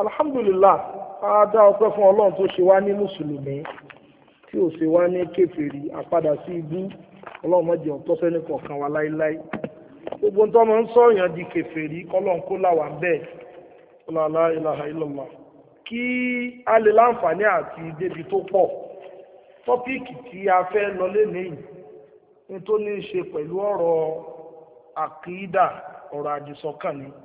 alhamdulillah a dá ọpẹ́ fún ọlọ́run tó ṣe wá ní mùsùlùmí tí ò ṣe wá ní kèfèrí àpadà sí ibú ọlọ́run mọ̀jẹ̀ ọ̀tọ́ sẹ́ni kọ̀ọ̀kan wa láéláé gbogbo ń tọ́mọ ń sọ̀yàn di kèfèrí kọ́lọ́n kó là wà bẹ́ẹ̀ ọlọ́lá ilaha illallah kí a lè láǹfààní àti débi tó pọ̀ tọ́píìkì tí a fẹ́ lọ lénìí ní tó ní í ṣe pẹ̀lú ọ̀rọ̀ àkídà ọ̀rọ̀ àdìsọ́kàn ni. Oro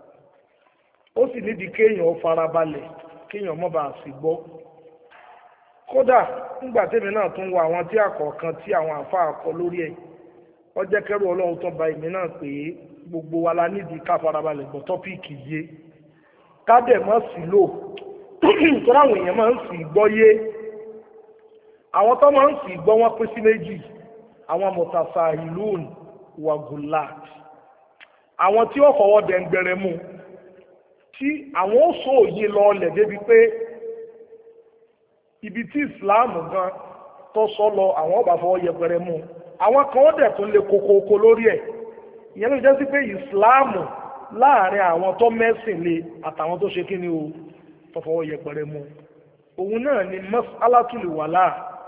ó sì nídìí kéèyàn farabalẹ̀ kéèyàn mọ́ bá a sì gbọ́ kódà nígbà tèmi náà tún wo àwọn tí àkọ̀ọ̀kan tí àwọn àáfàá kọ lórí ẹ̀ ó jẹ́ kẹ́rù ọlọ́run tó ba èmi náà pé gbogbo wa la nídìí ká farabalẹ̀ gbọ́ tọ́píìkì yé ká dẹ̀ mọ́ sí lò tó láwọn èèyàn máa ń sì gbọ́ yé àwọn tó máa ń sì gbọ́ wọn pín sí méjì àwọn mọ̀tàṣà ìlú wàgùlà àwọn tí ó fọwọ́ dẹ̀ ń gbẹrẹ mú un tí àwọn ó sọ òye lọ ọlẹ̀ débi pé ibi tí ìsìláàmù gan tó sọ lọ àwọn ọba fọwọ́ yẹpẹrẹ mú àwọn kan ó dẹ̀ tún lè kokoko lórí ẹ̀ ìyẹn ló jẹ́ sí pé ìsìláàmù láàrin àwọn tó mẹ́sìn lé àtàwọn tó ṣe kíni o tó fọwọ́ yẹpẹrẹ mú òun náà ni masalatul wàlá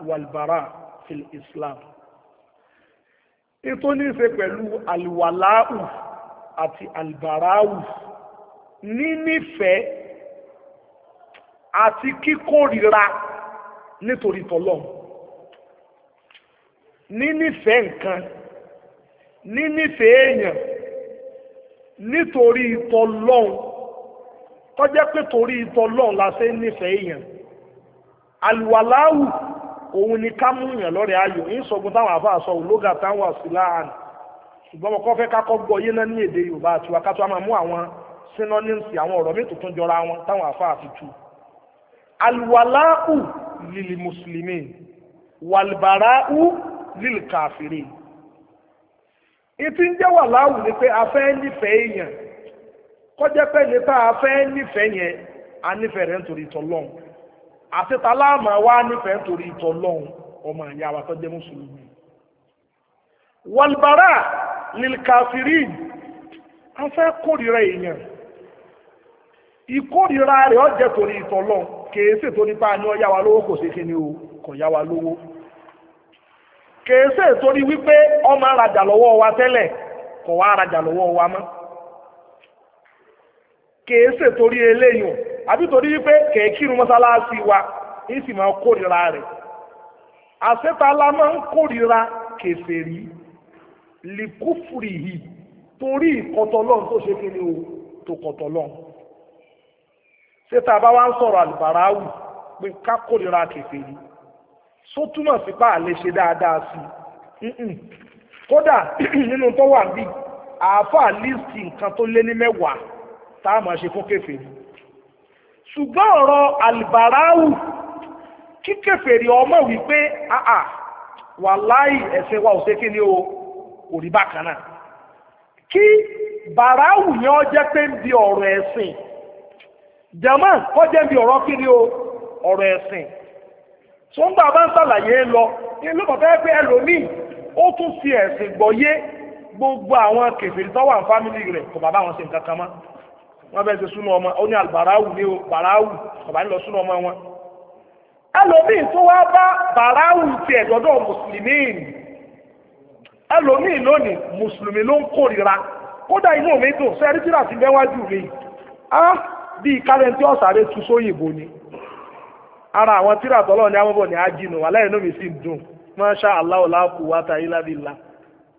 wàlbàrà fil islam ètò ní í ṣe pẹ̀lú alwàláù àti albaráù nínífẹ̀ẹ́ àti kíkórira nítorí tọ́lọ́ nínífẹ̀ẹ́ nǹkan nínífẹ̀ẹ́ èèyàn nítorí tọ́lọ́ tọ́jẹ́ pé torí tọ́lọ́ la ṣe ń nífẹ̀ẹ́ èèyàn àlùwàláwù òun ni ká mú yàn lọ́rẹ̀ ayò ń sọ̀gun táwọn àbá sọ òlógà táwọn àṣìláàánì ṣùgbọ́n mo kọ́ fẹ́ ká kọ́ gbọ́ yé náà ní èdè Yorùbá àtiwákátó a máa mú àwọn synonyms àwọn ọ̀rọ̀ mi tuntun jọra wọn táwọn àfáà fi tu alwala'u lil muslimin walbara'u lil kafirin ìtí ń jẹ́ wàláwù ni pé a fẹ́ nífẹ̀ẹ́ èèyàn kọjá pé nípa a fẹ́ nífẹ̀ẹ́ yẹn a nífẹ̀ẹ́ rẹ̀ nítorí ìtọ́lọ́hún àti taláàmà wa nífẹ̀ẹ́ nítorí ìtọ́lọ́hún ọmọ ìyá wa tó jẹ́ mùsùlùmí. walbara lil kafirin a fẹ́ kórìíra èèyàn ìkórìíra rẹ̀ ọ̀jẹ̀ torí ìtọ̀lọ́ kèése torí pa ni ó yá lówó kò o kò yá lówó kèése torí wípé ọmọ arajà lọ́wọ́ wa tẹ́lẹ̀ kò wá arajà wa mọ́ kèése torí eléyìí àbí torí wípé kẹ̀kírun mọ́sálásí wa sì máa kórìíra rẹ̀ àṣetala máa ń kórìíra kèfèrí likúfùrì yìí torí tó o tó ṣé tá a bá wá ń sọ̀rọ̀ àlùbáráwù pé ká kórìíra kèfè yìí só túmọ̀ sí pa àlè ṣe dáadáa sí i kódà nínú tó wà bíi àáfàá líìsì nǹkan tó lé ní mẹ́wàá tá a máa ṣe fún kèfè yìí ṣùgbọ́n ọ̀rọ̀ àlùbáráwù kí kèfèrí ọmọ wípé àà wàláì ẹ̀sẹ̀ wa ò ṣe kí ni o kò rí bákan náà kí bàráwù yẹn jẹ́ pé ń bi ọ̀rọ̀ ẹ̀sìn jama kọjá bí ọ̀rọ̀ kiri o ọ̀rọ̀ ẹ̀sìn tó ń gbà bá ń sàlàyé lọ ní lóbọ̀tá ẹgbẹ́ ẹlòmíì ó tún fi ẹ̀sìn gbọ́yé gbogbo àwọn kèfèrí tó wà ní fámìlì rẹ̀ kò bàbá wọn ṣe nǹkan kan mọ́ wọ́n bẹ́ẹ̀ ṣe súnú ọmọ ó ní àlùbáráwù ní o bàráwù kò bá ń lọ súnú ọmọ wọn ẹlòmíì tó wá bá bàráwù ti ẹ̀dọ́dọ̀ mùsùlùmí ẹlòmíì lónìí mùsùlùmí ló ń kórìíra kódà inú mi dùn sẹ́rí tíra ti bẹ́wájú mi ah bíi kárẹ́ntì ọ̀sàrẹ́ tu sóyìnbó ni ara àwọn tíra tọ́lọ́ ní amọ́bọ̀ ní ajínú aláìní mi sì dùn masha Allah la quwwata illa billah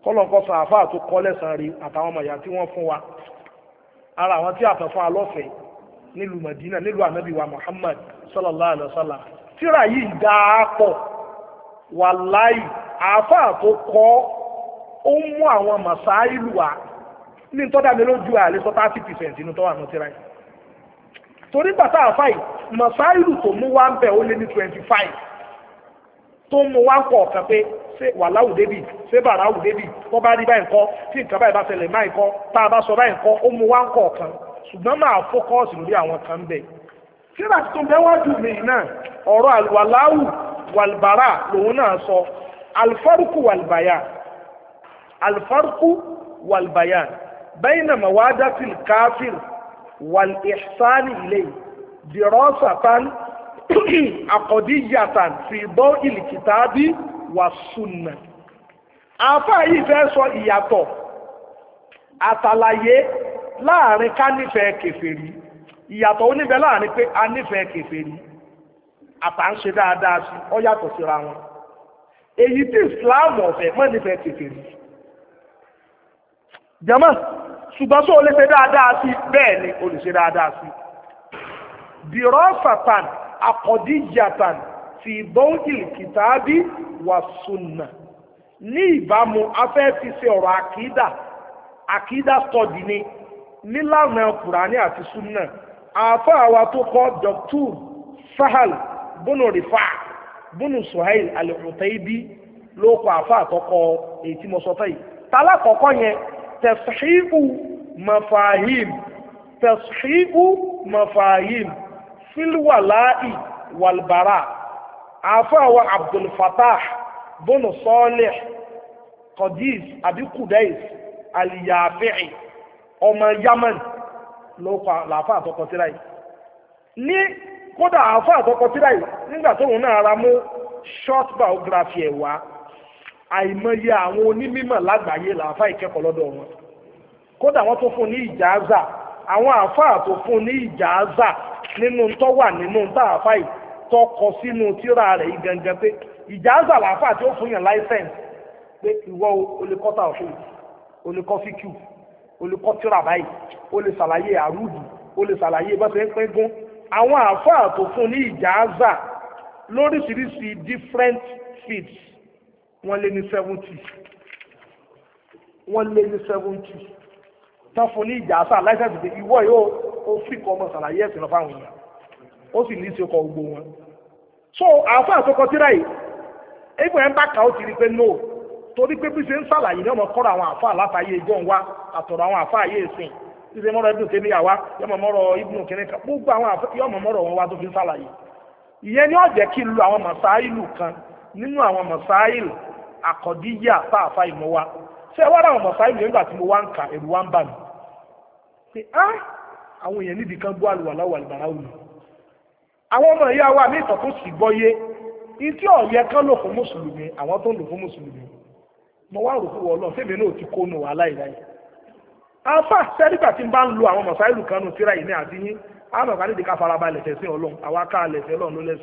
kọ́lọ̀kọ́ sàáfà tó kọ́ lẹ́sàn rí àtàwọn ọmọ ìyá tí wọ́n fún wa ara àwọn tí àtọ̀ fún alọ́fẹ̀ẹ́ nílùú Madina nílùú ànábì wa Muhammad sallallahu alaihi sallam. tíra yìí dáa pọ̀ wàláì àáfà tó kọ́ ó mú àwọn màsáìlù wa ní tọ́dà mi lójú àlẹ́ sọ 30% nínú tọ́wà nù tíra yìí torí bàtà àfáì mọ̀sáìlù tó mú wá ń bẹ̀ ó lé ní twenty five tó mú wá ń kọ̀ ọ̀kan pé ṣé wàláwù débì ṣé bàráwù débì tó bá rí báyìí kọ́ tí nǹkan báyìí bá ṣẹlẹ̀ máa kọ́ tá a bá sọ báyìí kọ́ ó mú wá ń kọ̀ ọ̀kan ṣùgbọ́n máa fókọ́ọ̀sì lórí àwọn kan bẹ̀. síra tó ń wájú mi náà ọ̀rọ̀ àlùwàláwù wàlùbárà lòun náà sọ alifárùkù wàlùbáyà alifárùkù wàlùbáyà bẹ́yìn والإحسان إليه دراسة عقدية في ضوء الكتاب والسنة àfáà yìí fẹ́ sọ ìyàtọ̀ àtàlàyé láàrin ká nífẹ̀ẹ́ kèfèrí ìyàtọ̀ oníbẹ̀ láàrin pé a nífẹ̀ẹ́ kèfèrí àtà ń ṣe dáadáa sí ọ yàtọ̀ síra wọn èyí tí Islam ọ̀fẹ́ mọ́ nífẹ̀ẹ́ kèfèrí jama ṣùgbọ́n tó lè ṣe dáadáa sí bẹ́ẹ̀ ni o lè ṣe dáadáa sí dirasatan akọdíjàtàn fi bọ́ǹkìl kìtàbí wà sunna ní ìbámu afẹ́ fi ṣe ọ̀rọ̀ àkídà àkídà stọ́dì ni nílànà kùránì àti sunna àáfàá wa tó kọ́ dr sahal bùnú rifa bùnú suhail al-utaybi ló kọ àáfàá àtọkọ èyí tí mo sọ fẹ́ yìí tálákọ̀ọ́kọ́ yẹn tẹ̀síhù mafahim tẹ̀síhù mafahim filwala'i walbara àfàwà abdulfatah bọ́nù sọ́ọ̀lẹ̀ qadis àbí kudais aliyafi'i ọmọ yaman ló kọ làáfà àtọkọtìrà yìí ní kódà àáfà àtọkọtìrà yìí nígbà tóun náà ra mú short biography ẹ̀ wá àìmọye àwọn onímọ̀ lágbàáyé làáfà ìkẹ́kọ̀ọ́ lọ́dọ̀ wọn kódà wọ́n tó fún ní ìjàáza àwọn àáfàá tó fún ní ìjàáza nínú tó wà nínú táàfà yìí tọkọ sínú tíra rẹ̀ yìí gangan pé ìjàáza làáfà tí ó fún yàn láìsẹ̀nsì pé ìwọ olùkọ́ta ọ̀fẹ́ olùkọ́ fíkù olùkọ́ tíra báyìí ó lè ṣàlàyé àrùdù ó lè ṣàlàyé bọ́sẹ̀ ń pín gún àwọn àáfàá tó fún ní ìjàáza lóríṣiríṣi different fields wọ́n lé ní seventy wọ́n lé ní seventy tán fún ní ìjà àṣà láìsẹ̀sì pé ìwọ yóò ó fi kọ́ ọmọ sàlàyé ẹ̀sìn lọ fáwọn èèyàn ó sì ní í ṣe kọ gbogbo wọn. so àáfà àtọkọ tíra yìí ẹgbẹ́ ẹ̀ ń bá kà ó ti rí pé no torí pé bí ṣe ń sàlàyé ní ọmọ kọ́ra àwọn àáfà látàyè ìjọ ń wá àtọ̀rọ̀ àwọn àáfà ayé ìsìn ìṣe mọ́rọ̀ ibùn tèmi yà wá yọmọ mọ́rọ̀ ibùn kìnìún kan gbogbo àwọn yọmọ mọ́rọ̀ wọn wá tó fi ń sàlàyé ìyẹn ni ó jẹ́ kí n lo àwọn màsáìlù kan nínú àwọn màsáìlù àkọ́díyà tá a fa ìmọ̀ wa ṣé ẹ wá ra àwọn mọ̀sáìlì nígbà tí mo wá ń kà ẹ̀rù wá ń bà mí pé á àwọn èèyàn nídìí kan gbọ́ àlùwà láwà àlùbàrà òní àwọn ọmọ ìyá wa ní ìtàn tó sì gbọ́yé ìtí ọ̀yẹ kan lò fún mùsùlùmí àwọn tó ń lò fún mùsùlùmí mo wá rò fún ọlọ́run fèmí náà ti kónú wàhálà ìdáyìí afa sẹ́dígbà tí n bá ń lo àwọn mọ̀sáìlù kan yìí ní kan nídìí ká farabalẹ̀ tẹ̀sí ọlọ́run àwa ká lẹ̀sẹ̀ ọlọ́run ló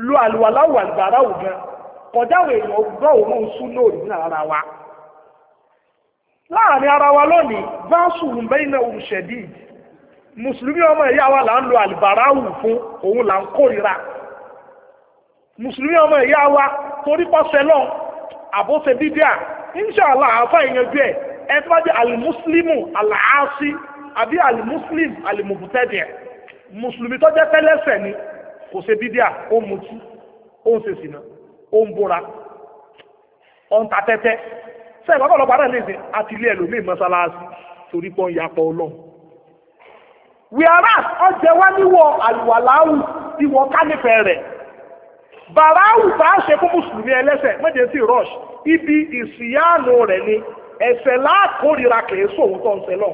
lo àlùwàláwò àgbàrá ògan kọjá àwọn èèyàn gbọ́ òun sún náà rí ní ara wa láàrin ara wa lónìí báńsù rùmbẹ́yìnà òṣèdí mùsùlùmí ọmọ ẹ̀yà wa là ń lo àlùbàrá wù fún òun là ń kórira mùsùlùmí ọmọ ẹ̀yà wa torí pọ́sẹ̀ lọ́n àbóṣe bíbíà inṣàlá àáfà ìyanjú ẹ̀ ẹ tó bá jẹ́ àlùmùsùlùmù àlàásí àbí àlùmùsùlùmù àlùmùbùtẹ́dìẹ̀ mùsùlùmí tó jẹ́ ni kò ṣe bídíà ó mutí ó ń ṣe sìnà ó ń bóra ó ń ta tẹ́tẹ́ sẹ́yìn bàbá ọlọ́pàá náà lèṣe àti ilé ẹlòmíì mọ́sálásí torí pọ́n yapọ̀ ọlọ́run. wíárás ọjẹ́ wá níwọ̀ àlùwàláwù ìwọ kánìfẹ́ rẹ̀ bàráwù bá ṣe fún mùsùlùmí ẹlẹ́sẹ̀ méje sí rush ibi ìsìyáàánú rẹ̀ ni ẹ̀sẹ̀ láàkórira kìí sóhun tó ń ṣe lọ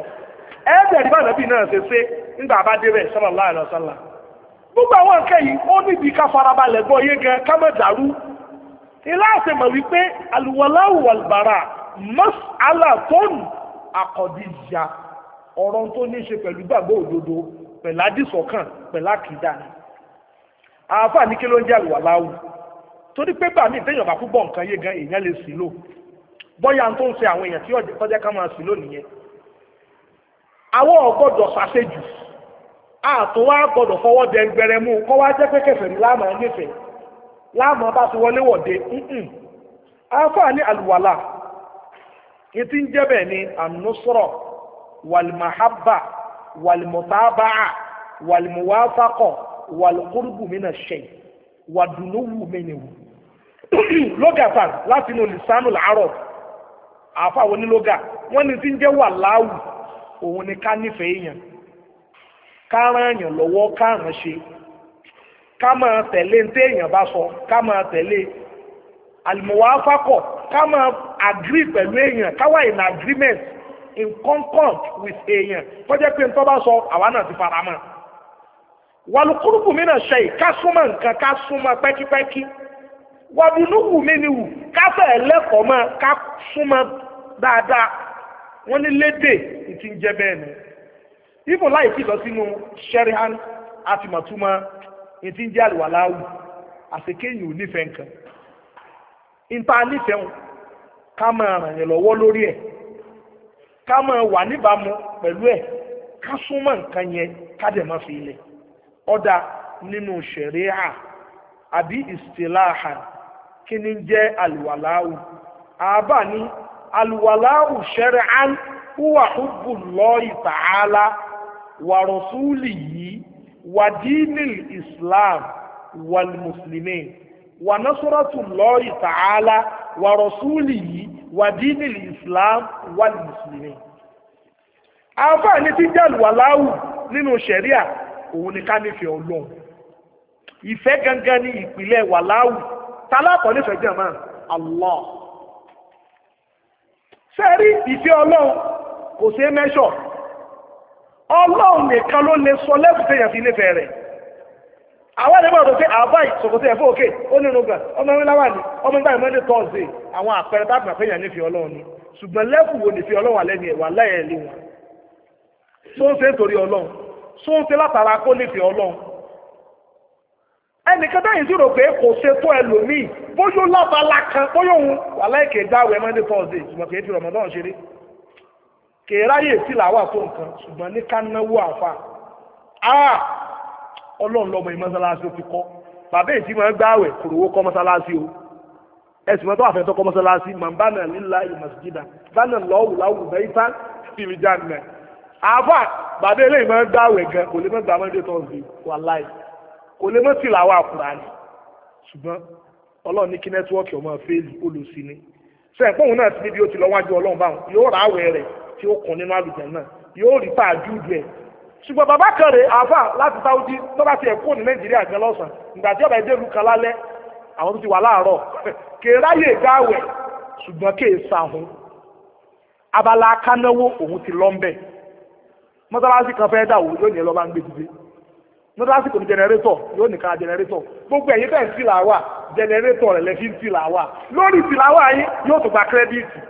ẹ̀ẹ́dẹ̀ẹ́dì bá nàbí náà ṣe ṣe ńgbà bá débẹ̀ sallallahu alaihi wasallam gbogbo àwọn nǹkan yìí ó níbi ká farabalẹ̀ gbọ́ yé gan ká má dàrú iláàṣẹ mọ̀ wípé àlùwọ̀láwù àlùbàrà mọ́sálà tó ń àkọ́díjà ọ̀rọ̀ tó ní ṣe pẹ̀lú gbàgbọ́ òdodo pẹ̀lú àdìsọ̀kàn pẹ̀lú àkìdá ni àáfà ní kí ló ń jẹ́ àlùwàláwù torí pé bàmí ìtẹ́yàn bá púpọ̀ nǹkan yé gan èèyàn lè sí lò bọ́yá tó ń ṣe àwọn èèyàn tí ọ̀jẹ̀ ká máa sí lò nìyẹn àwọn ò gbọ́dọ̀ àtún wá gbọ́dọ̀ fọwọ́ dẹ gbẹrẹ mú kọ́ wá jẹ́ pé kẹfẹ́ ní láàmà nífẹ̀ẹ́ láàmà bá ti wọlé wọ̀de afa ní àlùwàlà ìtí ń jẹ́ bẹ́ẹ̀ ni ànúsọ̀rọ̀ wàlìmàhábà wàlìmọ̀tàbàà wàlìmọ̀wáfàkọ̀ wàlìkúrúbù mìíràn ṣe wàdùnúwù mìíràn lógàtà láti inú lìsánù làárọ̀ àfa àwọn onílógà wọ́n ní tí ń jẹ́ wàláwù òun ni ká nífẹ̀ẹ́ èèyàn kárán èèyàn lọ́wọ́ kárán ṣe ká máa tẹ̀lé ní téèyàn bá sọ ká máa tẹ̀lé àlùmọ̀wáfákọ̀ ká máa agree pẹ̀lú èèyàn ká wà in agreement in concord with èèyàn kó jẹ́ pé nítorí bá sọ àwa náà ti fara mọ́ wàlúkúrúkù mi náà ṣe ká súnmọ́ nǹkan ká súnmọ́ pẹ́kípẹ́kí wàbùnúkù mi ni wù ká fẹ́ lẹ́kọ̀ọ́ mọ́ ká súnmọ́ dáadáa wọ́n ní lédè ìtìjẹ́ bẹ́ẹ̀ ni ifo láì fi lọ sínú sherihan àtìmọ̀túmọ̀ ètí ń jẹ́ àlùwàláwù àṣekéyìn ò nífẹ̀ẹ́ nǹkan ìta nífẹ̀ẹ́ wọn ká máa ràn yẹn lọ́wọ́ lórí ẹ̀ ká máa wà níbàámu pẹ̀lú ẹ̀ ká súnmọ́ nǹkan yẹn ká dẹ̀ máa fi ilẹ̀ ọ̀dà nínú sheriha àbí ìsìláhà kí ni ń jẹ́ àlùwàláwù àbá ní àlùwàláwù sherihan huwa hubbu Allahi ta'ala wa rasulihi wa dinil islam wal muslimin wa nasratullahi ta'ala wa rasulihi wa dinil islam wal muslimin. àǹfààní tí jẹ́ wàláwù nínú sẹ̀ríà òun ni ká nífẹ̀ẹ́ ọlọ́run ìfẹ́ gangan ní ìpìlẹ̀ wàláwù tálákọ̀ọ́ nífẹ̀ẹ́ jẹ́ máa Allah. sẹ́rí ìfẹ́ ọlọ́run kò ṣeé mẹ́ṣọ̀ ọlọ́run nìkan ló lè sọ lẹ́bùn téèyàn fi nífẹ̀ẹ́ rẹ̀ àwọn ẹ̀dẹ́gbọ́n tó pé àbá ìṣòkòtò ẹ̀fọ́ òkè ó ní irúgbà ọmọ ẹ̀rọ láwà ní ọmọ ìgbà ìmọ̀lẹ́ tọ́ọ̀sì àwọn àpẹẹrẹ tá àgbà péyàn nífẹ̀ẹ́ ọlọ́run ni ṣùgbọ́n lẹ́bùn wo nífẹ̀ẹ́ ọlọ́run alẹ́ ni ẹ̀wà láyẹ̀ lé wọn tó ń ṣe nítorí ọlọ́run tó ń ṣe látara kó nífẹ̀ẹ́ ọlọ́run ẹnìkan dáyìí sí rò pé kò ṣe tó ẹlòmíì bóyó lábala kan bóyó òun wà láìkè dáwẹ̀ mọ́ndé tọ́ọ̀sì ṣùgbọ́n kì í fi rọ̀mọ́dọ́n ṣeré kèráyè tí làwà tó nǹkan ṣùgbọ́n ní kánáwó àfà áà ọlọ́run lọ́mọ yìí mọ́sálásí ó ti kọ́ bàbá èyí tí máa ń gbáwẹ̀ kò rówó kọ́ mọ́sálásí o ẹ̀sìn mọ́tò àfẹ́ tó kọ́ mọ́sálásí màá bá nà nílá ìmọ̀síjìdá bá nà lọ́wù láwù bẹ́ẹ̀ tán fìmí jáde àfà bàbá eléyìí máa ń gbáwẹ̀ gan kò lè mọ́ gbà mọ́ndé tọ́sí wàláì kò lè mọ́ sí làwà àkùránì ṣùgbọ́n ọlọ́run kí nẹ́tíwọ́ọ̀kì ọmọ fẹ́ẹ́lì olùsí ni sẹ́yìn pọ́ùn náà ti níbi ó ti lọ́wájú ọlọ́run báwọn yóò rà rẹ̀ tí ó kún nínú àlùjẹ́ náà yóò rí tààjú rẹ̀ ṣùgbọ́n bàbá kan rè àfà láti Saudi tó bá ti ẹ̀ kúrò ní Nàìjíríà gan lọ́sàn ìgbà tí ọba ẹ̀jẹ̀ ìlú kan lálẹ́ àwọn tó ti wà láàárọ̀ kè ráyè gáwẹ̀ ṣùgbọ́n kè sàhún abala akánáwó òun ti lọ́ńbẹ̀ mọ́tàlásì kan fẹ́ dàwó yóò ní ẹ lọ́ba ń gbé dìde mọ́tàlásì kò ní jẹnẹrétọ̀ yóò ní ká jẹnẹrétọ̀ gbogbo ẹ̀yin fẹ́ẹ̀ ń tìlà wà jẹnẹrétọ̀ rẹ̀ lẹ́fí ń tìlà wà lórí tìlà wà yín yóò tó gba kírẹ́díìtì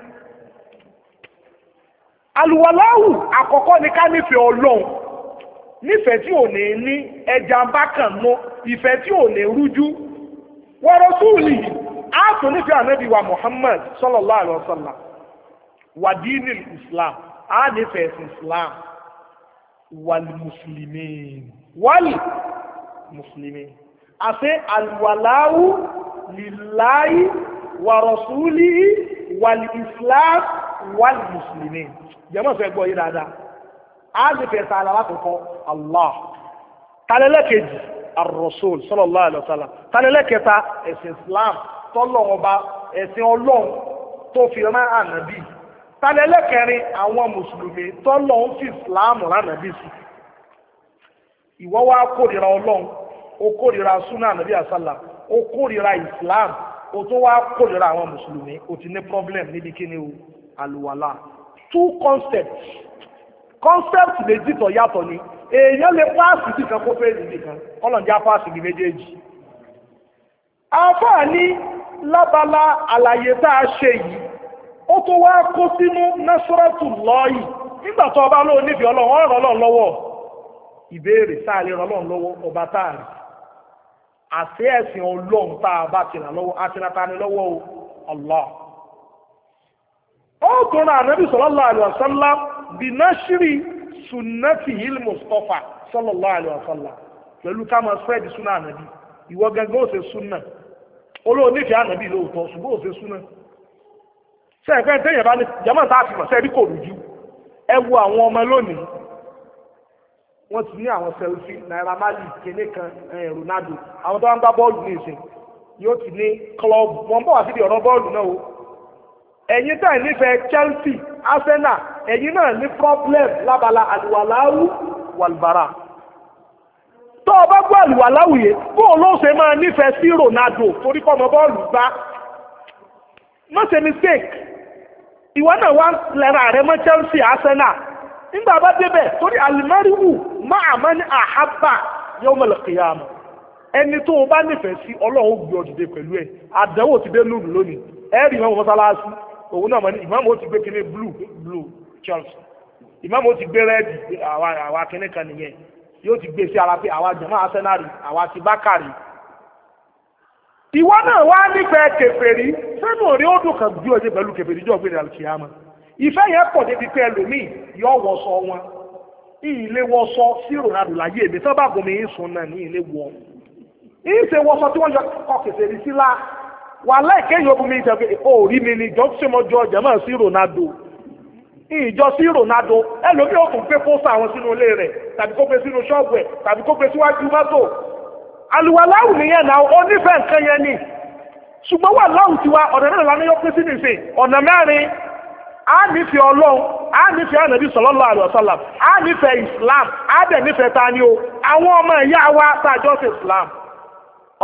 àlùwàláwù àkọ́kọ́ ni ká nífẹ̀ẹ́ ọlọ́run nífẹ̀ẹ́ tí ò ní ní ẹja bákan mọ́ ìfẹ́ tí ò ní rújú wọ́rọ̀ súùlì ààtò nífẹ̀ẹ́ ànábì wa Muhammad sallallahu alaihi wasallam wàdíìnì islam á nífẹ̀ẹ́ sí islam wàlì mùsùlùmí wàlì mùsùlùmí àti àlùwàláwù lìláyì wàrọ̀súùlì wàlì islam wal muslimin jẹ́mọ̀ fẹ́ gbọ́ yìí dáadáa a lè fẹ́ sàlá lákòókò allah talẹ́lẹ́kejì ar-rasul sallallahu alaihi wa sallam talẹ́lẹ́kẹta ẹ̀sìn islam tọ́lọ̀ ọba ẹ̀sìn ọlọ́run tó fi rán ànábì talẹ́lẹ́kẹrin àwọn mùsùlùmí tọ́lọ̀ ń fi islam rán ànábì sí ìwọ́ wá kórìíra ọlọ́run ó kórìíra súnà ànábì àsálà ó kórìíra islam ó tún wá kórìíra àwọn mùsùlùmí ó ti ní problem níbi kíni o aluwala two concepts concept méjì tó yàtọ̀ ni èèyàn lè páàsì sí kan kó fẹ́ẹ̀lì nìkan ọlọ́njẹ́ páàsì ní méjèèjì àǹfààní lábala àlàyé tá a ṣe yìí ó tó wá kó sínú násọ́rọ́tù lọ́ọ̀yì nígbà tó ọba lóò níbi ọlọ́run ọ̀rọ̀ ọlọ́run lọ́wọ́ ìbéèrè ọlọ́run lọ́wọ́ ọba táàrí àti ẹ̀sìn ọlọ́run tá a bá tìrà lọ́wọ́ àtìrà ta ó tọrọ ànábì sallallahu alaihi wasallam bina shiri sunnati il mustapha sallallahu alaihi pẹ̀lú ká máa suna ànábì ìwọ gangan suna ṣe olóò nífẹ̀ẹ́ ànábì lóòótọ́ ṣùgbọ́n ó ṣe sunna tẹ́yẹ̀ bá ní jama ọmọ lónìí wọ́n ti ní àwọn sẹ́lfì eh, Ronaldo àwọn tó wá ń gbá bọ́ọ̀lù ní ìsìn yóò ti ní ẹ̀yin tẹ̀ nífẹ̀ẹ́ Chelsea Arsenal ẹ̀yin náà ní problem lábala àlùwàláwù wàlùbàrà tó o bá gbọ́ àlùwàláwù yẹn bó o ló ṣe máa nífẹ̀ẹ́ sí Ronaldo torí kọ́ ọmọ bọ́ọ̀lù gbá no ṣe mistake ìwọ náà wá lẹ́ra rẹ mọ́ Chelsea Arsenal nígbà bá débẹ̀ torí alimẹ́rìwù máa mọ́ ní àhábà yóò mọ̀lẹ̀ kìyàmù ẹni tó o bá nífẹ̀ẹ́ sí Ọlọ́run gbé ọ pẹ̀lú ti dé lónìí lónìí wọn òun náà mọ̀ ní ìmáàmù ó ti gbé kíní blue blue Charles ìmáàmù ó ti gbé rẹ́ẹ̀dì àwa àwa kíní kan nìyẹn ti gbé sí ara pé àwa jẹ̀mọ́ Arsenal àwa ti Bákàrí ìwọ náà wá nífẹ̀ẹ́ kèfèrí sẹ́nu òrí ó dùn kan bí ọjọ́ pẹ̀lú kèfèrí jọ gbé àlùkìyàmà ìfẹ́ yẹn pọ̀ débi pé ẹlòmíì yọ wọ̀sọ wọn ilé sí Ronaldo láyé sábà gòmìn ìsùn náà ní ilé tí yọ wàhálà ike ogun mi ìjọ pé mi ni ìjọ ṣe mọ ju ọjà sí Ronaldo ìjọ sí Ronaldo ẹlòmí ò tún gbé pósà àwọn sínú ilé rẹ̀ tàbí kó gbé sínú ṣọ́ọ̀bù ẹ̀ tàbí kó gbé síwájú mọ́tò àlùwàláwù nìyẹn náà ó nífẹ̀ẹ́ nǹkan yẹn ni ṣùgbọ́n wà tiwa ọ̀nà mẹ́rin sí nìsín ọ̀nà mẹ́rin a nífẹ̀ẹ́ ọlọ́run a nífẹ̀ẹ́ ànàbí a nífẹ̀ẹ́ Islam a dẹ̀ nífẹ̀ẹ́ o àwọn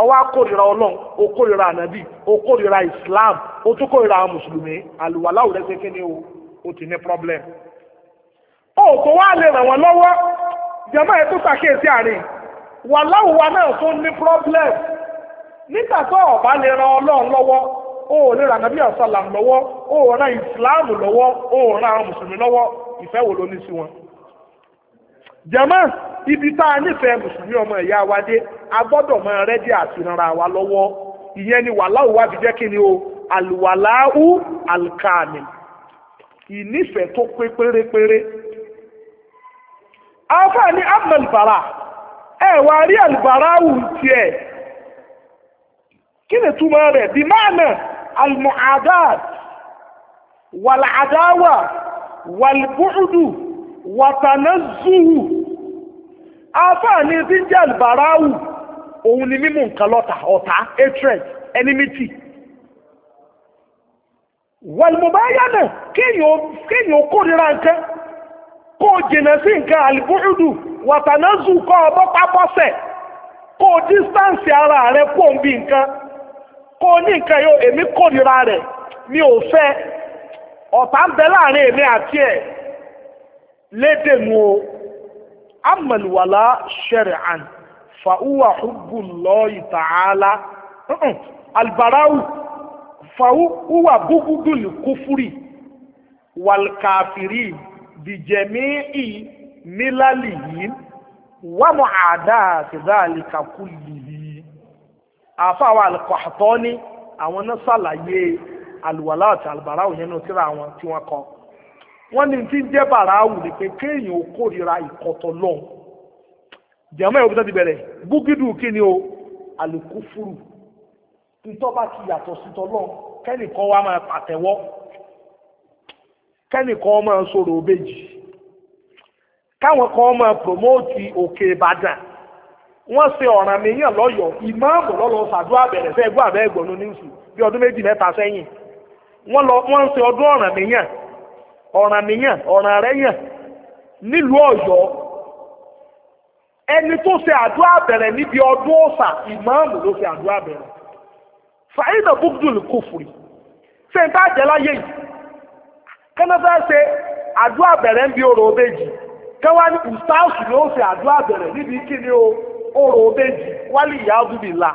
ọwọ́ akórira ọlọ́run o kórira ànábì o islam o tún kórira mùsùlùmí àlùwàlá ò kí ni o o ti ní problem. o kò wá lè ràn wọ́n lọ́wọ́ jẹ́mọ́ ẹ̀ tó ṣàkíyèsí àárín wà láwùwá náà tó ní problem nígbà tó ọ̀bá lè ọlọ́run o lè ràn ànábì o islam lọ́wọ́ o ràn mùsùlùmí lọ́wọ́ ìfẹ́ wọn. jẹ́mọ́ ibi tá a nífẹ̀ẹ́ mùsùlùmí ọmọ ìyá wa dé a gbọ́dọ̀ mọ rẹ́dí àti rara wa lọ́wọ́ ìyẹn ni wàláwù wá fi jẹ́ kí ni o àlùwàláhù àlùkàní ìnífẹ̀ẹ́ tó pé pérépéré. àfààní amẹ́lbàrà ẹ wá rí àlùbàràwù tiẹ̀ kí ni túmọ̀ rẹ̀ bí máa nà almu'adat wàlàdáwà wàlbùdù wàtànàzùhù àfáàní ni ń jẹ́ àlùbáráwù òun ni mímú nǹkan lọ́tà ọ̀tá hatred enimity. wàlùmọ̀báyà náà kéèyàn kórìíra nǹkan kó o jìnà sí nǹkan àlùbúrúdù wàtánásù kọ́ ọmọ pápọ́sẹ̀ kó o ara rẹ kó o bí nǹkan kó ní nǹkan yóò èmi kórìíra rẹ̀ mi ò fẹ́ ọ̀tá ń bẹ láàrin èmi àti ẹ̀ lédè mu o amàlùwàlá ṣẹ̀rẹ̀àn fàúwà hubbullahi ta'ala albaráwù fàúwà búgúdùl kúfúrì wàlkàfìrí bìjẹ̀mí mílálì yìí wàmù àdá àtìdáàlìkà kúlì yìí àfàwà alkọ̀tọ́ ní àwọn náà sàlàyé alùwàlá àti albaráwù yẹn náà tíra àwọn tí wọ́n kọ́ wọ́n ní tí ń jẹ́ bàrà awù pé kéèyàn ò kórìíra ìkọ̀tọ̀ ti bẹ̀rẹ̀ búgídù kí ni o àlùkùfùrù ìtọ́ba ti yàtọ̀ sí tọ́lọ́ kẹ́nìkan wa máa pàtẹ́wọ́ kẹ́nìkan máa sọ̀rọ̀ òbejì káwọn kan máa promote òkè Ìbàdàn wọ́n ṣe ọ̀ràn mìíràn lọ́yọ̀ọ́ ìmáàmù lọ́lọ́ bẹ̀rẹ̀ gbọ́ àbẹ́ ẹ̀gbọ́n ní bí ọdún méjì mẹ́ta sẹ́yìn wọ́n ọ̀ràn nìyàn ọ̀ràn rẹ̀ yàn nílùú ọ̀yọ́ ẹni tó ṣe àdúrà bẹ̀rẹ̀ níbi ọdún ọ̀sà ìmáàmù ló ṣe àdúrà bẹ̀rẹ̀ fàyínà búkdùl kùfùrì ṣe ń bàjẹ́ láyé yìí kẹ́nẹ́fẹ́ ṣe àdúrà bẹ̀rẹ̀ ń bi orò òbejì kẹwà ní ìsáàsù ló ṣe àdúrà bẹ̀rẹ̀ níbi kíni o orò òbejì wálé ìyá ọdúnbí la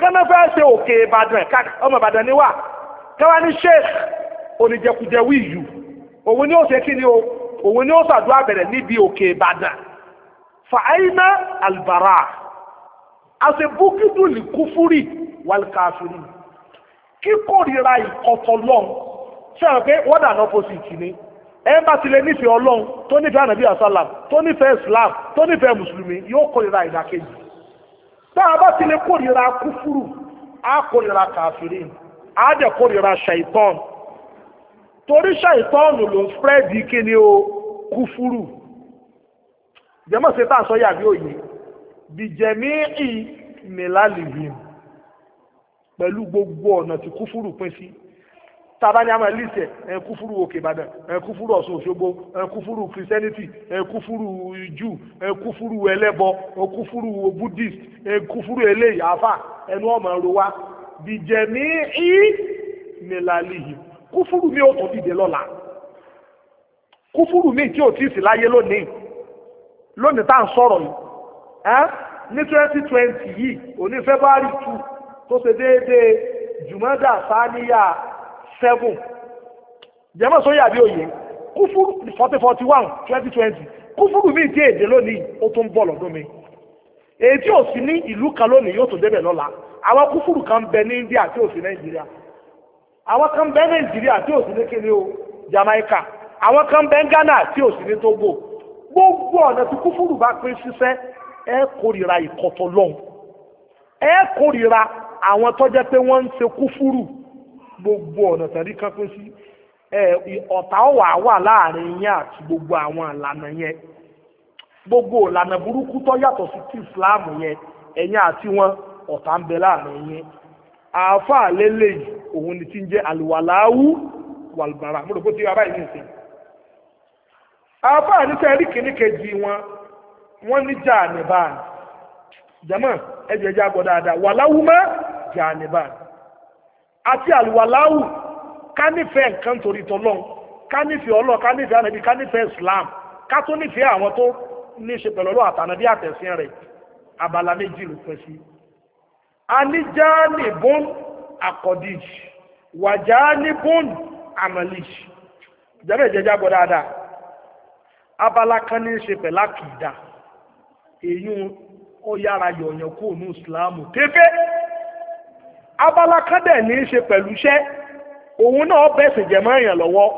kẹ́nẹ́fẹ́ ṣe òkè ìbàdàn ọmọ ìbàdàn ni wà kẹwà ní sheikh oníjẹkújẹ wíyù òun ni ó ṣe kí ni o òun ni ó ṣàdúrà bẹ̀rẹ̀ níbi òkè ìbàdàn fàáyínà àlùbárà àṣẹ búkídùlì kúfúrì wàlùkàfìrì kíkórira ìkọ̀tọ̀ lọ́n sẹ́wọ̀n pé wọ́n dà lọ́pọ̀sìtì ni ẹ̀ẹ́mbà ti lè nífẹ̀ẹ́ ọlọ́run tó nífẹ̀ẹ́ ànàbí àsálàm tó nífẹ̀ẹ́ islam tó nífẹ̀ẹ́ mùsùlùmí yóò kórira ìdàkejì tá a bá ti lè kórira kúfúrù á kórira kàfìrì á dẹ̀ kórira ṣàìtọ́n torí ṣàìtọ́ọ̀nù ló ń spread kíni o kúfúrù jẹ́mọ̀ sí tá a sọ yàbí òye bìjẹ̀mí ì mìlálìbì pẹ̀lú gbogbo ọ̀nà tí kúfúrù pín sí tàbá ní àmà lísẹ̀ ẹ̀kúfúrú òkè ìbàdàn ẹ̀kúfúrú ọ̀ṣun òṣogbo ẹ̀kúfúrú christianity ẹ̀kúfúrú jew ẹ̀kúfúrú ẹlẹ́bọ ẹ̀kúfúrú buddhist ẹ̀kúfúrú eléyìí àfà ẹnu ọmọ ẹ̀rọ wa bìjẹ̀mí ì mìlálìbì kúfúrù mi ò tó dìde lọ́la kúfúrù mi tí ò tí ì sí láyé lónìí lónìí tá à ń sọ̀rọ̀ yìí ẹ́ ní twenty twenty yìí òní february two tó ṣe déédéé jùmọ́dà sáníyà seven jẹ́mọ̀ sóyè àbí òye kúfúrù forty forty one twenty twenty kúfúrù mi tí èdè lónìí ó tún bọ̀ lọ́dún mi èyí tí ò sí ní ìlú kan lónìí yóò tún débẹ̀ lọ́la àwọn kúfúrù kan bẹ ní India tí ò sí Nàìjíríà àwọn kan bẹ nàìjíríà tí ò sí ní kéde o jamaica àwọn kan bẹ ghana tí ò sí ní togo gbogbo ọ̀nà tí kúfúrú bá pín ṣiṣẹ́ ẹ kórìíra ìkọ̀tọ̀ lọ́hùn ẹ kórìíra àwọn tó jẹ́ pé wọ́n ń ṣe kúfúrú gbogbo ọ̀nà tẹ̀lé kan pín sí ọ̀tá ọ̀wà wà láàrin yẹn àti gbogbo àwọn ìlànà yẹn gbogbo ìlànà burúkú tó yàtọ̀ sí ti islam yẹn ẹ̀yìn àti wọn ọ̀tá ń bẹ láàrin yẹn àáfàá lélẹ̀ yìí òun ni ti ń jẹ́ àlùwàláwú wàlùbàrà mo rò pé ti ara yìí nìsín àáfàá ní sẹ́ẹ̀rí kìíní kejì wọn wọ́n ní jà nìbà jẹ́mọ̀ ẹ̀jẹ̀ ẹ̀jẹ̀ àgọ́ dáadáa wàláwú mọ́ jà nìbà àti àlùwàláwù kánífẹ̀ẹ́ nǹkan torí tọ́lọ́ kánífẹ̀ẹ́ ọlọ́ kánífẹ̀ẹ́ ànàbí kánífẹ̀ẹ́ Islam ká tó nífẹ̀ẹ́ àwọn tó ní ṣe pẹ̀lú ọlọ́ àtànàbí àtẹ̀sìn rẹ̀ anijanibun akọdij wajanibun amalij ìjọba ìjẹjẹ àbọ̀ dáadáa abala kan ní í ṣe pẹ̀lú àkìdá èyí ó yára yọ̀yàn kúrò ní ìsìláàmù tẹ́fẹ́ abala kan dẹ̀ ní í ṣe pẹ̀lú iṣẹ́ òun náà bẹ̀sẹ̀ èèyàn lọ́wọ́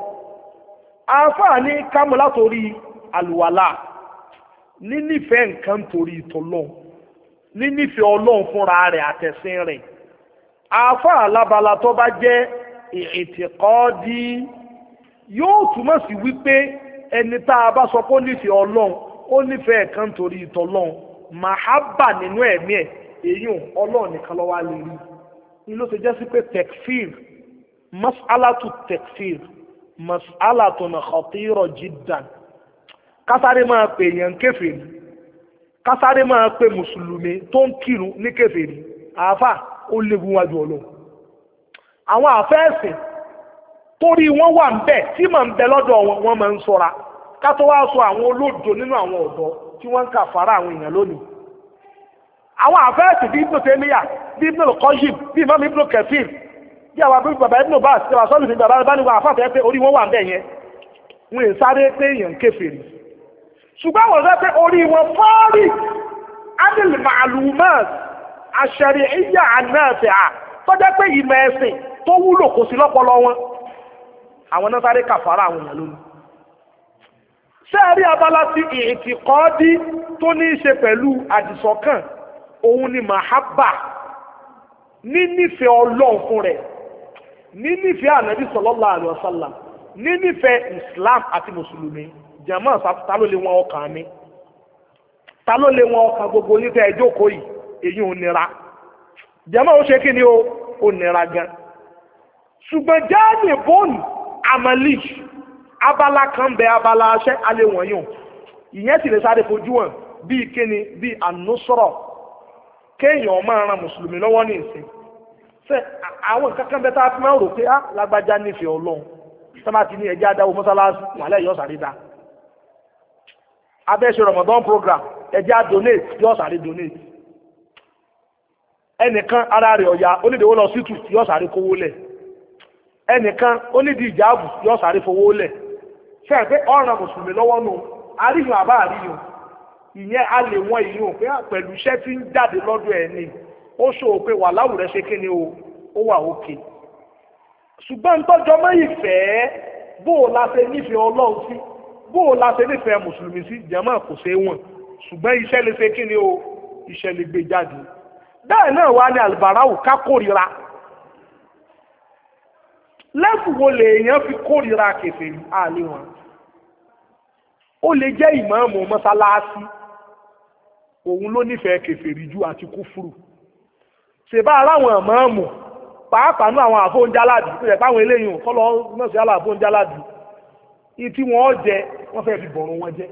látòrí àlùwàlà nínífẹ̀ẹ́ nǹkan torí nínífẹ̀ẹ́ ọlọ́run fúnra rẹ̀ àtẹ̀sìn rẹ̀ àáfàá alábala tó bá jẹ́ ìtìkọ́ọ́dí yóò túmọ̀ sí wípé ẹni tá a bá sọ pé ó nífẹ̀ẹ́ ọlọ́run ó nífẹ̀ẹ́ kan torí ìtọ́lọ́run màhábà nínú ẹ̀mí ẹ̀ èyún ọlọ́run nìkan ló lè rí ni ló ṣe jẹ́ sí pé tekfir masalatu tekfir masalatu na khatira jiddan kásáré máa pè yàn kéfèé kásáré máa pe mùsùlùmí tó ń kírun ní kèfèrí àáfà ó léwu wájú ọlọ́run àwọn àfẹ́ẹ̀sìn torí wọ́n wà ń bẹ̀ tí màá ń bẹ lọ́dọ̀ wọn wọ́n máa ń sọra ká tó wá sọ àwọn olóòjò nínú àwọn ọ̀dọ́ tí wọ́n ń kà fara àwọn èèyàn lónìí àwọn àfẹ́ẹ̀sì bíi ibùdó tẹ́míyà bíi ibùdó kọ́ṣìm bíi mọ́mí ibùdó kẹfìm bí àwọn abúlé bàbá ibùdó bá ṣe sọ́ọ̀lù sí bàbá bá ní wọn àfàfẹ́ pé orí wọn wà ń bẹ̀ yẹn wọn ì sáré pé èèyàn kéfèrè ṣùgbọ́n wọ́n rẹ́ pé orí wọn fọ́ọ̀rì adil ma'lumat ash-shar'iyya an-nafi'a tó jẹ́ pé ìmọ̀ ẹ̀sìn tó wúlò kò sí lọ́pọlọ wọn àwọn náà sáré kàfàrà àwọn èèyàn lónìí ṣé ẹ rí abala ti ìtìkọ́ọ́dí tó ní í ṣe pẹ̀lú àdìsọ́kàn òun ni mahaba nínífẹ̀ẹ́ ọlọ́run fún rẹ̀ nínífẹ̀ẹ́ ànábì sallallahu alaihi wasallam islam àti mùsùlùmí jàmọ́ ta ló lè wọn ọkàn mi ta ló lè wọn ọkàn gbogbo yín tẹ́ ẹ jókòó yìí èyí ò nira jàmọ́ ó ṣe kí ni o ò nira gan ṣùgbọ́n jáde bóònù amali abala kan bẹ abala aṣẹ alẹ wọ̀nyí o ìyẹn sì lè sáré fojú hàn bíi kíni bíi ànúsọ̀rọ̀ kéèyàn máa ran mùsùlùmí lọ́wọ́ ní ìsìn ṣe àwọn kankan bẹ tá a fi máa rò pé á ah, lágbájá nífẹ̀ẹ́ ọlọ́run sábà ti ní ẹjẹ́ adáwó mọ́sálásí wàhálà ìyọ́sàrídà abẹ́ṣe Ramadan program ẹjẹ́ á donate yóò sáré donate ẹnìkan ara rẹ̀ ọ̀yà onídìíwó lọ sítù yóò sáré kówó lẹ̀ ẹnìkan onídìí ìjáàbù yóò sáré fowó lẹ̀ ṣe é pé ọ̀ràn mùsùlùmí lọ́wọ́ nù àríyàn àbá àríyàn ìyẹn a lè wọn ìyún pé ah, pẹ̀lú iṣẹ́ tí ń jáde lọ́dọ̀ ẹ̀ ni ó ṣòwò pé wà láwùrẹ́ ṣe kí ni o ó wà òkè ṣùgbọ́n tọ́jọ́ mọ́ ìfẹ́ bó o la ṣe nífẹ̀ẹ́ ọlọ́run sí bó la ṣe nífẹ̀ẹ́ mùsùlùmí sí jẹ́mọ́ kò ṣe é wọ̀n ṣùgbọ́n iṣẹ́ lè ṣe kí ni o iṣẹ́ lè gbé jáde bẹ́ẹ̀ náà wá ní àlùbáráwù ká kórìíra lẹ́fù wo lèèyàn fi kórìíra kèfèrí àlè wọn ó lè jẹ́ ìmáàmù mọ́sálásí òun ló nífẹ̀ẹ́ kèfèrí ju àti kúfúrú ṣèbá aráwọn ìmáàmù pàápàá ní àwọn àfóúnjáládì ó yẹ káwọn eléyìí kọ́ lọ́ọ́ náà sí ìtí wọn jẹ wọ́n fẹ́ẹ́ fi bọ̀rùn wọn jẹ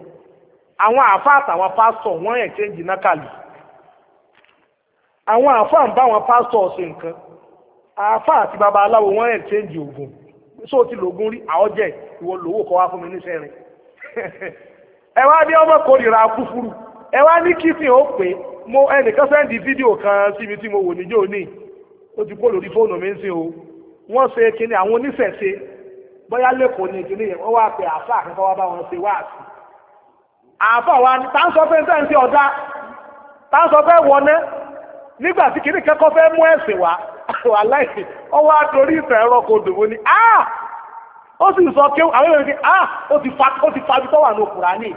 àwọn àáfàá àtàwọn pásítọ̀ wọ́n ẹ̀kẹ́ǹjì nákàlì àwọn àáfàá ń bá àwọn pásítọ̀ ṣe nǹkan àáfàá àti bàbá aláwo wọ́n ẹ̀kẹ́ǹjì ògùn ti lògùn rí àọ́jẹ̀ ìwọ lówó kọ́ wá fún mi níṣẹ́ rẹ? ẹ wá ní ọmọ kórìíra kúfúrú ẹ wá ní kífìn ó pé mo ẹnìkan sẹ́ndì fídíò kan síbi tí mo wò ó ti kó lórí fóònù mi ń o wọ́n ṣe kíni àwọn oníṣẹ̀ṣe bọ́yá lẹ́kọ̀ọ́ ní ìdílé wọ́n wá pé àkọ́kọ́ wọn ṣe wá wa ni tá ń sọ pé ń tẹ́ǹsì ọ̀dá tá ń sọ pé wọnẹ́ nígbà tí mú ẹ̀sìn wà láìsí ọwọ́ àtòrí ìfẹ́ kò dòwó wà ní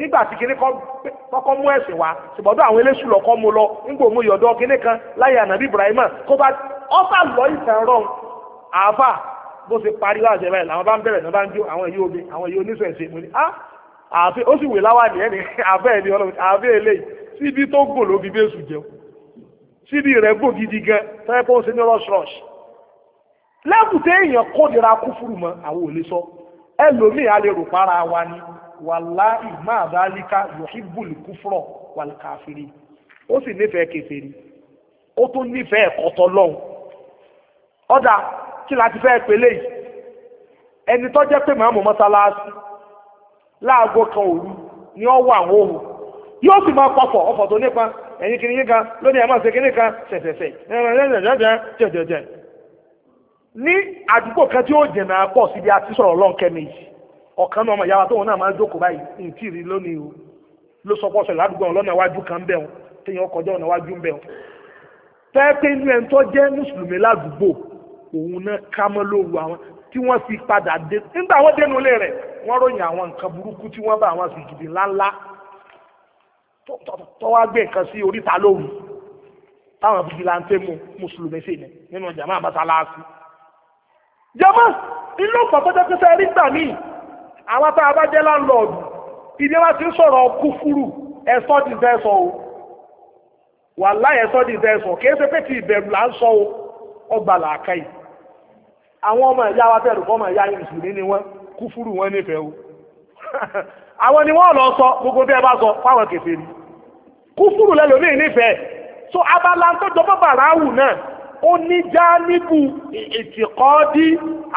nígbà tí kọ́kọ́ mú ẹ̀sìn wá ṣùgbọ́dọ̀ àwọn eléṣù lọ́kọ́ mu lọ nígbà yọ̀dọ̀ kan láyé ànábì Ibrahima bó ṣe parí wá àṣẹ báyìí làwọn bá ń bẹ̀rẹ̀ náà bá ń jó àwọn èyí omi àwọn èyí oníṣẹ́ ìṣe mo ní á àfẹ́ ó sì wè láwà ní ẹni àfẹ́ ẹni ọlọ́run àfẹ́ eléyìí síbi tó gùn ló fi bí èsù jẹun síbi rẹ̀ gùn gidi gan tẹ́lẹ̀ pé ó ń ṣe ní rush rush lẹ́bù tẹ́ èèyàn kódìra kúfùrù mọ́ àwọn òlé sọ ẹlòmíì a lè rò para wa ni wàláì máa bá líka yòhíbùl kúfùrọ̀ wàlùkàfìrí ó kí láti fẹ́ pélé yìí ẹni tó jẹ́ pé màmú mọ́sálásí láago kan òru ni ó wà àwọn òhùn yóò sì máa pọ̀pọ̀ ọ̀pọ̀ tó nípa ẹ̀yìn kìnìún yìí kan lónìí ẹ̀ máa ṣe kìnìún kan ṣẹ̀ṣẹ̀ṣẹ̀ jẹ̀jẹ̀jẹ̀ ní àdúgbò kan tí ó jìnnà pọ̀ síbi àti sọ̀rọ̀ lọ́nkẹ́ mi yìí ọ̀kan náà ọmọ ìyá wa tóun náà máa ń jókòó báyìí nǹtí rí lónìí o ló sọ pọ́sọ̀ ládùúgbò ọ̀hún lọ́nà iwájú kan bẹ́ẹ̀ téèyàn kọjá ọ̀nà iwájú ń bẹ́ẹ̀ tẹ́ẹ́pẹ́ inú ẹ̀ ń tọ́ jẹ́ mùsùlùmí ládùúgbò òun náà ká mọ́ lóru àwọn tí wọ́n fi padà dé nígbà wọ́n dénú ilé rẹ̀ wọ́n ròyìn àwọn nǹkan burúkú tí wọ́n bá àwọn sìgìdì ńláńlá tó wá gbé nǹkan sí oríta lóru táwọn fìgìláńtẹ́ mu mùsùlùmí sí ni nínú jàmá àmásálásí. jàmá inú pàtàkì pé sẹ́ẹ̀rí gbà mí àwọn tá a bá jẹ́ láńlọ́ọ̀dù ìdí wa ti ń sọ̀rọ̀ kúfúrú ẹ̀sọ́ ti fẹ́ sọ o wàláì ẹ̀sọ́ ti fẹ́ sọ kì í ṣe pé ti ìbẹ̀rù là ń sọ o ọgbà làákàyè àwọn ọmọ ìyá wa bẹ̀rù fọ́mọ ìyá yìí mùsùlùmí ni wọ́n kúfúrú wọn nífẹ̀ẹ́ o àwọn ni wọ́n lọ sọ gbogbo bí ẹ bá sọ fáwọn kẹfẹ́ ni kúfúrú lẹ́lòmíì nífẹ̀ẹ́ so abala tó jọmọ́ bàráwù náà ó ní jáníbù ìtìkọ́ọ́dí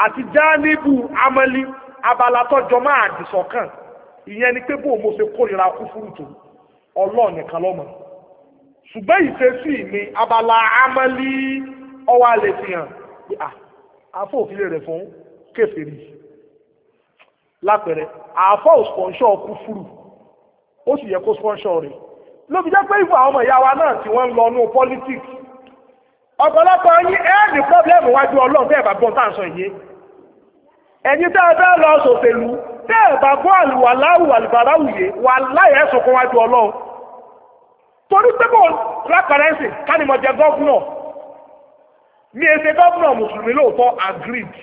àti jáníbù amẹ́lí abala tó jọmọ́ àdìsọ̀kàn ìyẹn ni pé bó o mo ṣe kórìíra kúfúrú tó ọlọ́ọ̀ nìkan lọ́mọ ṣùgbọ́n ìṣesí mi abala amẹ́lí ọwọ́ àlè fi hàn pé ah afọ́òfilé rẹ̀ fún kèfèrí lápẹ̀rẹ̀ àfọ́ òspọ̀nṣọ́ kúfúrù ó sì yẹ kó spọ́nṣọ́ rẹ̀ lóbi jẹ́ pé ìfọ̀ àwọn ọmọ ìyá wa náà tí wọ́n ń lọ ní politics ọ̀pọ̀lọpọ̀ yín ẹ́ẹ̀dì pọ́blẹ́mù wájú ọlọ́run tẹ́ẹ̀ bá gbọ́n tá à ń sọ yìí ẹ̀yin tẹ́ ẹ bẹ́ẹ̀ lọ sòṣèlú tẹ́ ẹ bá gbọ́ àlùwà láwù àlùbàrà wùyé wà láyé ẹ̀sùn kan wájú ọlọ́run torí pé bò lápẹ̀rẹ̀ sí kánimọ̀jẹ̀ gọ́fúnà ní ẹsẹ̀ gọ́vnà mùsùlùmí lóòótọ́ agreed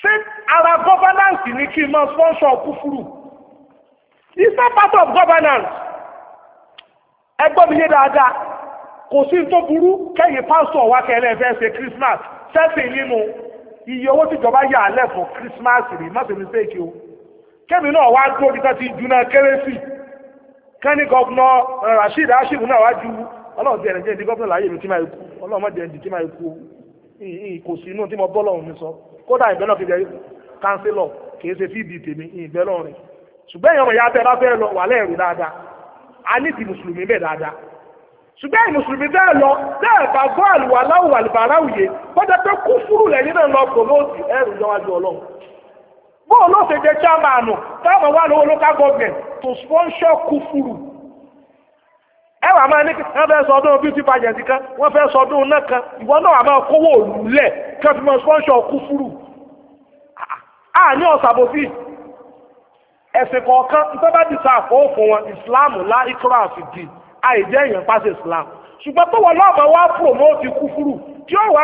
ṣé ara governance ní kí n máa sponsor kúfúrú it's not part of governance ẹgbọ́n mi yé dáadáa kò sí tó burú kẹ́yìn pásítọ̀ wá kẹ́lẹ́ ẹ̀fẹ́ ṣe Christmas sẹ́sìn nínú iye owó tíjọba yà á lẹ̀ fún Christmas rí má ṣe mistake o kẹ́mi náà wá tó bí tán ti juná kérésì kẹ́ni gọ́vnà eh, Rasheed Ashiru náà wá ju ọlọ́run ti ẹ̀rẹ̀ jẹ́ ní gọ́vnà láyé mi tí máa kú ọlọ́mọdé ẹ̀dì kí máa kú kò sí inú tí mo bọ́ lọ́hùn mi sọ kódà ìbẹ́ náà kejì kánsílọ̀ kì í ṣe fídì tèmi ìbẹ́ lọ́rùn rẹ̀ ṣùgbọ́n èèyàn ọ̀yà abẹ́ bá fẹ́ lọ wà lẹ́rù dáadáa a ní ti mùsùlùmí bẹ́ẹ̀ dáadáa ṣùgbọ́n ìmùsùlùmí bẹ́ẹ̀ lọ chairman táwọn wà lówó local government to sponsor kú wàá máa ní wọ́n fẹ́ sọdún beauty pageant kan wọ́n fẹ́ sọdún náà kan ìwọ náà wàá máa kówó òlùlẹ̀ kí wọ́n fi máa sponsor kúfúrú àní ọ̀sàbòsí ẹ̀sìn kọ̀ọ̀kan tó bá ti sàfọ́ fún wọn ìsìláàmù láìkúrò àfìdí àìjẹ́ èèyàn pàṣẹ ìsìláàmù ṣùgbọ́n tó wọ́n lọ́ọ̀mọ́ wá promote kúfúrú tí ó wá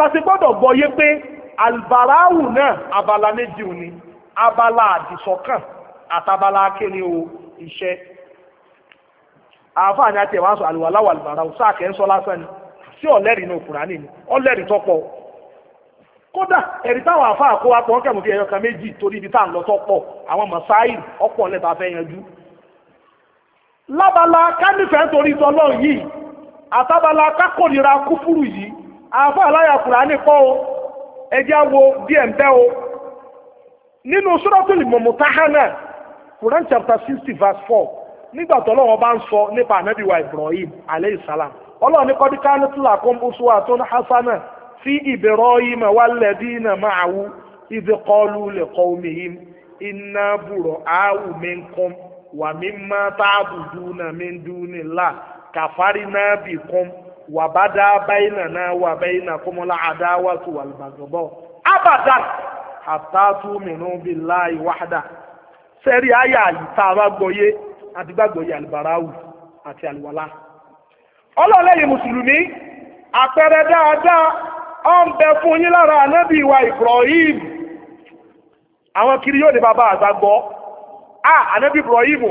la ti gbọ́dọ̀ gbọ́ yé pé àlùbáráwù náà abala méjì ni abala àdìsọ́kàn àtabala akéde o iṣẹ́ àáfàá ni a tiẹ̀ wá sọ àlùwàláwà àlùbàrà o sáà kẹ́ ń sọ lásán ni sí ọ̀lẹ́rìí náà Kùránì ni ọ̀lẹ́rìí tọ́pọ̀ kódà ẹ̀rí táwọn àáfàá kó wa pọ̀ ń kẹ́mù fi ẹyọ kan méjì torí ibi tá à ń lọ tọ́pọ̀ àwọn mọ̀sáì ọ̀pọ̀ lẹ́ta fẹ́ yanjú lábala kánífẹ̀ẹ́ nítorí tọ́lọ́ yìí àtàbala kákòlìra kúfúrú yìí àáfàá láyà Kùránì pọ̀ o ẹjẹ́ wo díẹ̀ ń bẹ́ o nínú suratul mumtahana Quran chapter sixty verse four nígbà tó lọ́wọ́ bá ń sọ nípa ànábì Ibrahim alayhi ọlọ́run ní Ibrahim walladhina ma'ahu idh qalu liqawmihim inna bura'a'u minkum wa mimma ta'buduna min dunillah kafarna bikum wa bada baynana wa baynakumul adawatu wal àtàtú mìíràn bí láì wáhádà sẹ́rí àyà àyíká abágbọ́yé àti gbàgbọ́yé àlùbáráwù àti àlùwàlá. ọlọ́lẹ́yìn mùsùlùmí àpẹẹrẹ dáadáa ọ ń bẹ fún yín lára ànábì ìwà Ibrahim àwọn kiri yóò ní bàbá àgbàgbọ́ à ànábì Ibrahim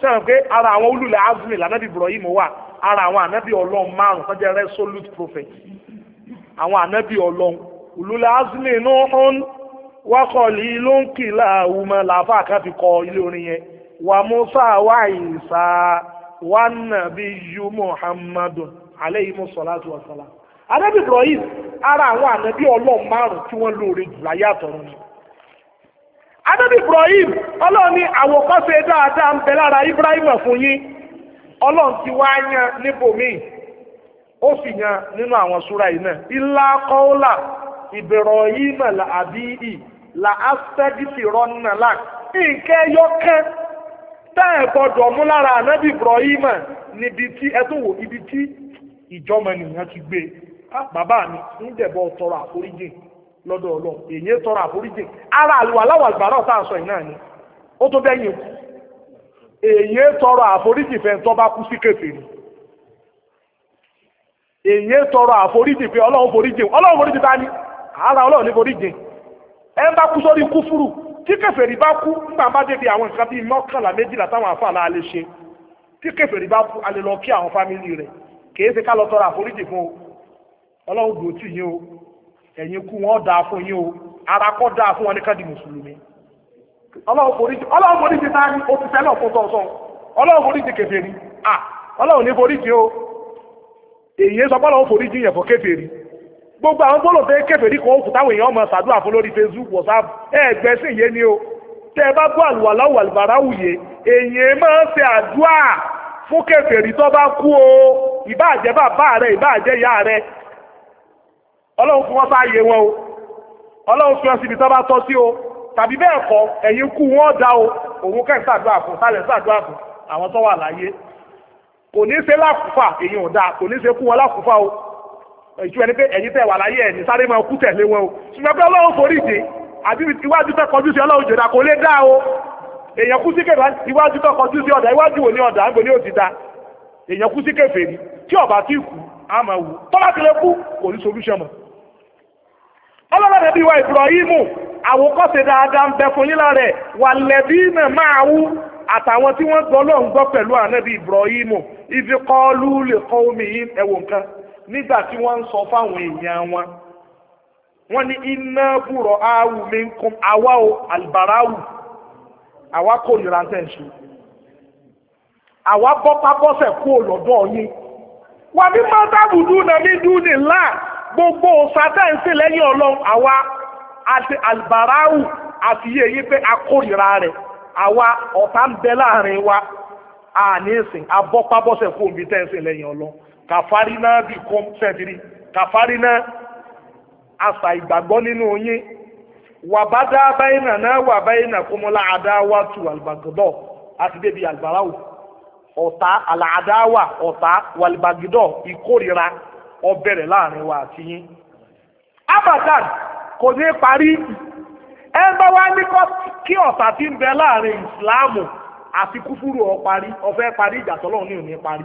sẹ́wọ̀n pé ara àwọn olùlẹ̀ azmi lànábì Ibrahim wà ara àwọn ànábì ọlọ́run márùn-ún sọ́jẹ́ resolute prophet àwọn ànábì ọlọ́run olùlẹ̀ azmi nù ún wákọ̀lì ló ń kìlà ọmọ làáfà kan fi kọ ilé orin yẹn wà musa wà ìsà wà nàbí yu muhammadu aleyhi musalatu wasala ibrahim ara àwọn ànábì ọlọ́run márùn tí wọ́n lóore jù láyé àtọ̀run ni anabi ibrahim ọlọ́run ní àwòkọ́ṣe dáadáa ń bẹ fún yín ọlọ́run ti wá yan ó sì yan nínú àwọn súra yìí náà ilá kọ́ọ́là la á fẹ́ dìtì rọ́nà láà nǹkan ẹyọ kan tẹ́ mú lára ànábì Ibrahim níbi tí ẹ ti gbé ah, bàbá mi ń dẹ̀bọ̀ tọrọ àforíjì lọ́dọ̀ eyi èyí tọrọ àforíjì ara àlùwà láwà àgbàrá ọ̀tá àṣọ ìnáà ni ó tó bẹ́yìn kú èyí tọrọ àforíjì fẹ́ tọ́ bá kú sí èyí tọrọ àforíjì fẹ́ ọlọ́run ara ọlọ́run ní ẹ ń bá kú sórí kúfúrù tí kèfèrí bá kú nígbà bá débi àwọn nǹkan bíi mọ́kànlá méjìlá táwọn àfààlà alẹ́ ṣe tí kèfèrí bá kú alẹ́ lọ kí àwọn fámìlì rẹ̀ kìí ṣe ká lọ tọrọ àforíjì fún o ọlọ́run dùn tì yín o ẹ̀yin kú wọn dáa fún yín o ara kọ́ dáa fún wọn ní káàdì mùsùlùmí ọlọ́run foríjì ọlọ́run foríjì náà ni o ti fẹ́ lọ́ọ̀ fún tọ́sán ọlọ́run foríjì kèfèrí à ọlọ́run ní foríjì o èyí sọ pé ọlọ́run foríjì yẹn fún kèfèrí gbogbo àwọn tó lò pé kèfèrí kan òkú táwọn èèyàn máa ṣàdúrà fún lórí facebook whatsapp ẹ̀ẹ́gbẹ́ sì yé ni o tẹ́ ẹ bá bọ́ àlùwàláwù àlùbáráwùyé èèyàn máa ń ṣe àdúrà fún kèfèrí tó bá kú o ìbáàjẹ́ bàbá rẹ̀ ìbáàjẹ́ ìyá rẹ̀ ọlọ́run fún wọn bá yé wọn o ọlọ́run fi wọn síbi tó bá tọ́ sí o tàbí bẹ́ẹ̀ kọ́ ẹ̀yin kú wọn dá o òun kẹ́ ṣàdúrà fún sálẹ̀ ṣàdúrà fún àwọn tó wà láyé kò ní ṣe lákùúfà èyí ò dáa kò ní ṣe kú wọn lákùúfà o ìjú ẹni pé ẹ̀yin tẹ̀ wà láyé ẹ̀ ní sáré máa kú tẹ̀lé wọn o ṣùgbọ́n pé ọlọ́run forí ìdè iwájú tẹ́ kọjú sí ọlọ́run jòdà kò lè dá o èèyàn kú sí kẹfà iwájú tẹ́ kọjú sí ọ̀dà iwájú wò ní ọ̀dà àgbò ní òtí da èèyàn kú sí kẹfà èmi tí ọ̀bà tí kú a máa wù tọ́lá ti lè kú kò ní solúṣọ̀n mọ́. ọlọ́run ẹbí wa Ibrahimu àwòkọ́ṣe dáadáa ń bẹ fún yín lára ẹ̀ wà lẹ́bí náà máa wú àtàwọn tí wọ́n gbọ́ lọ́ọ̀ ń gbọ́ pẹ̀lú ànábì Ibrahimu ìfikọ́ọ́lù lè kọ́ omi yín ẹ̀wọ̀n kan nígbà tí wọ́n ń sọ fáwọn èèyàn wọn wọ́n ní iná búrọ̀ áwù mi ń kún àwa o àlùbáráwù àwa kò nira ń tẹ̀sí àwa bọ́pá bọ́sẹ̀ kú lọ́dọ̀ yín wà ní mọ́tàbùdú náà ní dúnì ńlá gbogbo sátẹ́ǹsì lẹ́yìn ọlọ́run àwa àti àlùbáráwù àti iye yìí pé a kórìíra rẹ̀ àwa ọ̀tá ń bẹ láàrin wa àní ìsìn abọ́pá bọ́sẹ̀ kú òbí tẹ́ǹsì lẹ́yìn ọlọ́run kàfárí náà bí kọ́ sẹ́tìrì kàfárí náà àṣà ìgbàgbọ́ nínú yín wàbádá báyìnà náà wà báyìnà kọmọlá àdáwà tù àlùbàgọ́dọ̀ àti débi àlùbàráwò ọ̀tá àlàádáwà ọ̀tá wàlùbàgọ́dọ̀ ìkórira ọbẹ̀rẹ̀ láàrin wa àti yín. abadan kò ní parí ẹ bá wá ní kí ọ̀tá ti ń bẹ láàrin ìsìláàmù àti kúfúrú ó parí ó fẹ́ parí ìjà tọ́lọ́ ní òní parí.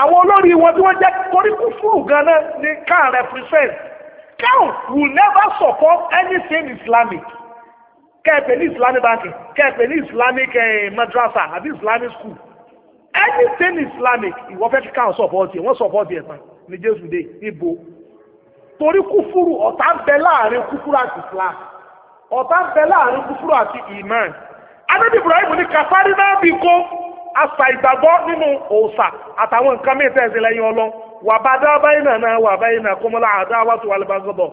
àwọn olórí wọn tí wọ́n jẹ́ koríko fúrù gan-an ni can represent can will never support anything islamic kẹ́ẹ̀pẹ̀ ní islamic banking kẹ́ẹ̀pẹ̀ ní islamic eh, madrasa àbí islamic school anything islamic ìwọ fẹ́ kí can support yẹ wọ́n support yẹ tán ní jésù dé níbo torí kúfúrú ọ̀tá ń bẹ láàrin kúfúrú àti islam ọ̀tá ń bẹ láàrin kúfúrú àti iman adébíbrahim ní kàfárí náà bí kó àṣà ìgbàgbọ́ nínú òòṣà àtàwọn nǹkan mìíràn tẹ̀sí lẹ́yìn ọlọ́ wàbàdà báyìí náà wà báyìí náà kọ́mọ́lá àdá wà tó wà lè bá gbọ́dọ̀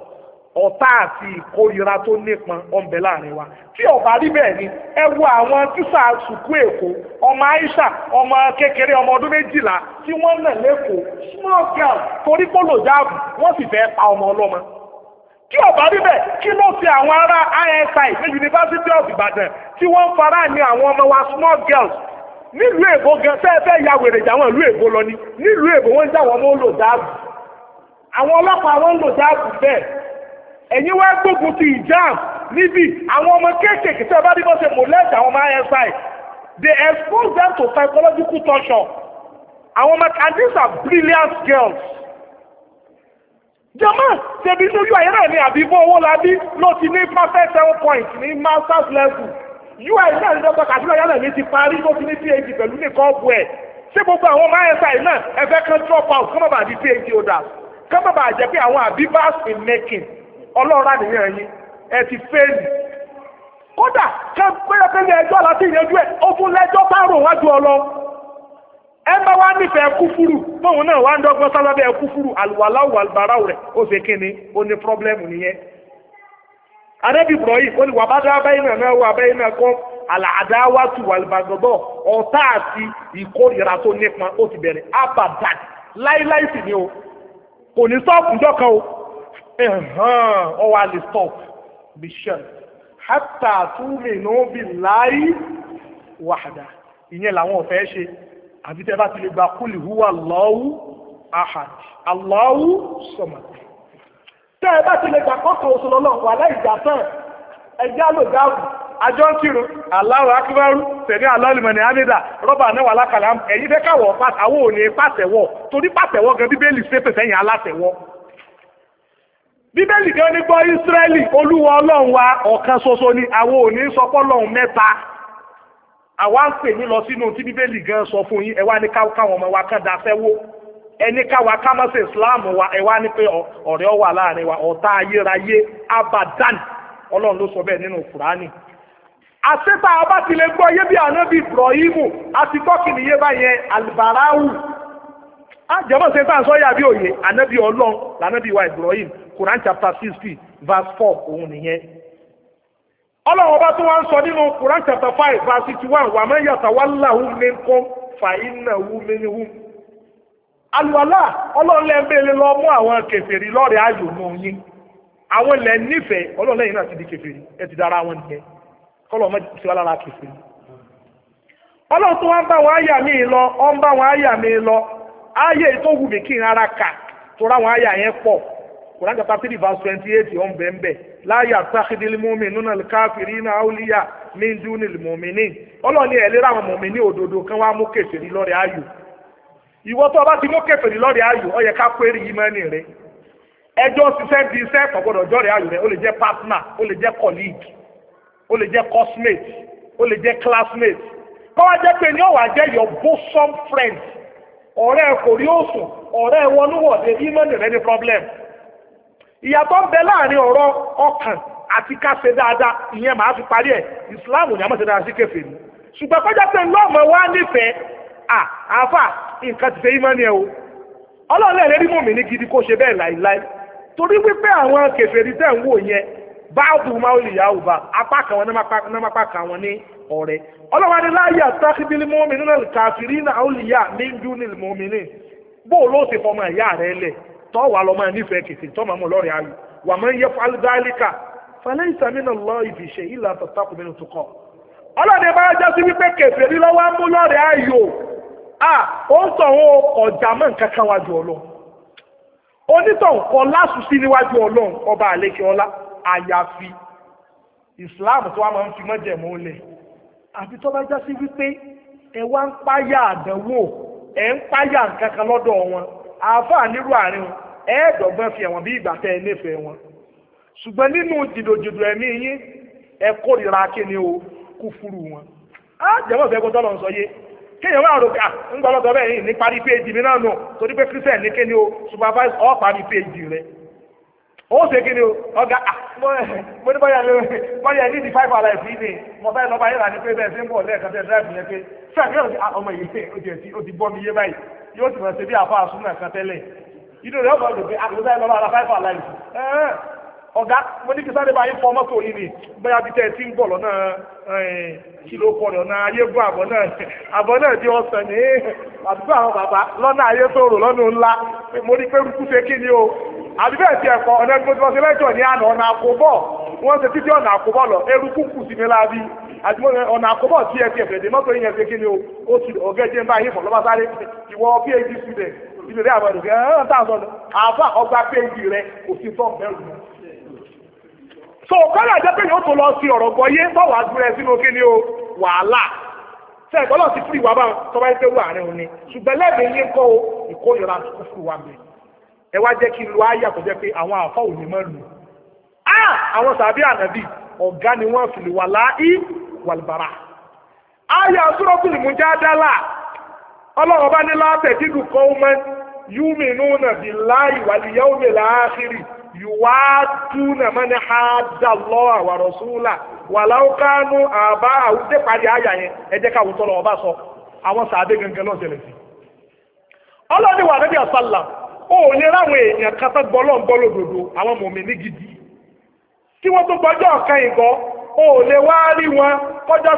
ọ̀tá àti ìkórira tó nípọn ọ̀nbẹ láàrin wa tí ọ̀bá rí bẹ́ẹ̀ ni ẹ wo àwọn tíṣà sùkú èkó ọmọ Aisha ọmọ kékeré ọmọ ọdún méjìlá tí wọ́n nà lẹ́kọ̀ọ́ small girl torí kó lò jáàbù wọ́n sì fẹ́ pa ọmọ ọlọ́mọ kí ọba bíbẹ̀ kí ló fi àwọn ará ISI ní University of Ibadan tí wọ́n fara ní àwọn ọmọ wa small girls nílùú èbó gan fẹ́ẹ́fẹ́ ya wèrè jáwọn ìlú èbó lọ ni nílùú èbó wọ́n ń já wọn ló dáàbò àwọn ọlọ́pàá wọn ń lò dáàbò bẹ́ẹ̀ ẹ̀yin wá gbógun ti ìjáàm níbi àwọn ọmọ kéékèèké tí wọ́n bá ní bọ́ ṣe mọ̀lẹ́ẹ̀dì àwọn ọmọ ISI they expose them to psychological torture àwọn ọmọ and these are brilliant girls jọmọ ṣèbí inú yóò ayé náà ní àbí bó owó labí ló ti ní perfect seven points ní masters level ui náà lọ́gbọ́n kàdúrà yálà mi ti parí ló fi ní phd pẹ̀lú nìkan ọ̀bù ẹ̀ ṣé gbogbo àwọn msi náà ẹ fẹ́ kán drop out kán bàbà di phd holders kán bàbà jẹ́ pé àwọn abibas in making ọlọ́ọ̀rá nìyẹn yín ẹ ti fail kódà kán pérépéré ẹjọ́ láti ìyanjú ẹ̀ ó fún lẹ́jọ́ bárò wájú ọlọ ẹ bá wá nífẹ̀ẹ́ kúfúrú tóun náà wá ń dọ́gbọ́n sábà bẹ́ẹ̀ kúfúrú àlùwàláwù àlùbáráwù rẹ̀ ó ṣe kíni ó ní pírọ́blẹ́mù nìyẹn anábì Ibrahim ó ní wàbá dá báyìí náà náà wà báyìí náà kọ́ àlàdáwàtú wàlùbàgbọ́ ọ̀tá àti ìkórìíra tó nípa ó ti bẹ̀rẹ̀ abadan láíláí sì ni o kò ní sọ́ọ̀pù jọ́kan o ọwọ́ àlè sọ́ọ̀pù bishop hátà túmínú billahi wàhádà ìyẹn làwọn ọ̀fẹ́ ṣe àbí tẹ́ bá ti lè gba kúlì húwà Allahu ahad Allahu samad tẹ́ ẹ bá ti lè gbà kọ́kọ́ oṣù lọ́nà wà láì jà tán ẹjá lò dáàbò àjọ ń kírun Allahu akíbárú tẹ̀lé alọ́lùmọ̀nì amida rọ́bà náà wà lákàlà ẹ̀yìn fẹ́ káwọ̀ àwọn òní pàtẹ́wọ́ torí pàtẹ́wọ́ gan bíbélì ṣe pèsè yẹn alátẹ̀wọ́ bíbélì gan ní gbọ́ Ísírẹ́lì olúwa ọlọ́run wa ọ̀kan ṣoṣo ni àwọn òní sọpọ́ lọ́run mẹ́ta àwa ń pè ní lọ sínú tí bíbélì gan sọ fún yín ẹ wá ní káwọn ọmọ wa kàn dáfẹ́ wó ẹni káwa kámọ́sí islam wa ẹ wá ní pé ọ̀rẹ́ wà láàrin wa ọ̀tá ayérayé abadan ọlọ́run ló sọ bẹ́ẹ̀ nínú kùránì àṣetà ọba ti lè gbọ́ yé bí ànábì ibrahim àti tọ́kìnì yé báyẹn albarau àjẹmọ́ ṣe tá à ń sọ yàbí òye ànábì ọlọ́run lànábì wa ibrahim quran chapter sixty verse four òun nìyẹn ọlọ́run ọba tó wá ń sọ nínú quran chapter five verse sixty one wàmẹ́yàtà wàláhùn minkum fàínàhùn alùwàlà ọlọ́ọ̀lẹ́ bẹ́ẹ̀lẹ́ lọ mú àwọn kèfèrí lọ́rẹ̀ ayò mọ́ yín àwọn ilẹ̀ nífẹ̀ẹ́ ọlọ́ọ̀lẹ́ náà ti di kèfèrí ẹ dára wọn nìyẹn kọ́lọ̀ mọ́ ti lára ọlọ́run tó bá wọn àyà mi lọ bá wọn àyà mi lọ ayé tó wù mí kí n ara kà tó ra wọn àyà yẹn pọ̀ Quran chapter three verse twenty eight ọ̀ ń láyà ìwọ tó o bá ti mú kèfèrí lọ́rẹ̀ ayò ó yẹ ká péré ìmánì rẹ ẹjọ́ ṣiṣẹ́ di iṣẹ́ kò gbọ́dọ̀ jọ́rẹ̀ ayò rẹ ó lè jẹ́ partner ó lè jẹ́ colleague ó lè jẹ́ cosmate ó lè jẹ́ classmate kọ́ wá jẹ́ pé ní ọ̀wà jẹ́ your bosom friend ọ̀rẹ́ kò rí òsùn ọ̀rẹ́ wọnúwọ̀dé ìmánì rẹ ní problem ìyàtọ̀ ń bẹ láàrin ọ̀rọ̀ ọkàn àti ká ṣe dáadáa ìyẹn màá fi parí ẹ̀ ìsìláàmù ni a máa ṣe dáadáa sí kèfèrí ṣùgbọ́n kọjá pé lọ́ọ̀mọ̀ wá nífẹ̀ẹ́ àáfà nǹkan ti ṣe ìmọ̀ni ẹ̀ o ọlọ́run lẹ́ẹ̀lẹ́ rí mọ̀mí ní gidi kó ṣe bẹ́ẹ̀ láìláì torí wípé àwọn kèfèrí tẹ̀ ń wò yẹn báàbù máa ń lè yà òbá apá kan wọn ní apá kan wọn ní ọ̀rẹ́ ọlọ́run adé láàyè àtàkìbílì mọ́mí nínú kàfìrí náà ó lè yà ní júnì mọ́mí ní bó o ló ti fọmọ ìyá rẹ lẹ̀ tọ́ wà lọ́mọ nífẹ̀ẹ́ kèfèrí tọ́ màmú lọ́rẹ̀ ayò wà máa ń yẹ fálídálíkà fàlẹ́ ìsàmínà lọ ó ń tọ̀ wọn ọ̀jà mọ́ nǹkan kan wájú ọlọ́run onítọ̀hún kọ lásùsí níwájú ọlọ́run ọba àlékè ọlá àyàfi ìsìláàmù tó wà máa ń fi mọ́jẹ̀mú lẹ̀ àfi tó bá já sí wípé ẹ wá ń páyà àdánwò ẹ ń páyà nǹkan kan lọ́dọ̀ wọn àáfàá nírú àárín wọn ẹ̀ẹ́dọ̀gbọ́n fi ẹ̀wọ̀n bí ìgbà tẹ́ ẹ nífẹ̀ẹ́ wọn ṣùgbọ́n nínú jìdòjìdò ẹ̀mí yín ẹ kórìíra kíni o kú fúru wọn á jẹ́wọ́ fẹ́ gbọ́dọ̀ lọ́n sọ yé kéèyàn wà rògbà ah, ń gbọ́ lọ́dọ̀ bẹ́ẹ̀ ní parí péèjì mi náà nù torí pé christian ní o supervise parí rẹ̀ o ọ̀gá ah, mo ní bọ́yà lé bọ́yà ní di five hours yìí ni mo fẹ́ lọ́ba yìí rà pé bẹ́ẹ̀ ṣe ń bọ̀ lẹ́ẹ̀kan tẹ́ drive yẹn pé ọ̀gá mo ní kí sáré báyìí fọ mọ́tò yìí ni bóyá bí tẹ́ ẹ ti ń bọ̀ lọ́nà kìlọ̀ ọkọ rẹ̀ ọ̀nà ayégun àbọ̀ náà àbọ̀ náà di ọ̀sán ní àdúgbò àwọn bàbá lọ́nà ayé tó rò lọ́nà ńlá mo ní pé kú ṣe kí ni o àdúgbò ẹ̀sìn ẹ̀kọ́ ọ̀nà gbogbo ti wọ́n ṣe lẹ́jọ́ ní àná ọ̀nà àkóbọ̀ wọ́n ṣe títí ọ̀nà àkóbọ̀ lọ eruku kù sí mi láabi ọ̀nà àkóbọ̀ tí ẹ ti ẹ̀fẹ̀ dé mọ́tò yẹn ṣe kí ni o ó ti ọ̀gẹ́jẹ́ ń bá yín fọ̀ lọ́ba sáré ìwọ phd student ìbẹ̀rẹ̀ àbọ̀dùn ẹ̀ ẹ̀ ń tà sọ̀rọ̀ àbá ọgbà phd rẹ kò sí tọ́ mẹ́rin so kọ́lá jẹ́ pé yóò tó lọ sí ọ̀rọ̀ gbọ́ yé bọ́ wà á dúró ẹ sínú kí ni o wàhálà ṣe ẹ̀kọ́ lọ sí fún ìwà bá tọ́ba ẹ tẹ́wọ́ àárín òní ṣùgbọ́n lẹ́ẹ̀mí yín kọ́ o ìkórìíra kúkú wa mi ẹ wá jẹ́ kí lu ayé àkọ́jẹ́ pé àwọn àfọ́ òní mọ́ lù á àwọn sàbí ànàbì ọ̀gá ni wọ́n fi wà láì wàlùbàrà ayé àtúrọ́kùnrin mú jáadálà ọlọ́run bá ní látẹ̀ dídùn kọ́ yuwaduna man hadda Allah wa rasula walau kanu aba'ahu dé parí àyà yẹn ọba sọ àwọn gangan náà wà níbi àsálà ó nyere ráwọn èèyàn kátà gbọ́lọ́ gbọ́lọ́ dodo àwọn mọ̀mí gidi kí wọ́n tó gbọ́jọ́ ọ̀kan ìgọ́ ó lè wá rí wọn kọjá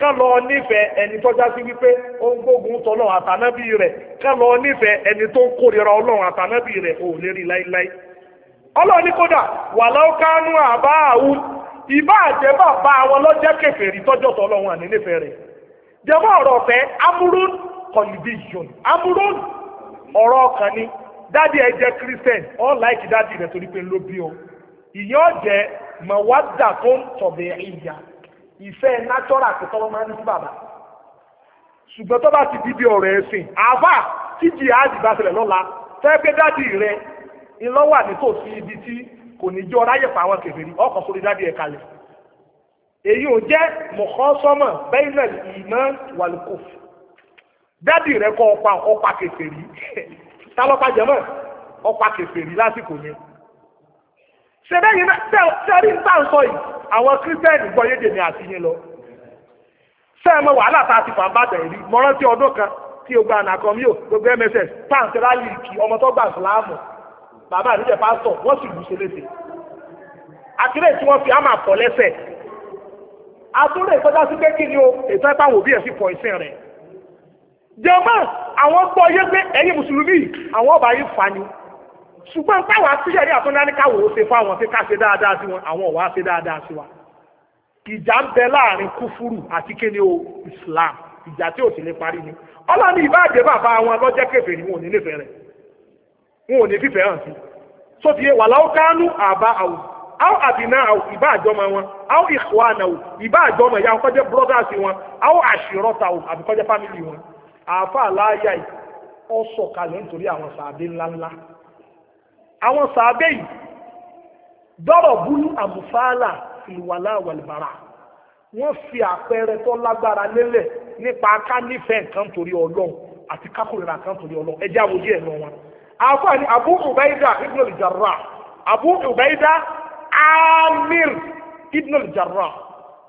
ká lọ nífẹ̀ẹ́ ẹni tọ́já sí wípé ó ń gbógun àtànábì rẹ̀ ká lọ nífẹ̀ẹ́ ẹni tó ń ọlọ́run àtànábì rẹ̀ ò lè láíláí. ọlọ́run ní kódà wà láwùkánú àbá àwù ìbá àjẹ́ bàbá wọn lọ́jẹ́ kèfèrí tọ́jọ́ rẹ̀. jẹ́mọ́ ọ̀rọ̀ ni dádì ẹ̀jẹ̀ ìfẹ́ natural kò tọ́wọ́ máa ń sí bàbá ṣùgbọ́n tó bá ti di bí ọ̀rọ̀ ẹ̀sìn àbá tí jihadi bá ṣẹlẹ̀ lọ́la fẹ́ẹ́ dádì rẹ ìlọ́wà nítòsí ibi tí kò ní jọ ráyè pa àwọn kèfèrí ọkọ̀ sórí dádì ẹ̀ kalẹ̀ èyí ò jẹ́ mọ̀kọ́sọ́mọ̀ bẹ́ẹ̀nà ìmọ̀ wàlúkọ̀f dádì rẹ kọ́ ọpa ọpa kèfèrí tálọ́pà jẹ́mọ̀ ọpa kèfèrí lásìkò yẹn ṣe bẹ́ẹ̀ yìí sẹ́rí ń bá ń sọ yìí àwọn kírísítẹ́nì gbọ́ yéde ni àti yín lọ sẹ́ẹ̀mọ wàhálà tá a ti fà ń bàjẹ́ rí mo rántí ọdún kan tí o gba ànàkàn mi ò gbogbo mss pàǹtí rálì kì ọmọ tó gbà síláàmù bàbá àdújẹ pásítọ̀ wọ́n sì lù ú ṣeléṣe àtúrẹ̀ tí wọ́n fi àmà pọ̀ lẹ́sẹ̀ àtúrẹ̀ ìtọ́já sí pé kí ni o ètò ẹ̀pá wò bí ẹ̀sìn pọ̀ ìsìn rẹ̀ jọba àwọn gbọ́ yé pé ẹ̀yin mùsùlùmí àwọn ọba yìí fani ṣùgbọ́n báwa tíṣẹ̀ ní àtúndáníkàwò ó ṣe fáwọn pé ká ṣe dáadáa sí wọn àwọn ọ̀wá ṣe dáadáa sí wa ìjà ń bẹ láàrin kúfúrù àti kíni o Islam ìjà tí ò sì lè parí ni ọlọ́ni ìbáàjẹ́ bàbá wọn lọ́jẹ́ kèfèrí wọn ò ní nífẹ̀ẹ́ rẹ̀ wọn ò ní fífẹ́ hàn sí so ti yẹ wà láwọn kánú àbá àwò àwọn àbìnà àwò ìbá àjọmọ wọn àwọn ìkọ́ àná àwò ìbá àjọmọ ìyá wọn wọn àwọn àṣírọ́ta àwò àbí kọjá family wọn àáfà láàyà ọ̀sọ̀ kalẹ̀ nítorí àwọn sàbẹ̀ ńláńlá àwọn sàábẹ́ yìí dọ́rọ̀ búlú àmúfáàlà ìwàlá àwàlùbàrà wọ́n fi àpẹẹrẹ tó lágbára lélẹ̀ nípa ká nífẹ̀ẹ́ nǹkan torí ọlọ́run àti kákòrìrà nǹkan torí ọlọ́run ẹjẹ́ àwòjẹ́ ẹ̀ lọ wọn. àfààní Abu Ubaida ibn al-Jarrah Abu Ubaida Amir ibn al-Jarrah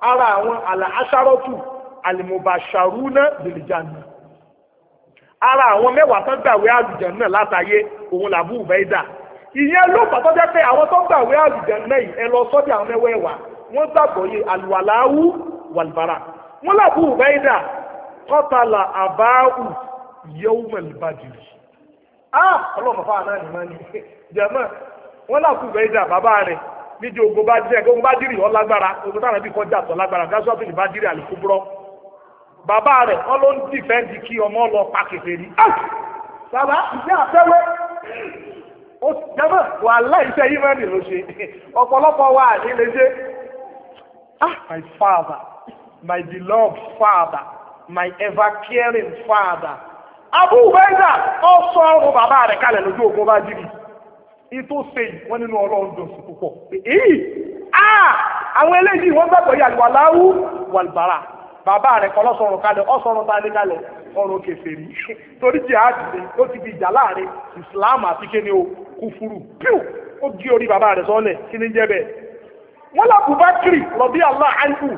ara àwọn àlàáṣárọ́tù alimobasharuna bilijana ara àwọn mẹ́wàá tán gbàwé àlùjànnà látàyé òun làbú Ubaida ìyẹn ló pàtó jẹ́ pé àwọn tó gbàwé àlùjànnà yìí ẹ lọ sọ́dọ̀ àwọn ẹwẹ́wà wọ́n gbàgbọ́ yé àlùwàláwù wàlùbárà wọ́n làbú ìbáyìdà kọ́tàlà àbáwù yẹ́wùmẹ̀lìbàdìrì ah ọlọ́mọ fáwọn náà nìmọ́ ni jẹ́mọ́ wọ́n làbú ìbáyìdà bàbá rẹ̀ níjẹ́ ogun bá dìrì ogun bá dìrì ọlágbára ogun táwọn ẹbí kọjá àtọ̀ lágbára gásọ́fìnì bá dìrì àlùkùbúrọ́ bàbá rẹ̀ wọ́n ló ń jama wà láìsẹ́ ìmọ̀nì ló ṣe ọpọlọpọ wa ní lè ṣe ah my father my beloved father my ever caring father abu ubaida ọ sọ ọrùn bàbá rẹ̀ kalẹ̀ lójú ogun bá dìrì ìtò sèyí wọn nínú ah àwọn eléyìí wọn gbàgbọ́ yà wà láwù wàlùbárà bàbá rẹ̀ kọ́ lọ́sọ̀rùn kalẹ̀ ọ̀sọ̀rùn tá a ní kalẹ̀ ọ̀rùn kẹfẹ́ rí torí jihad islam àti kúfúrú píù ó di orí bàbá rẹ̀ sọ́lẹ̀ kí ni jẹ́ bẹ́ẹ̀. wọ́n lọ Abubakri rọ̀bí allah anhu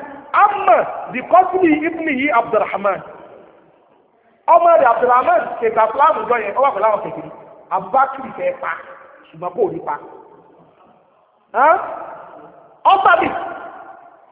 amma di kọ́sìlì ibni yìí Abdulrahman ọmọ rẹ̀ Abdulrahman kẹgbà fúlàmù jọ yẹn ọwọ́ pẹ̀lú àwọn kékeré Abubakri fẹ́ pa ṣùgbọ́n kò ní pa. ọ́n sábì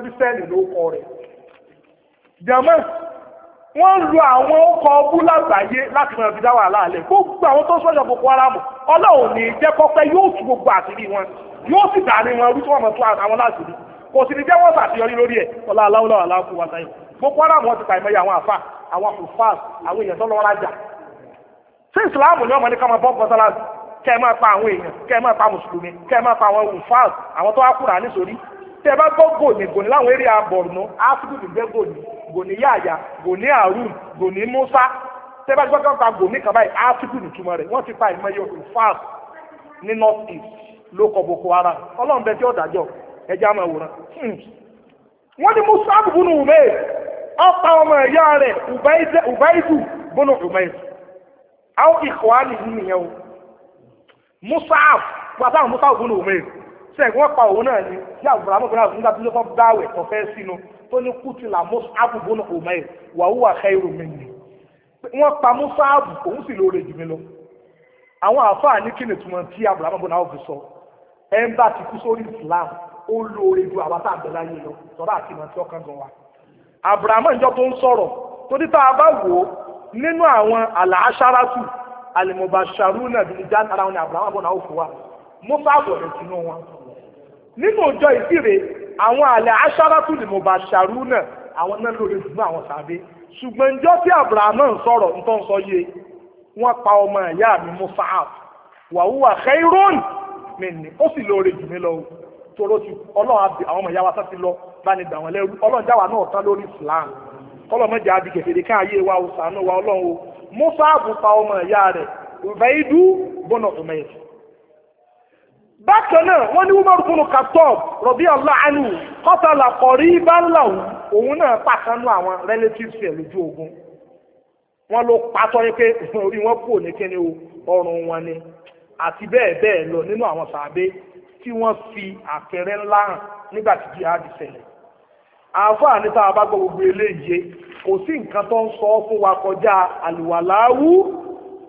kírísítẹ́nì ló kọ rẹ̀ jama wọ́n lu àwọn ọkọ̀ ọbú lágbàáyé láti mọ̀ fi dá wàhálà alẹ́ gbogbo àwọn tó sọ́jọ́ Boko Haram ọlọ́run ní jẹ́ kọ́pẹ́ yóò tú gbogbo àṣírí wọn yóò sì dàrí wọn rú tí wọ́n mọ̀ tó àwọn láti rí kò sì ní jẹ́ wọ́n ṣàṣeyọrí lórí ẹ̀ ọlá aláwọ̀lá aláàkú wa sáyé Boko Haram wọn ti pa ìmọ̀ye àwọn àfà àwọn àfòfàs àwọn èèyàn tó rájà sí ìsìláàmù ni ọmọ ní ká máa mọ́sálásì kẹ́ máa pa àwọn èèyàn kẹ́ máa pa mùsùlùmí kẹ́ máa pa àwọn òfàs àwọn tó wá kúrà nítorí tẹ bá gbọ́ gòní gòní láwọn eré abọ̀rùnú áfíríkì gbẹ gòní gòní yáàyà gòní àrùn gòní musa tẹ bá gbọ́ kọ́kọ́ gòní kaba yìí áfíríkì nìtumọ̀ rẹ̀ wọ́n ti pa ìmọ̀ yóò fáàf ní north east ló kọ boko haram ọlọ́run bẹ tí ó dájọ́ ẹjẹ́ àmọ́ ìwòran. Hmm. wọ́n ní musa bùnú umeir ọ̀pá ọmọ ẹ̀yà rẹ̀ ubaidu bùnú umeir àwọn ìkọ̀wá nìyí nìyẹn o musa pàtàkì musa bùnú umeir sẹ́yìn wọ́n pa òun náà ni bí àbúrò àmọ́bìnrin àbúrò nígbà tó ló fọ́ gbáwẹ̀ tó fẹ́ sínú tó ní kùtìlà mọ́sáàbù bọ́nà òmẹ́yìn wàhùwà khairu minni wọ́n pa mọ́sáàbù òun sì lóore jù mí lọ. àwọn àfáà ní kí ni túmọ̀ tí àbúrò àmọ́bìnrin àwọn fi sọ ẹ̀ ń bá ti kú sórí Islam ó lóore ju àwa tá àgbẹ̀ láyé lọ sọ́dọ̀ àti ìmọ̀ tí ọkàn gan wa. àbúrò àmọ́ ìjọ tó ń sọ̀rọ̀ a bá wò ó nínú àwọn àlàáṣáràtù àlìmọ̀bàṣàrú náà bíi jáde ara wọn ni àbúrò nínú ọjọ́ ìsírè àwọn àlẹ́ aṣáràtú ni mo bá ṣàrú náà àwọn náà lórí ìdùnnú àwọn sàbẹ ṣùgbọ́n ìjọ tí abrahamu ń sọ̀rọ̀ ń tó ń sọ yé wọ́n pa ọmọ ìyá mi Mus'ab wàhùwà khairun mi ni ó sì lóore jù mí lọ o toro ti ọlọ́run àbí àwọn ọmọ ìyá wa sátì lọ bá ní dàwọn lẹ́rú ọlọ́run jáwa náà tán lórí Islam kọlọ́mọ jẹ́ àbí kẹfẹ́rẹ́ ká ayé wa o ṣàánú wa ọlọ́run o Mus'ab pa ọmọ ìyá rẹ̀ Ubaidu bọ́nà ọmọ ẹ̀sìn bákan náà wọ́n ní Umar bin Khattab radiyallahu anhu qatala qariban lahu òun náà pàkánú àwọn relatives rẹ̀ lójú ogun wọ́n ló pàtọ́ yẹ pé orí wọn kò ní kíni o ọrùn wọn ni àti bẹ́ẹ̀ bẹ́ẹ̀ lọ nínú àwọn sàbẹ́ tí wọ́n fi àpẹẹrẹ ńlá hàn nígbà tí jihad ṣẹlẹ̀ àáfàá ní tá gbogbo eléyìí kò sí nǹkan tó ń sọ fún wa kọjá àlùwàláwú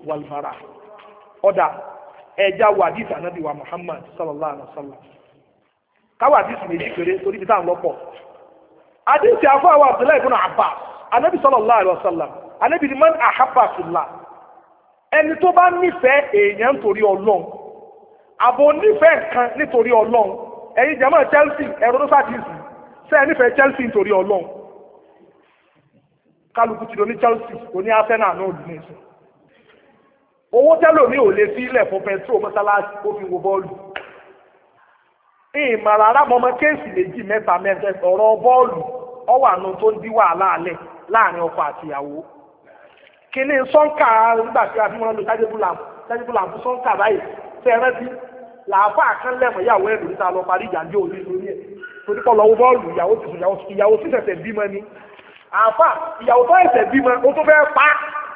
wàlùmárà ọ̀dà ẹja wà àdìsí ànábì wa Muhammad sallallahu alaihi wa sallam káwà àdìsí méjì péré torí táwọn Abdullahi ibn Abbas ànábì sallallahu alaihi wa sallam ànábì ni man ahabba fillah ẹni tó bá nífẹ̀ẹ́ èèyàn nítorí ọlọ́run àbò nífẹ̀ẹ́ kan nítorí ọlọ́run ẹ̀yin jẹ́mọ́ Chelsea ẹ̀rọ tó nífẹ̀ẹ́ Chelsea nítorí ọlọ́run kálukú ti do ní Chelsea oní owó tẹ́lò mi ò lè fi ilẹ̀ fún pẹ̀tró mọ́sálásí kó fi wo bọ́ọ̀lù ìmọ̀ràn arámọmọ kéèsì méjì mẹ́ta mẹ́ta ọ̀rọ̀ bọ́ọ̀lù ọwọ́ àánú tó ń dí wàhálà alẹ́ láàrin ọkọ àtìyàwó kíní sọ́ńkà nígbà tí a fi wọn lo tájébù làǹfù sọ́ńkà báyìí fẹ́rẹ́ sí làáfà kan lẹ́mọ̀ ìyàwó ẹ̀rù níta lọ parí ìjà ní òní lórí ẹ̀ torí pọ̀ lọ́wọ́ bọ́ọ̀lù ìyàwó ti sùn ìyàwó sí ṣẹ̀ṣẹ̀ bímọ ni àáfà ìyàwó tó ẹ̀ṣẹ̀ bímọ ó tó fẹ́ pa á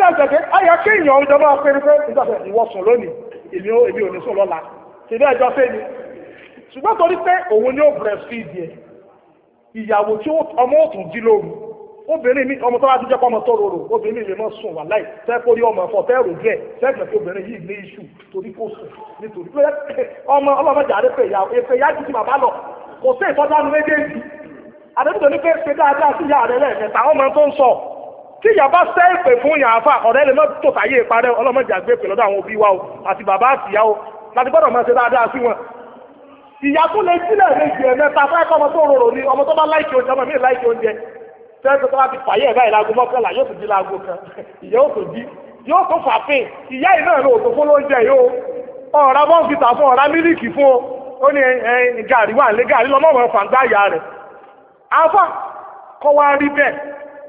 ní àjẹ̀dẹ́ ayà kí èèyàn ọjọ́ máa pé ní pé ìjọba ìwọ sùn lónìí èmi ò èmi ò ní sùn lọ́la ṣèbí ẹjọ́ pé ni ṣùgbọ́n torí pé òun ni ó breastfeed ẹ̀ ìyàwó tí ọmọ òtún jí lóru obìnrin mi ọmọ tó bá ti jẹ́ pọ́mọ tó rorò obìnrin mi lè mọ́ sùn wà láì tẹ́kọ̀ rí ọmọ ẹ̀fọ́ tẹ́rù díẹ̀ tẹ́gbẹ̀ tí obìnrin yìí ní iṣu torí kò sùn nítorí pé ọmọ ọlọ́mọdé àdépè ìyá èfè ìyá jù sí bàbá lọ kò sí ìtọ́jú àánú méjèèjì àdébùtò ní pé ṣe dáadáa sí ìyá rẹ̀ lẹ́ẹ̀mẹ́ta ọmọ tó ń sọ tí yàbá sẹ́ ìpè fún yàn àfà ọ̀rẹ́ lè mọ́tò tàyé ìparẹ́ ọlọ́mọdé àgbẹ̀pẹ̀ lọ́dọ̀ àwọn òbí wa o àti bàbá àtìyá o láti gbọ́dọ̀ máa ṣe dáadáa sí wọn. ìyá tó lè sílẹ̀ méjì ẹ̀ mẹ́ta oúnjẹ ọmọ mi oúnjẹ tó bá ti fàyè ẹ̀ báyìí mọ́kànlá yóò kan ìyá tó di yóò tó ìyá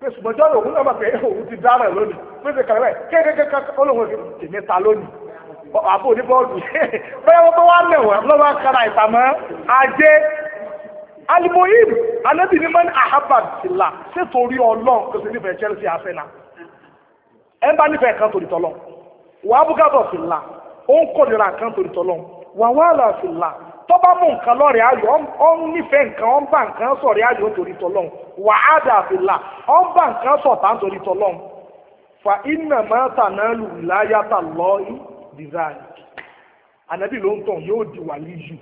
pé ṣùgbọ́n jọ́nà òun náà pé òun ti dára lónìí pé ṣe kàrẹ́ kékeré olóhùn tèmi ta lónìí àbò ní bọ́ọ̀lù bẹ́ẹ̀ wọ́n bá wà mẹ́wàá lọ́wọ́ kára ìtàmọ́ ajé alimoyim anabi ni man ahababila ṣé torí ọlọ́run kò sí nífẹ̀ẹ́ Chelsea afẹ́nà ẹ̀ ń bá nífẹ̀ẹ́ kan torí tọ́lọ́ wàá bùkátọ̀ fìlà ó ń kórìíra kan torí tọ́lọ́ wàá wàhálà fìlà tó bá mú nǹkan lọ́rẹ̀ ayọ̀ ó ń nífẹ̀ẹ́ nǹkan ó ń bá nǹkan sọ̀rẹ̀ ayọ̀ torí tọlọ́hun wà á dàbí là ó ń bá nǹkan sọ̀tà torí tọlọ́hun fa iná máa tà náà lù láyàtà lọ í dìzáì ànábì ló ń tàn yóò di wàlí yù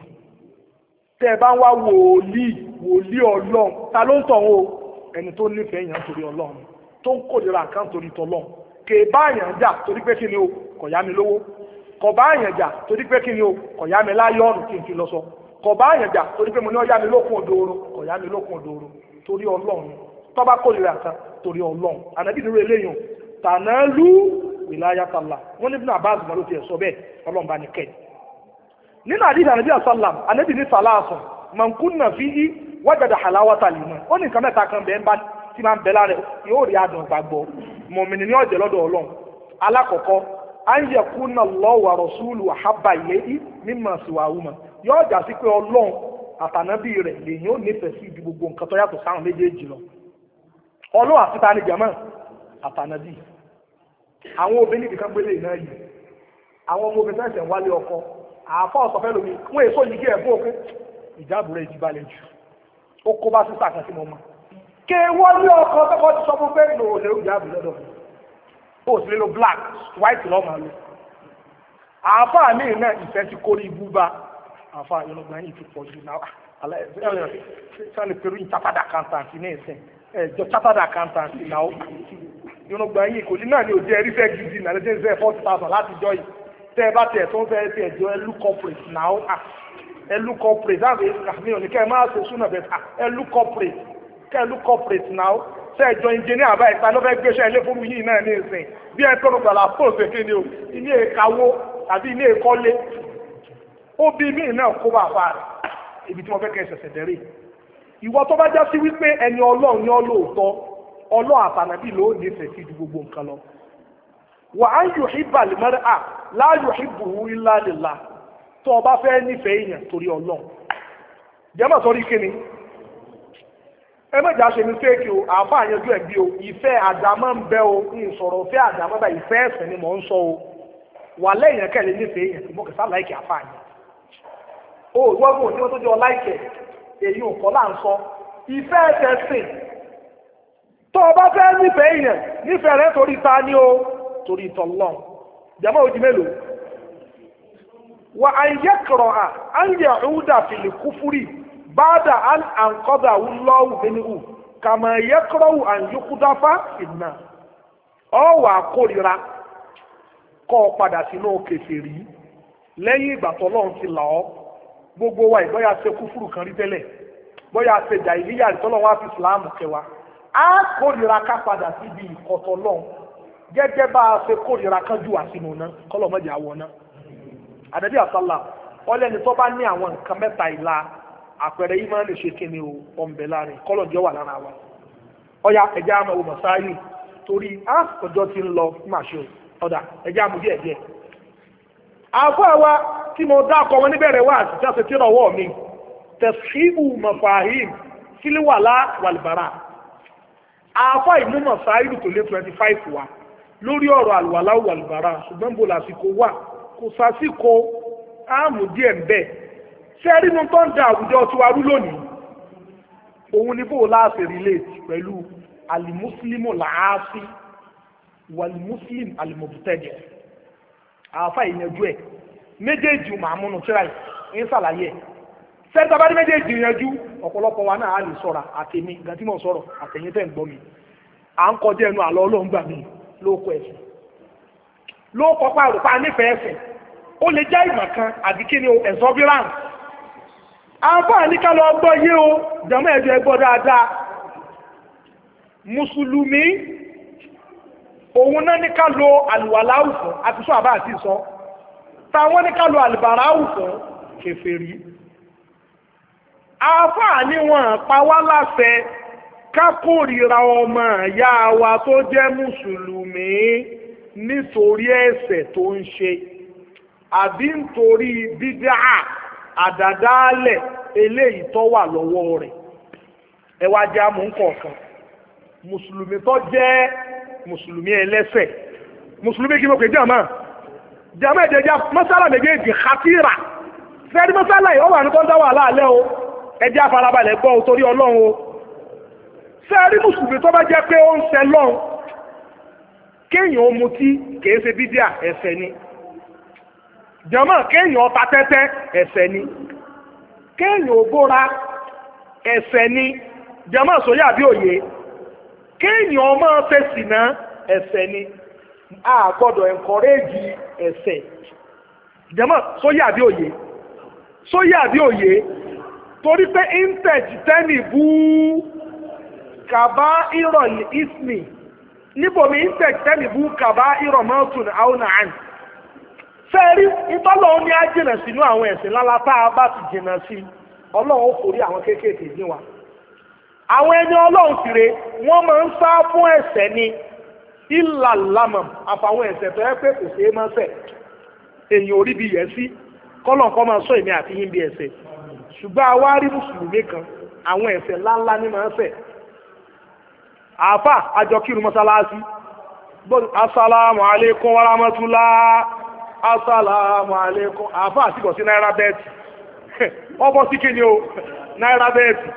tẹ́ ẹ bá ń wá wòlíì wòlíì ọlọ́run ta ló ń tàn o ẹni tó nífẹ̀ẹ́ yàn torí ọlọ́run tó ń kórìíra nǹkan torí tọlọ́hun kèébáyàn jà torí pé kí ni o kọ̀yámi lówó kọ̀bá àyànjà torí pé kí ni o kọ̀yá mi láyọ̀nù kí n fi lọ sọ kọ̀bá àyànjà torí pé mo ní ọ̀yá mi lókun òdòòrò kọ̀yá mi lókun òdòòrò torí ọlọ́run tọ́ba kórìíra kan torí ọlọ́run ànábì nínú eléyìí tànà wọn ní náà bá ti ẹ̀ sọ bẹ́ẹ̀ kan bẹ́ẹ̀ bá máa ń bẹ yóò rí an yakuna Allah wa rasulu habba ilayhi mimma siwahuma yóò jà sí pé ọlọ́run àtànábì rẹ̀ lèyìn ó nífẹ̀ẹ́ sí ibi gbogbo nǹkan tó yàtọ̀ sáwọn méjèèjì lọ ọlọ́run àti ni jẹ̀mọ́ àtànábì àwọn obìnrin nìkan gbélé iná yìí àwọn ọmọ obìnrin ń wálé ọkọ àáfà ọ̀sán fẹ́ lómi wọ́n èso yìí kí ẹ̀ òkú ìjáàbù rẹ̀ ti balẹ̀ jù ó kó ọkọ ti sọ fún pé lòun ó sì lè lo black white lọ́mọ lọ àáfàá mi náà ìfẹ́ ti kórí ibú bá àáfàá yorùbá yìí ti pọ̀ jù náà sani peru chartered accountant ní ẹsẹ̀ ẹjọ chartered accountant náà yorùbá yìí kò ní náà ni òjì ẹrí fẹ́ gidi náà lẹ́jẹ̀ ṣe forty thousand láti jọ yìí tẹ́ ẹ bá tiẹ̀ tó ń fẹ́ ti ẹjọ́ ẹlú corporate náà ẹlú corporate dáàbò àmì òní kẹ́ ẹ máa ṣe súnà bẹ́ẹ̀ ẹlú corporate kẹ́ ẹlú corporate náà sẹ́ẹ̀jọ engineer àbá ìta ló fẹ́ gbéṣẹ́ ilé fún mi yìí náà ní ìsìn bí ẹ tọrọ gbàlà fún òṣèké ni o ilé ìkawó tàbí ilé ìkọ́lé ó bí mí náà kó bá fa rẹ̀ ibi tí wọ́n fẹ́ kẹ́ ṣẹ̀ṣẹ̀ dẹ́rẹ́ ìwọ tó bá já sí wípé ẹni ọlọ́run ní ọlọ́ọ̀tọ́ ọlọ́ọ̀ àtànàbí ló ní ìfẹ́ sí ju gbogbo nǹkan lọ wà á yù híbà lìmọ́rẹ́ à láàyò híbùrú ńlá lè la tó o bá fẹ́ nífẹ̀ẹ́ èèyàn torí ọlọ́run jẹ́mọ̀ sọ́rí kíni ẹ mẹ́jà ṣe mistake o àáfàá yanjú ẹ̀ o ìfẹ́ agama ń bẹ o ń sọ̀rọ̀ ìfẹ́ àdámọ́ bá ìfẹ́ ẹ̀sìn ni mò ń sọ o wà lẹ́yìn ẹ̀kẹ́ lè nífẹ̀ẹ́ èèyàn tí mo kẹ̀ sá láìkì àáfàá yẹn o ìwọ́gbọ̀n tí wọ́n tó jọ láìkì èyí ò kọ́ là ń sọ ìfẹ́ ẹ̀sẹ̀ sìn tó o bá fẹ́ nífẹ̀ẹ́ èèyàn nífẹ̀ẹ́ rẹ torí ta ni o torí ìtọ̀lọ́ jàmọ́ òjì mélòó wà á yẹ kọ̀rọ̀ Bada an àǹkọ́dà lọ́wù nínú kàmá yẹ́kọ́rọ́wù àǹyókùdáfà ìnà ọ̀wà kórìíra kọ́ ọ padà sínú kèfèrí lẹ́yìn ìgbà tọ́lọ́run ti là ọ́ gbogbo wa ìbọ́yà ṣe kúfùrù kan rí tẹ́lẹ̀ bọ́yà ṣe jà ìlíyà ìtọ́lọ́wọ́ àfi ìsìláàmù kẹwàá á kórìíra ká padà síbi ìkọ̀tọ̀ lọ́hùn gẹ́gẹ́ bá a ṣe kórìíra kánjú àsìnù náà kọ́lọ́mọ́jà wọ̀ náà àdàbí àsálà ọlẹ́ni tó bá ní àwọn nǹkan mẹ́ta ìlà àpẹẹrẹ ìmáàlì ṣe kí ni ọ̀nbẹ láàrin kọ́lọ̀ jẹ́ wà lára wa ọ̀yà ẹ̀já àmọ́ ọmọ sáyé torí ọjọ́ ti ń lọ máa ṣe ọ̀dà ẹ̀já àmọ́ díẹ̀ díẹ̀ àfọ àwa tí mo dá ọkọ wọn níbẹ̀rẹ̀ wá àtijọ́ ṣe tí rọwọ́ mi tẹ̀síhù mọ̀fàhìm sílíwàlá wàlìbàrà àfọ ìlú mọ̀sáyé tó lé twenty five wa lórí ọ̀rọ̀ àlùwàlá wàlìbàrà ṣùgbọ́n bó làsìkò wà kò sàsìkò áàmù díẹ̀ bẹ́ẹ̀ ṣé ẹ rínú tó ń da àwùjọ tiwa rú lónìí òun ni bó láàṣẹ alimuslimu làásì walimuslim alimobutẹ́jẹ àáfà ìyanjú ẹ̀ méjèèjì màmúnú tíra ẹ̀ ń ṣàlàyé ẹ̀ sẹ́ńtà bá ní méjèèjì yanjú ọ̀pọ̀lọpọ̀ wa náà á lè sọ̀rọ̀ àtẹ̀mí gàtí sọ̀rọ̀ àtẹ̀yìn tẹ̀ ń gbọ́ mi à ń kọjá ẹnu àlọ́ lóko lóko pàrọ̀ pa nífẹ̀ẹ́ àbá ní ká lọ gbọ́ yé o jọmọ́ ẹ̀jọ ẹgbọ́ dáadáa mùsùlùmí òun náà ní ká lo àlùwàláwù fún àti sọ àbá àti sọ táwọn ní ká lo àlùbàráwù fún kèfèrí àbá ní wọn pa wá láṣẹ ká kórìíra ọmọ ìyá wa tó jẹ́ mùsùlùmí nítorí ẹ̀ṣẹ̀ tó ń ṣe àbí nítorí bídáà àdàdálẹ̀ eléyìí tó wà lọ́wọ́ rẹ̀ ẹ wá jẹ́ àmú kọ̀ọ̀kan mùsùlùmí tó jẹ́ mùsùlùmí ẹlẹ́sẹ̀ mùsùlùmí kí mo pè jàmá jàmá ìdẹ́jà mọ́sálà méjèèjì khatira fẹ́ẹ́rí mọ́sálà yìí ó wà ní tó ń dá wàhálà alẹ́ o ẹjẹ́ àfarabalẹ̀ gbọ́ o torí ọlọ́run o fẹ́ẹ́rí mùsùlùmí tó bá jẹ́ pé ó ń ṣe lọ́run kéèyàn ó mutí kèé ṣe bídíà ẹ̀ṣẹ̀ ni jọmọ kéèyàn ọta tẹ́tẹ́ ẹ̀ṣẹ̀ ni kéèyàn ògbóra ẹ̀ṣẹ̀ ni jọmọ sóyà bí òye kéèyàn ọmọ fèsìnà ẹ̀ṣẹ̀ ni a gbọ́dọ̀ ẹnkọrẹjì ẹsẹ jọmọ sóyà bí òye sóyà torí pé intech tẹ́nì bú kàbá ìrọ̀lì ismi níbo mi intage tẹ́nì bú kàbá ìrọ̀mọ́tún àwọn fẹ́ẹ̀rí ìtọ́lọ́run ní á jìnà sínú àwọn ẹ̀sìn lálá tá a bá ti jìnà sí ọlọ́run forí àwọn kéékèèké dín wa àwọn ẹni ọlọ́run fún ni ìlà lámà àfàwọn ẹ̀ṣẹ̀ tó yẹ pé kò ṣeé máa enyi èèyàn orí bí yẹn sí kọ́lọ̀ kọ́ máa sọ èmi àti yín bí ẹ̀ṣẹ̀ ṣùgbọ́n àwa rí mùsùlùmí kan àwọn ẹ̀ṣẹ̀ ńláńlá ní máa ń àáfà àjọkírun mọ́sálásí asàlámàlẹ́kùn àfà àtìkọ̀ sí náírà bẹ́ẹ̀tì ọbọ̀ sí o naira bẹ́ẹ̀tì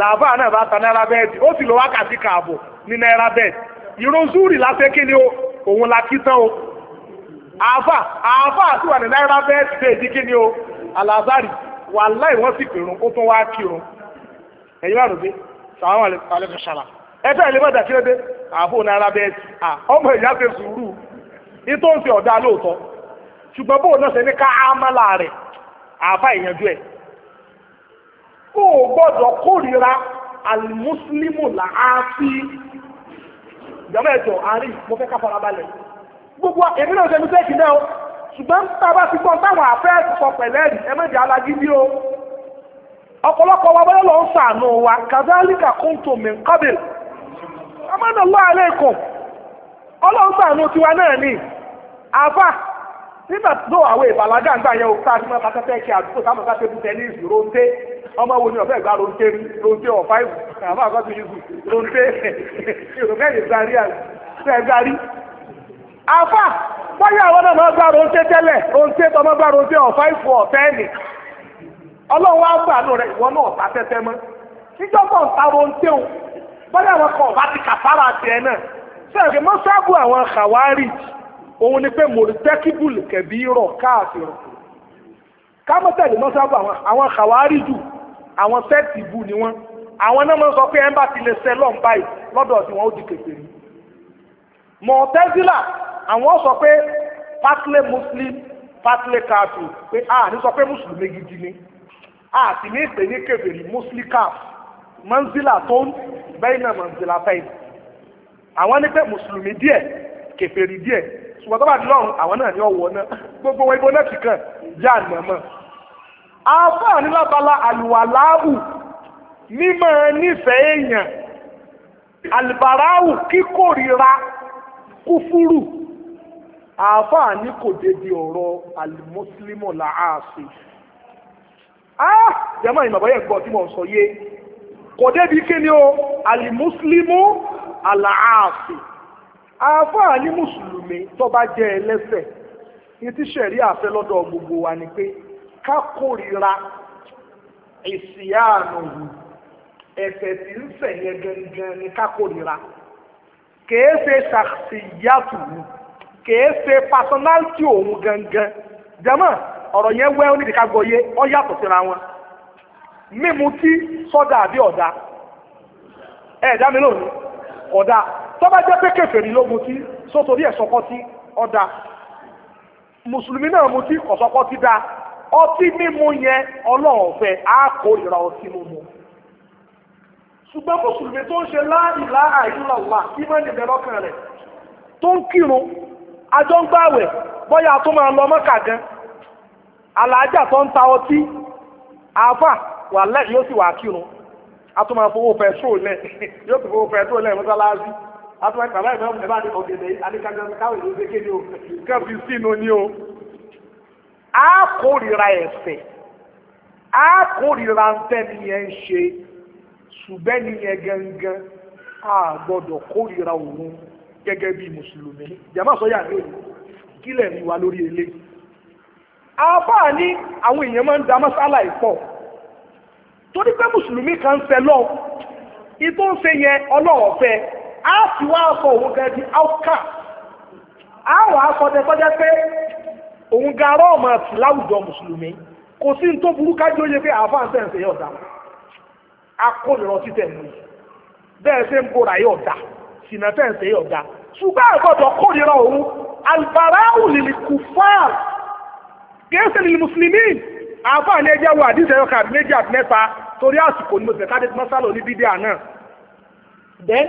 làbá náà bá ta naira bẹ́ẹ̀tì o si lọ wákàtí kààbọ̀ ní náírà bẹ́ẹ̀tì ìrun zúrì o òun la kí o àfà si o alazari wala wọ́n si pèrún ó ṣùgbọ́n bóun náà ṣe ní ká ámàlà rẹ̀ àbá ìyanjú ẹ̀ ó gbọ́dọ̀ kórìíra alimuslimu là á sí ìjọba ẹ̀jọ̀ àárín mo fẹ́ ká farabalẹ̀ gbogbo èmi náà ṣe ní sẹ́ẹ̀kì náà o ṣùgbọ́n tá a bá ti gbọ́n táwọn àfẹ́ẹ̀sì sọ pẹ̀lẹ́rì ẹ mẹ́jẹ̀ alágídí o ọ̀pọ̀lọpọ̀ wa bọ́lá lọ ń sàánú wa kazalika kóńtò mẹ́ńkábìl amánàlá àlẹ́kùn ọlọ́run sàánú tiwa náà ni àfà nígbà tó àwọn ìbàlágà ń gbà yẹn òkú àti mọ́ pàtàkì kí àdúgbò sáà mọ́ká tẹ́bù tẹ́nísì ronté ọmọ wo ni ọ̀fẹ́ ìgbà ronté rí ronté ọ̀fá ìwù àmọ́ àkọ́tù yìí ronté ìròkẹ́ ìgbàrí àgbàrí. àfà báyà àwọn náà máa gbà ronté tẹ́lẹ̀ ronté tọmọ gbà ronté ọ̀fá ìfù ọ̀fẹ́ nì ọlọ́run wá gbà nù rẹ̀ ìwọ náà ta tẹ́tẹ́ mọ́ níjọ́pọ̀ ń ta ronté o báyà àwọn kan ọ̀bá ti kàfárà tiẹ̀ náà sẹ́ẹ̀kì mọ́sáàbù àwọn kàwárì òun ni pé mọ̀rìtẹ́kíbùlì kẹ̀bí rọ̀ káàkiri kámọ́tẹ̀lì mọ́sáàbù àwọn àwọn kàwárí jù àwọn sẹ́ẹ̀tì bù ni wọ́n àwọn náà máa ń sọ pé ẹ̀ ń bá ti lè ṣẹ́ lọ́n báyìí lọ́dọ̀ tí wọ́n ó di kèfèrí mọ̀tẹ́sílà àwọn sọ pé pátílé muslim pátílé káàtù pé a ní sọ pé mùsùlùmí gidi ni a sì ní ìpè ní kèfèrí muslim káàf mọ́nzílà tó ń bẹ́yìn náà mọ̀nzílà fẹ́yìn àwọn ní pé mùsùlùmí díẹ̀ kèfèrí díẹ̀ ṣùgbọ́n tó bá di lọ́rùn àwọn náà ní ọ̀wọ́ náà gbogbo wọn ibo náà ti kàn já nàmọ́. àfáà ní lábala àlùwàláwù mímọ́ nífẹ̀ẹ́ èèyàn àlùbáráwù kíkórira kúfúrù àfáà ní kò débi ọ̀rọ̀ àlùmọ́sílímù làásì. á jẹ́mọ́ ìmọ̀bọ́yẹ̀ gbọ́ tí mo sọ yé kò débi kí ni o àlùmọ́sílímù àlàásì. àáfàá ní mùsùlùmí tó bá jẹ́ ní tí sẹ̀rí àfẹ́ lọ́dọ̀ gbogbo wa ni pé ká kórìíra ìsìyáàánú ẹ̀ṣẹ̀ tí ń ṣẹ̀ yẹn gangan ni ká kórìíra kèé ṣe ṣàṣìyàtù kèé ṣe pásọnálítì òun gangan jẹ́mọ́ ọ̀rọ̀ yẹn wẹ́ onídìí ká gbọ́yé ó yàtọ̀ síra wọn mímu tó bá jẹ́ pé kèfèrí ló mutí sótorí ẹ̀ sọkọ́ tí ọ da mùsùlùmí náà mutí ọ̀sọ́kọ́ tí da ọtí mímu yẹn ọlọ́ọ̀fẹ́ á kó ìra ọtí mímu ṣùgbọ́n mùsùlùmí tó ń ṣe la ilaha illallah ìmọ̀ ìbẹ̀ lọ́kàn rẹ̀ tó ń kírun ajọ́ ń gbàwẹ̀ bọ́yá tó máa lọ mọ́kà gan aláàjà tó ń ta ọtí àáfà wà lẹ́yìn yóò sì wà kírun a tó máa fowó pẹ̀tró lẹ̀ yóò sì fowó pẹ̀tró lẹ̀ mọ́sálásí àtúwájú bàbá ìmọ̀ ọ̀hún ẹ̀bá ní ọ̀gẹ̀dẹ̀ àníkàgbà káwọn ìlú gbẹ́kẹ́ ni o nǹkan fi sínú ni o. a kórìíra ẹ̀ṣẹ̀ a kórìíra ntẹ́ni yẹn ń ṣe ṣùgbẹ́ni yẹn gangan a gbọ́dọ̀ kórìíra òun gẹ́gẹ́ bí mùsùlùmí jàmá sọ́yà ní òní kílẹ̀ ní wa lórí eléyìí. àbáà ní àwọn èèyàn máa ń da mọ́sálà ìpọ̀ torí pé mùsùlùmí kan ń fẹ́ lọ́ọ̀ ìtò ń fẹ́ yẹn ọlọ́ọ̀fẹ́ á sì wá ọkọ̀ òun gan di áùkà á wà á sọ tẹ́tọ́jẹ́ pé òun ga rọ́ọ̀mù àti láwùjọ mùsùlùmí kò sí ní tó burú kájú ó yẹ pé àáfà ń sẹ̀ǹsẹ̀ yọ̀ dá akólèrọ títẹ̀ mú yìí bẹ́ẹ̀ ṣe ń bora yọ̀ dá sínà tẹ̀ǹsẹ̀ yọ̀ dá ṣùgbọ́n àgbọ̀dọ̀ kórìíra òun albaráwù lil kufar gẹ́sẹ̀ lil mùsùlùmí àáfà ní ẹjẹ́ wo àdìsẹ́yọ̀kà méjì àti mẹ́ta torí àsìkò ní mo then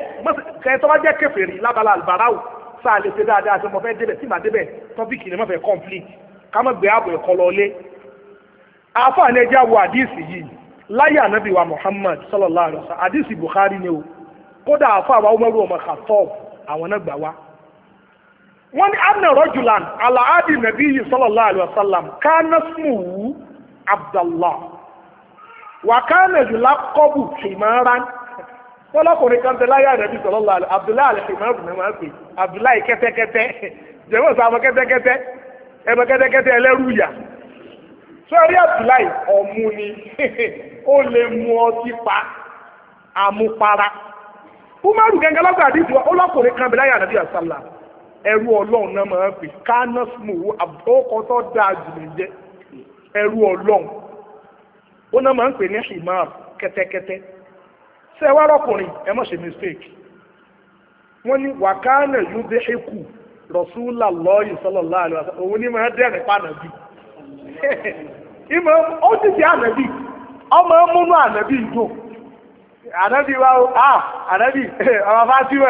kẹtọ́ bá jẹ́ kèfèrí lábala albarau sáà lè ṣe dáadáa ṣe mo fẹ́ débẹ̀ tí màá débẹ̀ tọ́pìkì ni mo fẹ́ complete ká mọ̀ gbé ààbò ẹ̀kọ́ lọlé àfààní ẹja wo àdìsí yìí láyé ànábì wa Muhammad sallallahu alaihi wa sallam àdìsí Bukhari ni o kódà àfààní wa Umaru ọmọ Khattab àwọn náà gbà wá wọ́n ní anna rojulan alaadi nabi sallallahu alayhi wa sallam kana smuhu abdallah wa kana yulakobu himaran tọ́lọ́kùnrin kan tẹ láyé àdàbí sọ̀lọ́lá abdullahi alẹ́sìmọ́rù ni wọ́n pè abdullahi kẹ́tẹ́kẹ́tẹ́ jẹ́wọ́n sọ ọmọ kẹ́tẹ́kẹ́tẹ́ ẹmọ kẹ́tẹ́kẹ́tẹ́ ẹlẹ́rú yà sọ́rí abdullahi ọ̀mù ni ó lè mu ọtí pa àmupara umaru gẹ́gẹ́ lọ́gbà àdìsí wa ọlọ́kùnrin kan tẹ láyé àdàbí àsálà ẹrú ọlọ́run náà máa ń pè kánásùmù àbúkọ́ tó dáa jù lè jẹ ẹrú ọlọ́run ó náà máa ń pè ní himar kẹ́tẹ́kẹ́tẹ́ ṣe wá rọkùnrin ẹ má ṣe mistake wọ́n ní wàkánà yúdé la rọ̀súlà lọ́ọ̀yì sọ́lọ̀lá àlùwà òun ní máa dẹ́rẹ̀ pa ànàbí ìmọ̀ ó ti di ah, ọmọ múnú ànàbí ìdó ànàbí wa ó à ànàbí ọmọ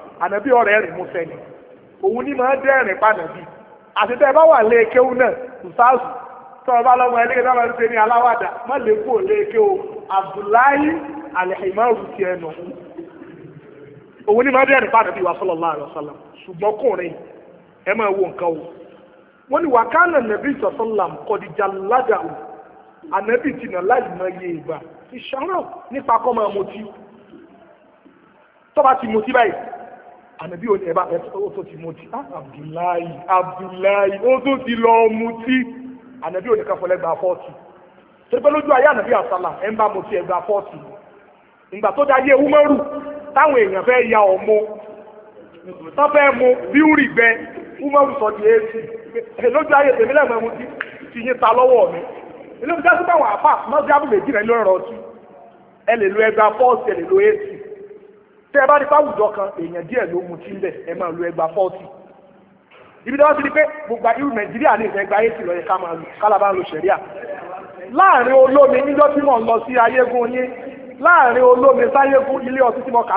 ànàbí ọ̀rẹ́ rẹ̀ musẹ́ ni òun ní máa dẹ́rìn pa ànàbí àti tẹ́ ẹ bá wà lé kéwú náà ṣùsáàsù tọ́ ọ bá lọ́mọ ẹlẹ́gẹ́ tó máa ń ṣe ní aláwàdà má lè kú òlé kéwú Abdullahi alihimaru ti ẹnu òun ní máa dẹ́rìn pa wa sallallahu alaihi wasallam ṣùgbọ́n kùnrin ẹ máa wo nǹkan o wọ́n ní wàkánà nàbí sọ̀sọ́làm kọ̀dìjà ládàá ànábì tìǹà láì mọ iye ìgbà ìṣàrọ̀ nípa kọ́ máa mutí tọ́ba ti mutí báyìí ànàbí òní ẹ̀bá ẹ̀ tó ti mutí ah, Abdullahi Abdullahi ó tó ti lọ mutí ànàbí òní káfọlẹ́ gba fọ́ọ̀tì torí lójú ayé ànàbí àsálà ẹ̀ ń bá mutí ẹ̀ gba fọ́ọ̀tì ìgbà tó dá yé Umaru táwọn èèyàn fẹ́ ya ọmọ tó fẹ́ mu bíúrì gbẹ Umaru sọ di èsì lójú ayé tèmi lẹ́gbẹ̀ẹ́ mutí ti yín ta lọ́wọ́ mi ilé ìjọsìn báwọn àpá mọ́jábù méjì rẹ̀ ló rọ̀ tẹ́ ẹ bá rí fáwùjọ kan èèyàn ló mu tí ń bẹ̀ ẹ máa lo ibi tí wọ́n ti di pé gbogbo irú nàìjíríà ní ìfẹ́ gba ayéti lọ́yẹ ká máa lò ń lo sẹ̀ríà láàrin olómi níjọ́ tí mò ń lọ sí ayégún yín láàrin olómi sáyégún ilé ọtí tí mo kà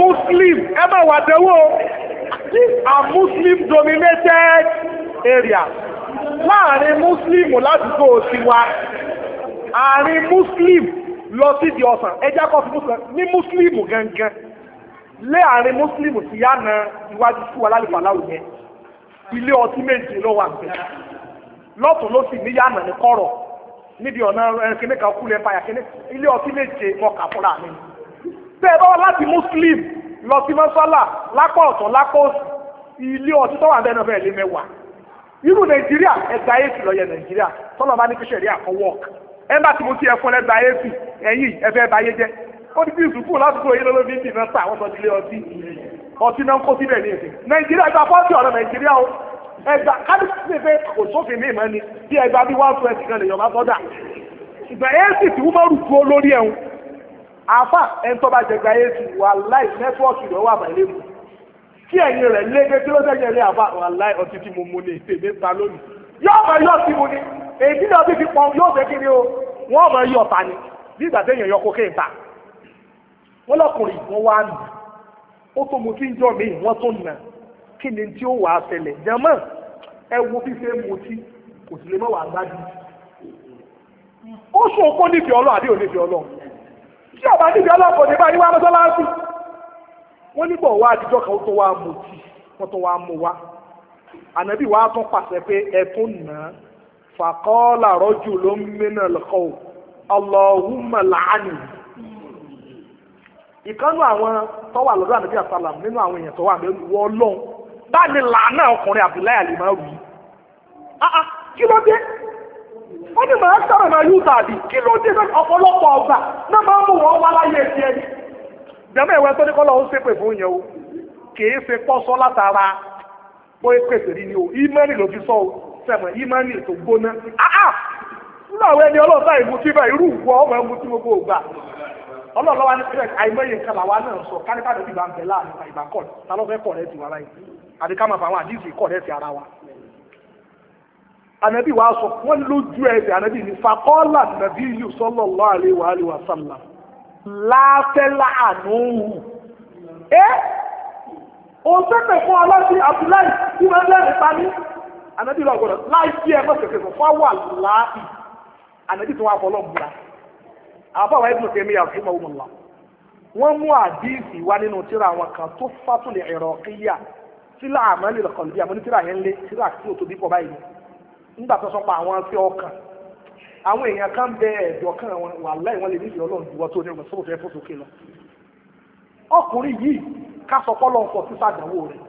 muslim ẹ bá wà dẹ́wọ́ area láàrin muslim ládùúgbò tiwa àárín muslim lọ sí di ọ̀sán ẹjẹ́ kọ́ọ̀tù muslim ní muslim gangan lé àárín muslim sí yànà iwájú sí wa lálùfà láwùjẹ ilé ọtí méjì ló wà bẹ́ẹ̀ lọ́tún ló sì ní yànà ní kọ́rọ̀ níbi ọ̀nà kíní kan kú lẹ́pà yà kíní ilé ọtí méje mọ̀ọ́kà fúnra mi bẹ́ẹ̀ bá wà láti muslim lọ sí mọ́sálà lápá ọ̀tún lápá òsì ilé ọtí tó wà bẹ́ẹ̀ náà bẹ́ẹ̀ lé mẹ́wàá irú nàìjíríà ẹgbà ac lọ yẹ nàìjíríà tọ́lọ̀ bá ní kí sẹ̀rí àkọ́ wọ́ọ̀k ẹ bá ti mo ti ẹ̀fọ́ lẹ́gbà ac ẹ̀yìn ẹ̀fẹ́ báyé jẹ́ ó ti bí ìsùnkú ládùúgbò yìí lọ́lọ́ bíi ìfẹ́ sà wọ́n sọ nílé ọtí ọtí náà ń kó síbẹ̀ ní èdè nàìjíríà gba fọ́ọ̀tì ọ̀rọ̀ nàìjíríà o ẹgbà kádìsífẹ́ kò sófin míì mọ́ ni bí ẹgbà bí wọ́n fún ẹ kan lèèyàn máa sọ́dà ìgbà ac tí wọ́n rù kú olórí ẹ̀hún àáfà ẹ̀ ń tọ́ bá jẹgbà ac wà láì nẹ́tíwọ́ọ̀kì rẹ̀ wà bàlẹ́ mu kí ẹ̀yin rẹ̀ léde tí ló sẹ́yìn ẹ̀lẹ́ àbá wàláì ọtí tí mo mu ní ìfèmí ta lónìí yóò máa yọ sí mu ni èyí bí fi pọn yóò fẹ́ o wọ́n máa yọ yọ kókè ta wọ́n lọ́kùnrin wọ́n wá nù ó tó mu tí nà kí ni tí ó wà á ṣẹlẹ̀ jẹ́mọ́ ẹ wo tí kò wà á ó sún okó ọlọ́ wọ́n níbọ̀ wá àdìjọ́ kan tó wá mú tí wọ́n tó wá mú wá ànábì wá tún pàṣẹ pé ẹ̀tún nà á fàkọ́ọ́là rọ́jù ló ń mẹ́nà lọ́kọ́ o ọlọ́hùnmọ̀ làánì. ìkànnù àwọn tọ́wà lọ́dọ̀ ànábì àsálàm nínú àwọn èèyàn tọ́wà mẹ́rin wọ́ lọ́n bá ní làánà ọkùnrin Abdullahi àlè máa wù í. kí ló dé wọ́n ní màá sábà máa yú tàbí kí ló dé ọ̀pọ̀lọpọ̀ ọgbà náà máa mú wọn wá láyé ẹ̀sìn jẹ́mọ́ iwe tó ní kọ́lọ̀ ó ṣépè fún yẹn o kìí ṣe látara bó o ìmánì ló fi sọ o sẹ́mọ̀ ìmánì tó gbóná áá nínú àwọn ẹni ọlọ́ọ̀ta ìmú irú ìwọ ọmọ gbogbo ògbà ọlọ́ọ̀lọ́wà ní náà sọ kánípàdé ti bá ń bẹ̀ láàrin ìgbà ta ló fẹ́ rẹ̀ fa rẹ̀ ti ara wa. wa sọ wọ́n lójú fakọ́lá nàbí yìí láfẹ́lá ànúhù ẹ́ òun sẹ́pẹ̀ fún aláṣí abdullahi tí wọ́n lẹ́rìn parí ànábì lọ gbọdọ̀ láì sí ẹ̀fọ́ kẹ̀kẹ́ fún fáwà láàbì ànábì tí wọ́n afọ lọ múra àwọn fáwọn ẹ̀dùn tẹ̀mí àti ìmọ̀ òmùlá wọ́n mú àdíìsì wá nínú tíra wọn kan tó fátúlẹ̀ ẹ̀rọ kíyà sílá àmọ́lẹ̀ lọ́kọ̀lẹ́bí àmọ́ ní tíra yẹn lé tíra tí ò tóbi pọ̀ báyìí nígbà tó sọ pa àwọn tí ọkàn àwọn èèyàn kan bẹ ẹ̀dọ̀ kan wà láì lè nífẹ̀ẹ́ ọlọ́run ju tó ní ọmọ sọ́wọ́ fẹ́ lọ. ọkùnrin yìí kásọ kọ́lọ̀ ń rẹ̀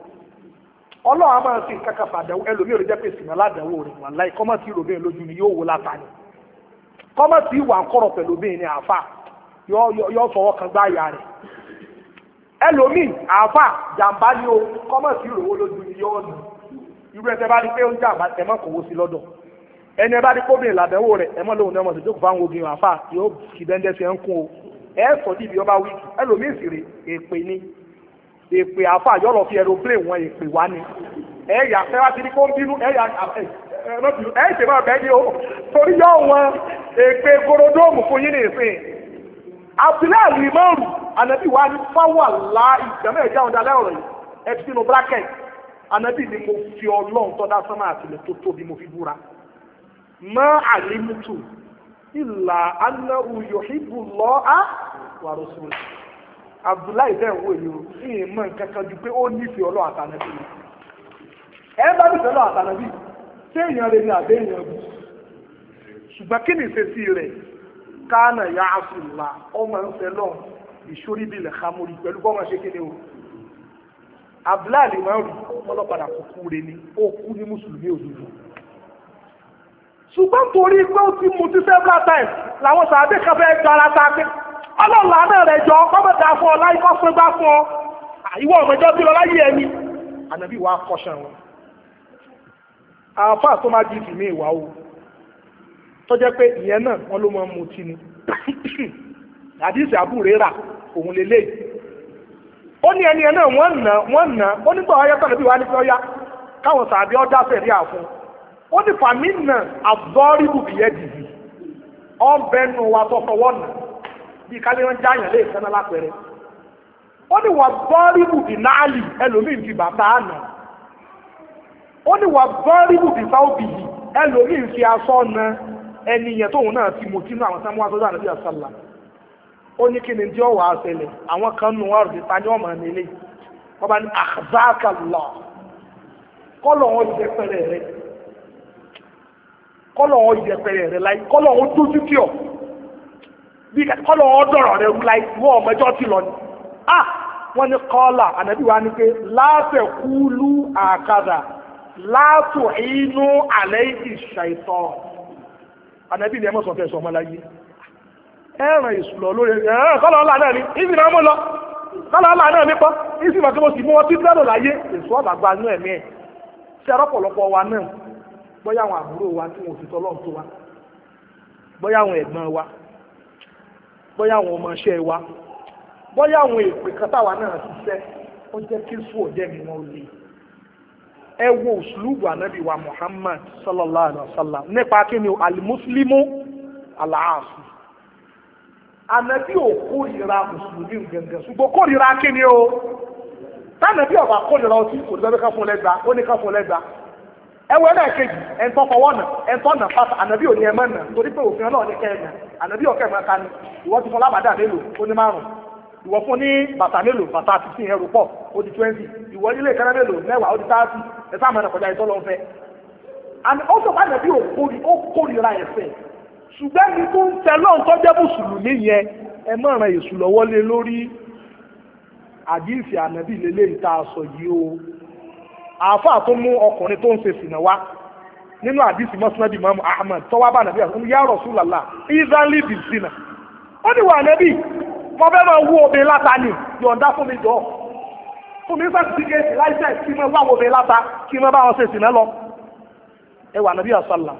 ọlọ́run a máa fi kankan sàdánwò ẹlòmíì jẹ́ pé ìsìnkú rẹ̀ wà kọ́mọ̀ tí lójú yóò ni kọ́mọ̀ ẹni ẹ bá rí kóbìnrin làbẹ̀wò rẹ̀ ẹ mọ́ lóhun náà mọ̀ sí jókòó fáwọn obìnrin àfà yóò fi bẹ́ńdẹ́ sí ń kún o ẹ sọ díbi ọba wíìkì ẹlòmíì sì rè èpè ni èpè àfà yóò lọ fi aeroplane wọn èpè wá ni ẹ yà fẹ́ wá sí ní kó ń bínú ẹ yà ẹ ṣe máa bẹ́ẹ̀ ni o torí yóò wọn èpè korodóòmù fún yín nìsín abdullahi limaru anabi wa ni fáwọn àlá ìgbàmọ̀ ẹ̀já ọ̀dà lẹ́rọ̀ yìí ẹ ti sínú bracket anabi ni mo fi ọlọ́run tọ́ dá sánmà àtìlẹ̀ tó tóbi mo fi ma àlímùtù ìlà anáwó yòhìbù lọ́ọ́ wà lọ́sùn abdullahi bẹ́ẹ̀ wò yìí o ìyẹn mọ̀ nǹkan kan ju pé ó nífẹ̀ẹ́ ọlọ́ àtànàbí ẹ bá nífẹ̀ẹ́ ọlọ́ àtànàbí ṣé èèyàn rẹ ni àbẹ́ èèyàn bù ṣùgbọ́n kí ni ìṣesí rẹ̀ káànà ya àfùlà ọmọ ẹ̀fẹ́ lọ́n ìṣórí bíi lẹ̀ hamori pẹ̀lú bọ́mọ ṣe kéde o abdullahi máa ń rù ọlọ́padà kúkú rẹ ni ó kú ní mùsùlùmí òdodo ṣùgbọ́n torí pé ó ti mú ti several times làwọn sàádé kan fẹ́ gba ara ta pé ọlọ́run àná rẹ̀ jọ kọ́mọ̀dà fún ọ láyé kọ́ fún gbá fún ọ ìwọ ọ̀mọ̀jọ́ bí lọ láyé ẹni ànàbí wa kọ́ṣán wọn. àáfàá tó máa di ìfìmí ìwà o tó jẹ́ pé ìyẹn náà wọ́n ló máa ń mutí ni àdìsí àbúrè rà òun lélẹ́yìí ó ní ẹni ẹ náà wọ́n nà wọ́n nà ó nígbà ọyọ́ tọ́lẹ̀ bí ọ ó ní fàmínà àbọ́rìbù bìyẹ́ dìbì ọ̀bẹ́nu wa tọ́fọwọ́ nà bí kálíwọ́n jáyàn lè sẹ́nà lápẹ̀rẹ̀ ó ní wà bọ́rìbù bì náàlì ẹlòmíì fi bàtà àná ó ní wà bọ́rìbù bì sáwọ́bì yìí ẹlòmíì fi aṣọ na ẹni yẹn tóun náà ti mọ̀ tínú àwọn sáwọn aṣọ́jà àdàbí àṣàlà ó ní kí ni tí ó wà á ṣẹlẹ̀ àwọn kan nù ọ̀rọ̀ ti ta ọmọ nílé wọ́n bá ní kọ́lọ̀ wọn yẹpẹrẹ rẹ láyé kọ́lọ̀ wọn ọ̀ bí kọ́lọ̀ wọn dọ̀rọ̀ rẹ wú wọ́n ọmọjọ́ ti lọ ni a ah! wọ́n ní wa pé kúlú àkàdà inú ni ẹ mọ̀ sọ̀tẹ̀ láyé ẹ̀ràn ìṣùlọ̀ lórí kọ́lọ̀ náà ni náà mú lọ kọ́lọ̀ náà mo sì mú wọn láyé èso ẹ̀mí ẹ̀ bóyá àwọn àbúrò wa tí wọn ò fi tọ́lọ́ tó wa bóyá àwọn ẹ̀gbọ́n wa bóyá àwọn ọmọọṣẹ́ wa bóyá àwọn èpè kan táwa náà ṣiṣẹ́ ó jẹ́ kí sùn òjẹ́ mi wọn ò lè ẹ wo òṣùlùbù ànábì wa Muhammad sallallahu alayhi wa sallam nípa kí ni alimuslimu alaasu ànábì ò kórìíra mùsùlùmí gẹ́gẹ́ ṣùgbọ́n kórìíra kí ni o tànàbí ọba kórìíra ọtí kò ní ká fún lẹ́gbàá ó ní ká fún lẹ́gbàá ẹwẹ́ náà kejì ẹ̀ńtọ́ fọwọ́ nà nà ànàbí ní nà torí pé òfin ọlọ́ọ̀ni kẹ́ẹ̀nà ànàbí ọ̀kẹ́ ẹ̀mọ́ kan ìwọ ti fún mélòó ní márùn ìwọ fún ní bàtà mélòó bàtà fifteen ẹrù pọ ó di twenty mélòó ó di thirty lọ àáfàá tó mú ọkùnrin tó ń ṣe sìnà wá nínú àdìsí mọ́sánádì mọ́mú ahmed tọ́wọ́ bá nàbí àti yá Rasulullah israeli bì sìnà ó ní wà nẹ́bí mo fẹ́ máa wú obìnrin láta ni yọ̀ǹda fún mi jọ fún mi sàtìfíkẹ́tì láìsẹ̀ kí mo bá obìnrin láta kí mo bá wọn ṣe sìnà lọ ẹ wà nàbí àṣàlà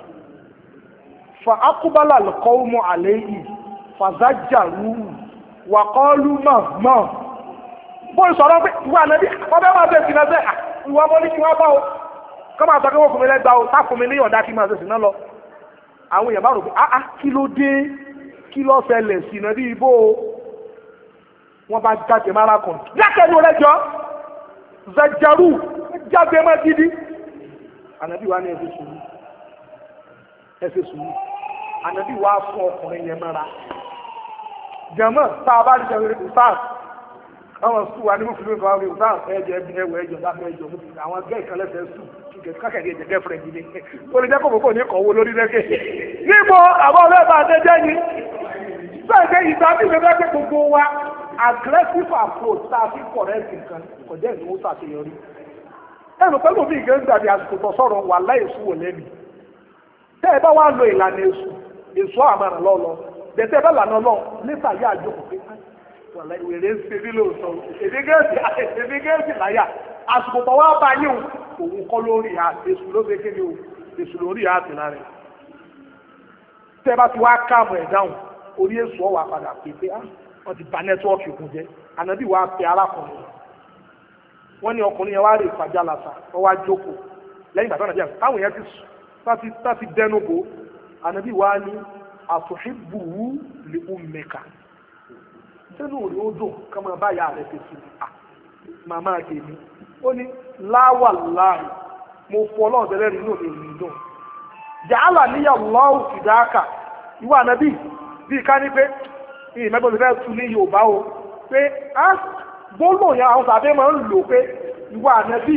fa akúbálà qawmu alayhi fàzájàrú wàkọ́lù mọ̀ mọ̀ bó sọ̀rọ̀ pé wà nàbí mo fẹ́ máa ṣe sìnà sẹ́yà ìwọ ọmọ ní kí wọ́n bá o kọ́mọ àtọ́kẹ́wọ́ fún mi lẹ́gbàá o táfún mi ní yọ̀ǹda kí máa ṣe sìná lọ àwọn èèyàn bá rò pé ah ah kí ló dé kí ló ṣẹlẹ̀ sìná bí ibò wọn bá jáde mára kàn yàtọ̀ ní olẹ́jọ́ zajaru jáde má gidi ànàbí wa ní ẹ ṣe sùúrù ẹ ṣe sùúrù ànàbí wa fún ọkùnrin yẹn mọ́ra jẹ̀mọ́ tá a bá rí jẹ̀mọ́ àwọn sùn wa ní mùsùlùmí kan rí ọba àfẹ ẹjọ ẹbí ẹwọ ẹjọ lábẹ ẹjọ mùsùlùmí àwọn gẹ ìkànlẹsẹ sùn kákẹ́kẹ́ jẹ gẹ́fẹ̀rẹ́ gidi torí jẹ́ kòkòkò ní kọ̀wó lórí lẹ́kẹ̀ níbo àwọn ọ̀rẹ́ bá jẹ́ jẹ́ ni bẹ́ẹ̀ ìgbà tí mi bẹ́ẹ̀ pé gbogbo wa aggressive approach tá a fi correct nǹkan kò jẹ́ ìnáwó ṣàṣeyọrí ẹnu pẹ́lú mi ìgbẹ́ ń gbàdí àsìkò tó sọ̀rọ̀ wà láì èso wò lẹ́nu tẹ́ ẹ bá wá lo ìlànà èso èso àmàrà lọ́lọ́ bẹ̀tẹ́ bá lànà lọ níta yá àjọkọ̀ wàlá ìwèrè ń ṣe bí lóòótọ́ èdè gẹ̀ẹ́sì èdè gẹ̀ẹ́sì láyà àsìkò tó wá bá yín o òun kọ́ lórí ha èṣù ló fẹ́ kéde o èṣù lórí ha àti lára tẹ́ bá ti wá káàmù ẹ̀ dáhùn orí èṣù ọ̀wà padà pé pé ah, wọ́n ti ba nẹ́tíwọ́ọ̀kì òkun jẹ́ ànábì wàá pe arákùnrin wọ́n ní ọkùnrin yẹn wá rè fàjà làṣà wọ́n wá jókòó lẹ́yìn bàtà nàbíyà táwọn yẹn ti tá ti dẹnu bò ànábì wàá ní àtúnṣe bùrú lè ó mẹ́ka sínú òrí ó dùn kọ́ máa bá ìyá rẹ̀ ṣe sí màmá tèmi ó ní láwà láàyè mo fọ ọlọ́run tẹ́lẹ̀ rí inú mi ò ní dùn jàálà níyàwó lọ́wọ́ fìdákà ìwà ànábì bíi ká ní pé ìmẹ́gbọ́n ti fẹ́ tu ní Yorùbá o pé á gbólóhùn yẹn àwọn sàbẹ̀ máa ń lò pé ìwà ànábì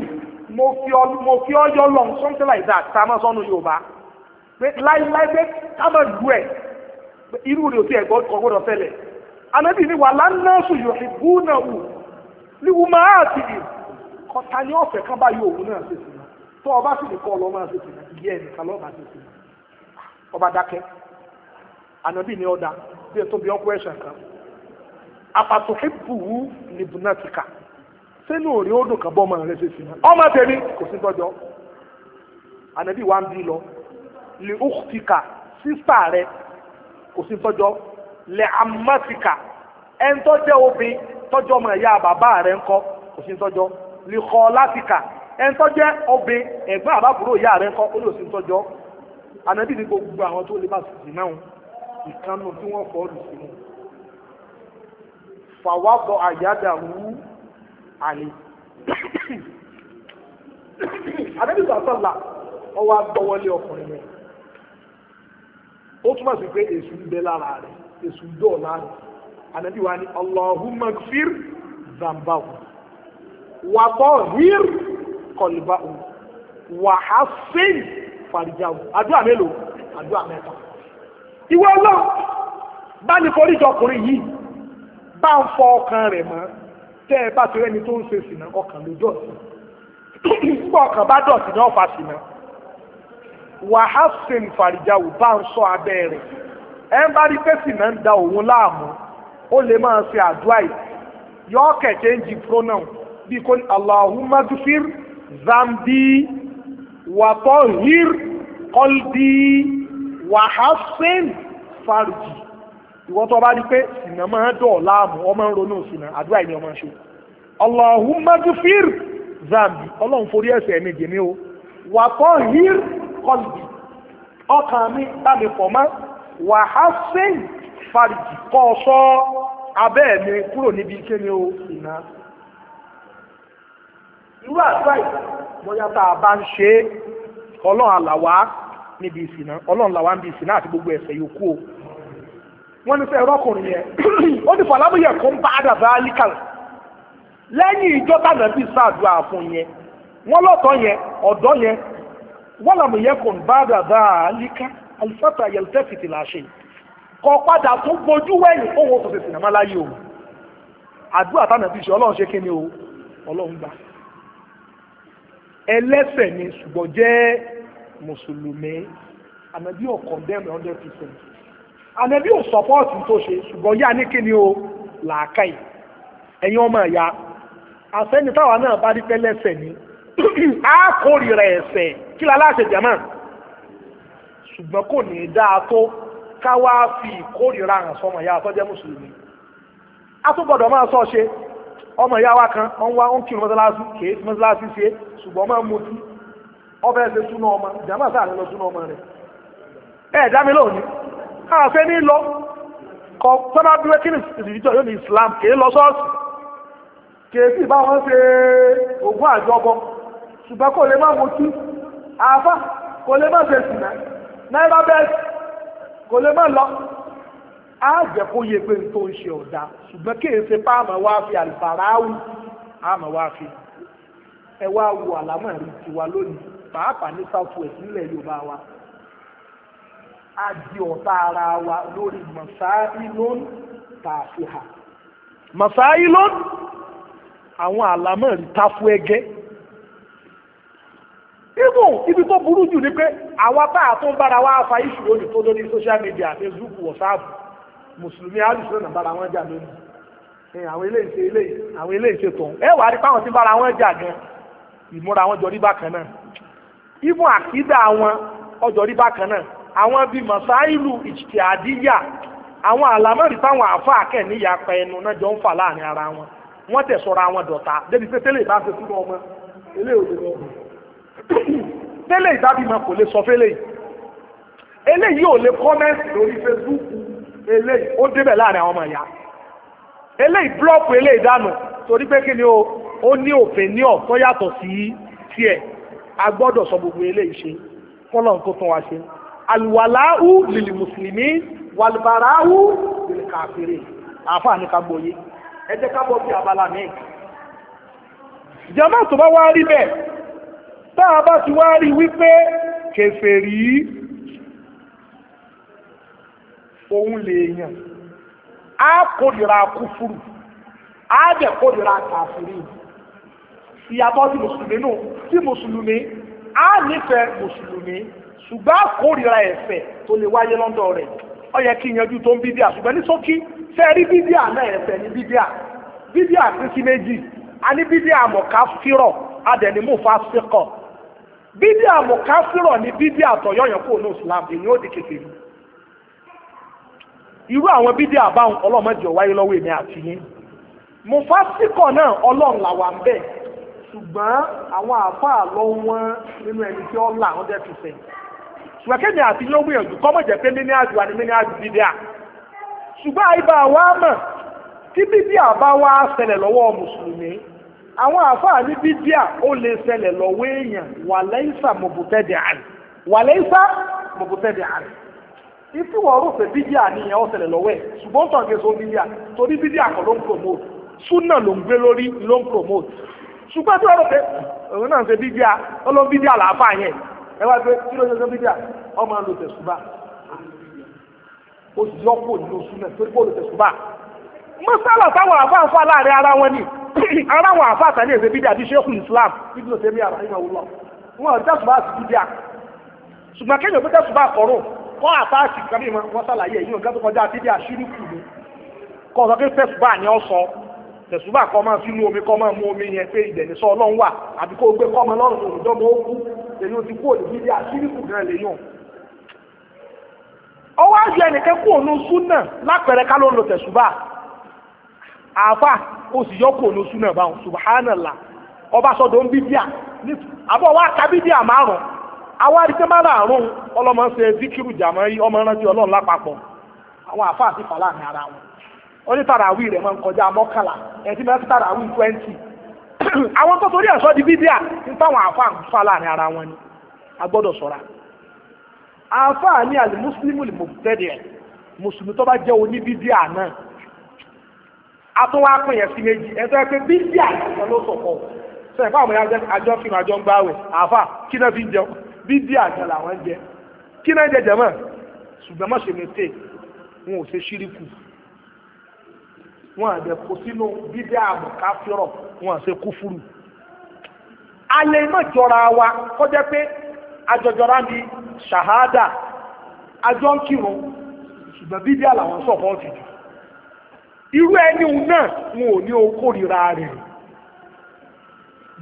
mo fi ọyọ lọ something like that tá a máa sọnù yorùbá pé láíláí pé ká máa lu ẹ irú rẹ̀ ò tí ẹ gbọ́dọ̀ gbọ́dọ̀ ṣẹlẹ̀ anábì ní wà lánàásù yóò fi bú náà wù líwu máa ti di kọta ní ọ̀fẹ́ kan bá yóò òun náà ṣe sí náà tó ọba sì ní kọ́ ọ lọ́mọ ṣe sí náà ìyẹ́ ẹnìkan lọ́mọ ṣe sí náà ọba dákẹ́ anábì ní ọ̀dà bí ẹ tóbi ọkọ ẹ̀ṣẹ̀ kan apàtòkè bùwú ní bùnátìkà sẹ́nu òrí odò kan bọ́ ọmọ rẹ̀ ṣe sí náà ọmọ tẹ̀mí kò sí tọ́jọ́ anábì wa ń bí lọ lè ó lẹ amásìkà ẹni tọ́jọ́ obìn tọ́jọ́ ọmọ ìyá bàbá rẹ̀ ńkọ́ kò sí tọ́jọ́ lè kọ́ lásìkà ẹni tọ́jọ́ obìn ẹ̀gbọ́n àbábúrò ìyá rẹ̀ ńkọ́ ó lè sí tọ́jọ́ ànábì ní gbogbo àwọn tó lè bá sì náà ìkànnù tí wọ́n fọ́ lù sí mu fàwábọ̀ àyádà wú àlè ànábì sàtọ́là ọwọ́ agbọ́wọ́lé ọkùnrin rẹ̀ ó túmọ̀ sí pé èṣù ń bẹ lára rẹ̀ èsù dọ́ọ̀lá rẹ̀ ànábì wa ni Allahumma gfir zambahu wa tahhir qalbahu wa hassin farijahu àdúrà mélòó àdúrà mẹ́ta ìwọ ọlọ́ bá ní foríjọ ọkùnrin yìí bá ń fọ ọkàn rẹ̀ mọ́ tẹ́ ẹ bá ti rẹ́ni tó ń ṣe sìnà ọkàn ló dọ̀tí nígbà ọkàn bá dọ̀tí náà fa sìnà wa hassin farijahu bá ń sọ abẹ́ rẹ̀ ẹ ń bá rí pẹ́sì náà ń da òun láàmú ó lè máa ṣe àdúrà yìí yọ kẹ̀kẹ́ ń jí pronoun bí kò ní Allahumma zambi wàtọ́ hir kọ́lbí wàhásìn fàrùjì ìwọ́n tó bá rí pé sìnà máa dọ̀ láàmú ọmọ ń ronú sìnà àdúrà yìí ni ọmọ ń ṣe Allahumma zambi ọlọ́run forí ẹ̀ṣẹ̀ mi jèmi o wàtọ́ hir kọ́lbí ọkàn mi bá mi wàhásìn fàrìjì kọ́ sọ abẹ́ mi kúrò níbi kíni o ìná irú àdúrà yìí bóyá bá ń ṣe ọlọ́run àlàwá níbi ìsìná ọlọ́run níbi ìsìná àti gbogbo ẹ̀ṣẹ̀ yòókù o wọ́n ní yẹn ó ń bá àdàbà alíkà lẹ́yìn yẹn wọ́n lọ́tọ̀ yẹn ọ̀dọ́ yẹn wọ́n alifata yẹlutẹ́fìtì làṣẹ kọ padà tún gbójú wẹ̀yìn owó tó tètè nàmá láyé o àdúrà táwọn ẹbí ṣe ọlọ́run ṣe kíni o ọlọ́run gbà ẹlẹ́sẹ̀ ni ṣùgbọ́n jẹ́ mùsùlùmí ànábì ò condemn hundred percent ànábì ò support tó ṣe ṣùgbọ́n yá ní kíni o làákàyè ẹ̀yin ọmọ ẹ̀yà àsẹ́ni táwa náà bá rí pẹ́lẹ́sẹ̀ ni a kórìíra ẹ̀ṣẹ̀ kí la láṣẹ jàmáà ṣùgbọ́n kò ní dáa tó ká wá fi ìkórìíra hàn sọmọ ìyá tó jẹ́ mùsùlùmí a tún gbọ́dọ̀ máa sọ ṣe ọmọ ìyá wa kan ọ̀n wá ń kí mọ́sálásí kèé mọ́sálásí ṣe ṣùgbọ́n máa ń mutí ọbẹ̀ ṣe súná ọmọ ìjàmbá sáà lọ súná ọmọ rẹ̀ ẹ̀ dá mi lónìí àfẹ́ ní lọ kọ tọ́lá bí wẹ́kìnì ìdíjọ́ Islam kèé lọ sọ́ọ̀sì kèé sì bá wọn ṣe ògùn àjọbọ ṣùgbọ́n kò lè má mutí àáfà kò lè má ṣe sìnà náírà bẹ́ẹ̀ kò lè má lọ á jẹ́ kó yẹ pé n tó ń ṣe ọ̀dà ṣùgbọ́n kí èsì pa àmọ́ wá fi àlùfàràáwù àmọ́ wá fi ẹ wá wo àlámọ̀ rí tiwa lónìí pàápàá ní south west nílẹ̀ Yorùbá wa a di ọ̀tá ara wa lórí masáìlón tààfihà masáìlón àwọn àlámọ̀ rí táfú ẹgẹ́ Even ibi tó burú jù ni pé àwa tá a tó ń bára wa fa iṣu olè tó lórí social media facebook whatsapp mùsùlùmí alùsùn náà bára wọn jà lónìí àwọn eléyìí ṣe eléyìí àwọn eléyìí ṣe tòun ẹ wàá rí páwọn tí bára wọn jà gan ìmúra wọn jọrí bákan náà ibùn àkídà wọn ọjọrí bákan náà àwọn bíi masailu ìjìtì àdíyà àwọn àlámọ́rì táwọn àáfàá kẹ̀ níyà pa ẹnu náà jọ ń fà láàrin ara wọn wọ́n tẹ̀ wọn dọ̀tá débi pé tẹ́lẹ̀ ìbá ṣe fún ọmọ eléyìí ò tẹ́lẹ̀ ìdábìmọ̀ kò lè sọ fẹ́lẹ̀ yìí eléyìí ò lè kọ́mẹ́ǹtì lórí Facebook eléyìí ó débẹ̀ láàrin àwọn ọmọ ìyá eléyìí búlọ́ọ̀kù eléyìí dànù torí pé kí ni o ó ní òfin ní ọ̀tọ́ yàtọ̀ sí tiẹ̀ a gbọ́dọ̀ sọ gbogbo eléyìí ṣe kọ́lọ̀ tó tán wa ṣe alùwàláhù lìlì mùsùlùmí wàlùbàráhù lìlì kàfìrì àáfàá ní ká gbòye ẹ jẹ́ ká tó bá wá rí bẹ́ẹ̀ táà bá ti wá rí wípé kèfèrí òun lè yàn á kòdìrà kúfúrù á dẹ̀ kòdìrà kàfìrí ìyàtọ̀ sí mùsùlùmí nù sí mùsùlùmí á nífẹ̀ẹ́ mùsùlùmí ṣùgbọ́n á kòdìrà ẹ̀fẹ̀ tó lè wáyé lọ́dọ̀ rẹ̀ ó yẹ kí yanjú tó ń bídíà ṣùgbọ́n ní sókí fẹ́ rí bídíà náà ẹ̀fẹ̀ ní bídíà bídíà pín sí méjì a ní bídíà mọ̀ká fírọ̀ a dẹ̀ ní mú fa síkọ̀ bíbí àmùkásírọ̀ ni bíbí àtọ̀yọ̀yàn kò ní islam èyí ó di kékeré irú àwọn bíbí àbáhùn ọlọ́mọdé ọ̀wáyé lọ́wọ́ èmi àti yín mufasíkọ̀ náà ọlọ́run làwà ń bẹ̀ ṣùgbọ́n àwọn àáfàá lọ wọ́n nínú ẹni tí ó là hundred percent ṣùgbọ́n kéde àti yín ó gbìyànjú kọ́mọ̀ jẹ́ pé mímí àjò àti mímí àjò bíbí à ṣùgbọ́n àyíbá wa mọ̀ tí bíbí àbá wa ṣẹlẹ̀ lọ́wọ́ mùsùlùmí àwọn àfáà ní bídíà ó lè ṣẹlẹ̀ lọ́wọ́ èèyàn wà lẹ́yìnsà mọ̀bùtẹ́dẹ̀ àrẹ wà lẹ́yìnsà mọ̀bùtẹ́dẹ̀ àrẹ ìtú wọ́n rò pé bídíà nìyẹn ó ṣẹlẹ̀ lọ́wọ́ ẹ̀ ṣùgbọ́n tó ń gé so bídíà torí bídíà kọ́ ló ń promote súnà ló ń gbé lórí ló ń promote ṣùgbọ́n tí wọ́n rò pé òun náà ṣe bídíà ó ló ń bídíà làáfà yẹn ẹ wá pé kí ló ṣe mọ́sálà táwọn àfáàfá láàrin ara wọn ni ara wọn àfáàfá ní èdè bídíà bí ṣékùn Islam ibùdó tèmi àbáyé wọlọ wọn ò dẹ́sùbà sí bídíà ṣùgbọ́n kéèyàn tó dẹ́sùbà kọ̀rọ̀ kọ́ àfáàsì kàmí wọn sàlàyé èyí nǹkan tó kọjá bídíà ṣírí kù ní kọ́ sọ pé tẹ̀sùbà ni ọ sọ tẹ̀sùbà kọ́ máa sínú omi kọ́ máa mú omi yẹn pé ìdẹ̀ni sọ ọlọ́run wà àbí kó gbé kọ́mọ lọ́rùn òdòdó ó kú èyí ó ti kú òdì bídíà ṣírí kù gan lè yàn ọwọ́ àjọ ẹnìkan kú òun súnà lápẹ̀rẹ̀ ká ló ń lo tẹ̀sùbà àfà ó sì yọkù olóṣù náà báwọn subhanallah ọba sọdọ ń bíbíà àbọ̀ wa ka bíbíà márùn àwọn àdìsẹ́ máa láàrún ọlọ́mọ ṣe díkìrù jàmọ́ ọmọ rántí ọlọ́run lápapọ̀ àwọn àfà àti fàlà ní ara wọn ó ní tàràwí rẹ̀ máa ń kọjá mọ́kànlá ẹ̀tí mẹ́tí tàràwí twenty àwọn tó torí ẹ̀sọ́ di bíbíà ń táwọn àfà ń fàlà ní ara wọn ni a gbọ́dọ̀ àfà ní àlè mùsùlùmí tó bá jẹ́ náà atún wá pè yẹn sí méjì ẹ̀tọ́ ẹ pé bíbí àjọ ló sọ̀kọ̀ sọ ẹ̀fọ́ àwọn àjọ fìmọ̀ àjọ ń gbá wẹ̀ àfà kí náà fi ń jẹun bíbí àjọ làwọn ń jẹ kí náà ń jẹ jẹ mọ́ ṣùgbọ́n má ṣe mẹ́tẹ̀ wọn ò ṣe ṣíríkù wọn àdẹ kó sínú bíbí àmọ̀ káfíọ̀rọ̀ wọn à ṣe kúfúrú. alẹ́ iná jọra wa kọjá pé àjọjọra ni ṣàhádà àjọ ń kírun ṣùgbọ́n bíbí àlàwọn sọ̀kọ̀ ọ̀tìjú irú ẹni náà wọn ò ní okórìíra rẹ̀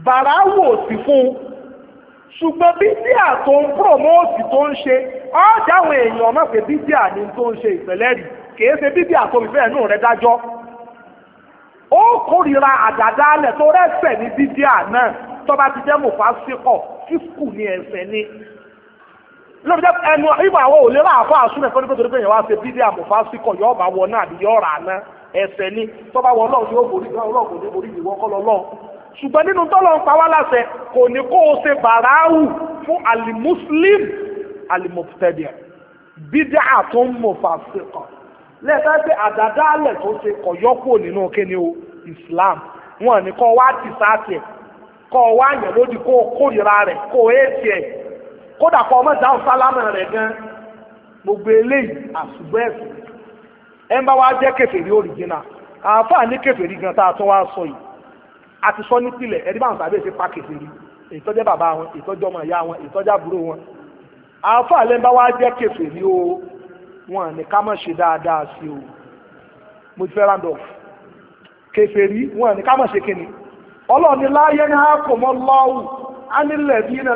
bàrá wò sí fún ṣùgbọ́n bídíà tó ń promote tó ń ṣe ọ́dà àwọn èèyàn mọ̀ pé bídíà ni tó ń ṣe ìfẹ́lẹ́rì kìí ṣe bídíà tó fìfẹ́ ẹ̀nù rẹ̀ dájọ́ ó kórìíra àdàdálẹ̀ tó rẹ́sẹ̀ ní bídíà náà tó bá ti jẹ́ mọ̀fà síkọ̀ fífù ní ẹ̀sẹ̀ ni lóbi jẹ́ ẹnu ìgbà àwọn òlera àfọ́ àsúnẹ̀ fẹ́ẹ́ nípa torí pé èèyàn wá ṣe bídíà mọ̀fà síkọ̀ yọ ẹ̀ṣẹ̀ ni tọ́ba wọ ọlọ́run yóò borí ìwọ ọlọ́run kò ní borí ìwọ kọ́ lọ́lọ́run ṣùgbọ́n nínú tọ́lọ̀ ń pa wá láṣẹ kò ní kó o ṣe bàráàwù fún alimuslim alimọ̀tẹ́díà bídíà tó ń mọ̀ fàṣẹkọ̀ lẹ́sẹ̀ pé àdádálẹ̀ tó ṣe kọ̀yọ́kù nínú kíni o Islam wọn ni kọ́ wá ti sáàtì ẹ̀ kọ́ wá yẹn lódì kó o kórìíra rẹ̀ kó o éèkì ẹ̀ kódà kọ́ ọmọ ìdáhùn sálámà rẹ̀ gan gbogbo eléyìí àṣùgbọ́ ẹ̀sìn ẹ wa bá wá jẹ́ kèfèrí òrìjìnà àáfàá ní kèfèrí gan tá a tún wá sọ yìí àti sọ nípìnlẹ̀ ẹni bá ń sàbẹ̀ ṣe pa kèfèrí ìtọ́jẹ́ bàbá wọn ìtọ́jẹ́ ọmọ ìyá wọn ìtọ́jẹ́ àbúrò wọn àáfàá lẹ́ ń bá wá jẹ́ kèfèrí o wọn ní ká má ṣe dáadáa sí o mo ti fẹ́ randolph kèfèrí wọn ní ká má ṣe kíni ọlọ́ọ̀ni láyé ní àkọ́mọ́ lọ́wọ́ ánilẹ̀bí iná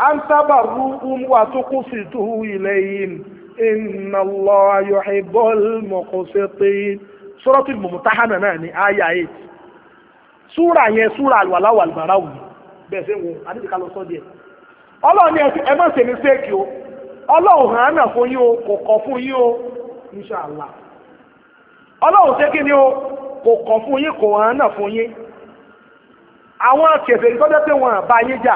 a تبروهم وتقسطوا إليهم إن الله يحب المقسطين سورة الممتحنة ناني آية 8 súrà ya súrà àlùwàlá wà lùbàrà wù bẹ́ẹ̀ ṣe ń wo àdìsíkà lọ sọ́ díẹ̀ ọlọ́run ní ẹ má ṣe mistake o ọlọ́run hàn án náà o kò kọ̀ fún o inṣàlá ọlọ́run ṣé o àwọn ìtọ́jọ́ wọ́n bá yín jà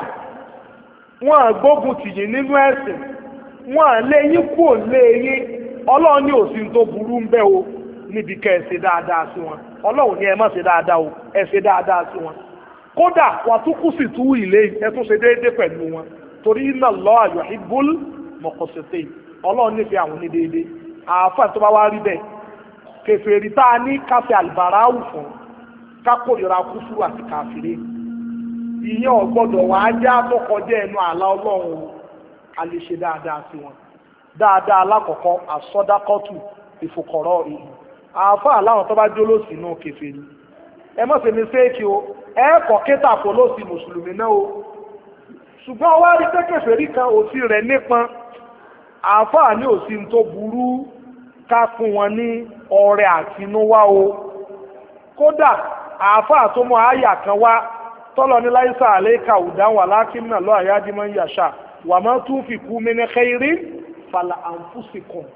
wọn àgbógun tìyìn nínú ẹ̀sìn wọn àléyìn kò léyìn ọlọ́run ní òsín tó burú ń bẹ́ o níbi kẹ́ ẹ ṣe dáadáa sí wọn ọlọ́run ní ẹ dáadáa o ẹ ṣe dáadáa sí wọn kódà wàtúkù sì tú ilé ẹ tún ṣe déédéé pẹ̀lú wọn torí iná lọ mọ̀kọ́sẹ̀tẹ̀ ọlọ́run nífẹ̀ẹ́ àwọn ní déédéé àáfà tó bá wá rí bẹ́ẹ̀ tá a ní káfí ìyẹn ọ̀gbọ́dọ̀ wà á já tó kọjá ẹnu àlá ọlọ́run a lè ṣe dáadáa sí wọn dáadáa alákọ̀ọ́kọ́ àsọdákọ́tù ìfòkọ̀rọ̀ ìlú àáfàá láwọn tó bá jó lòsì náà kẹfẹ́ ni ẹ mọ̀ sí mi séèkì o ẹ kọ̀ kéta kó lòsì mùsùlùmí náà o ṣùgbọ́n wá rí kẹ́kẹ̀fẹ́ rí kan òsì rẹ̀ nípọn àáfàá ní òsì tó burú ká fún wọn ní ọrẹ àtinúwá o kódà àáfàá tó àyà kan wá tọ́lọ ní láìsà àlékà ùdáwà lákìm náà lọ́ àyájímọ́ yàṣà wà má tún fi kú mi ní kẹ́rí fàlà àǹfùsìkùn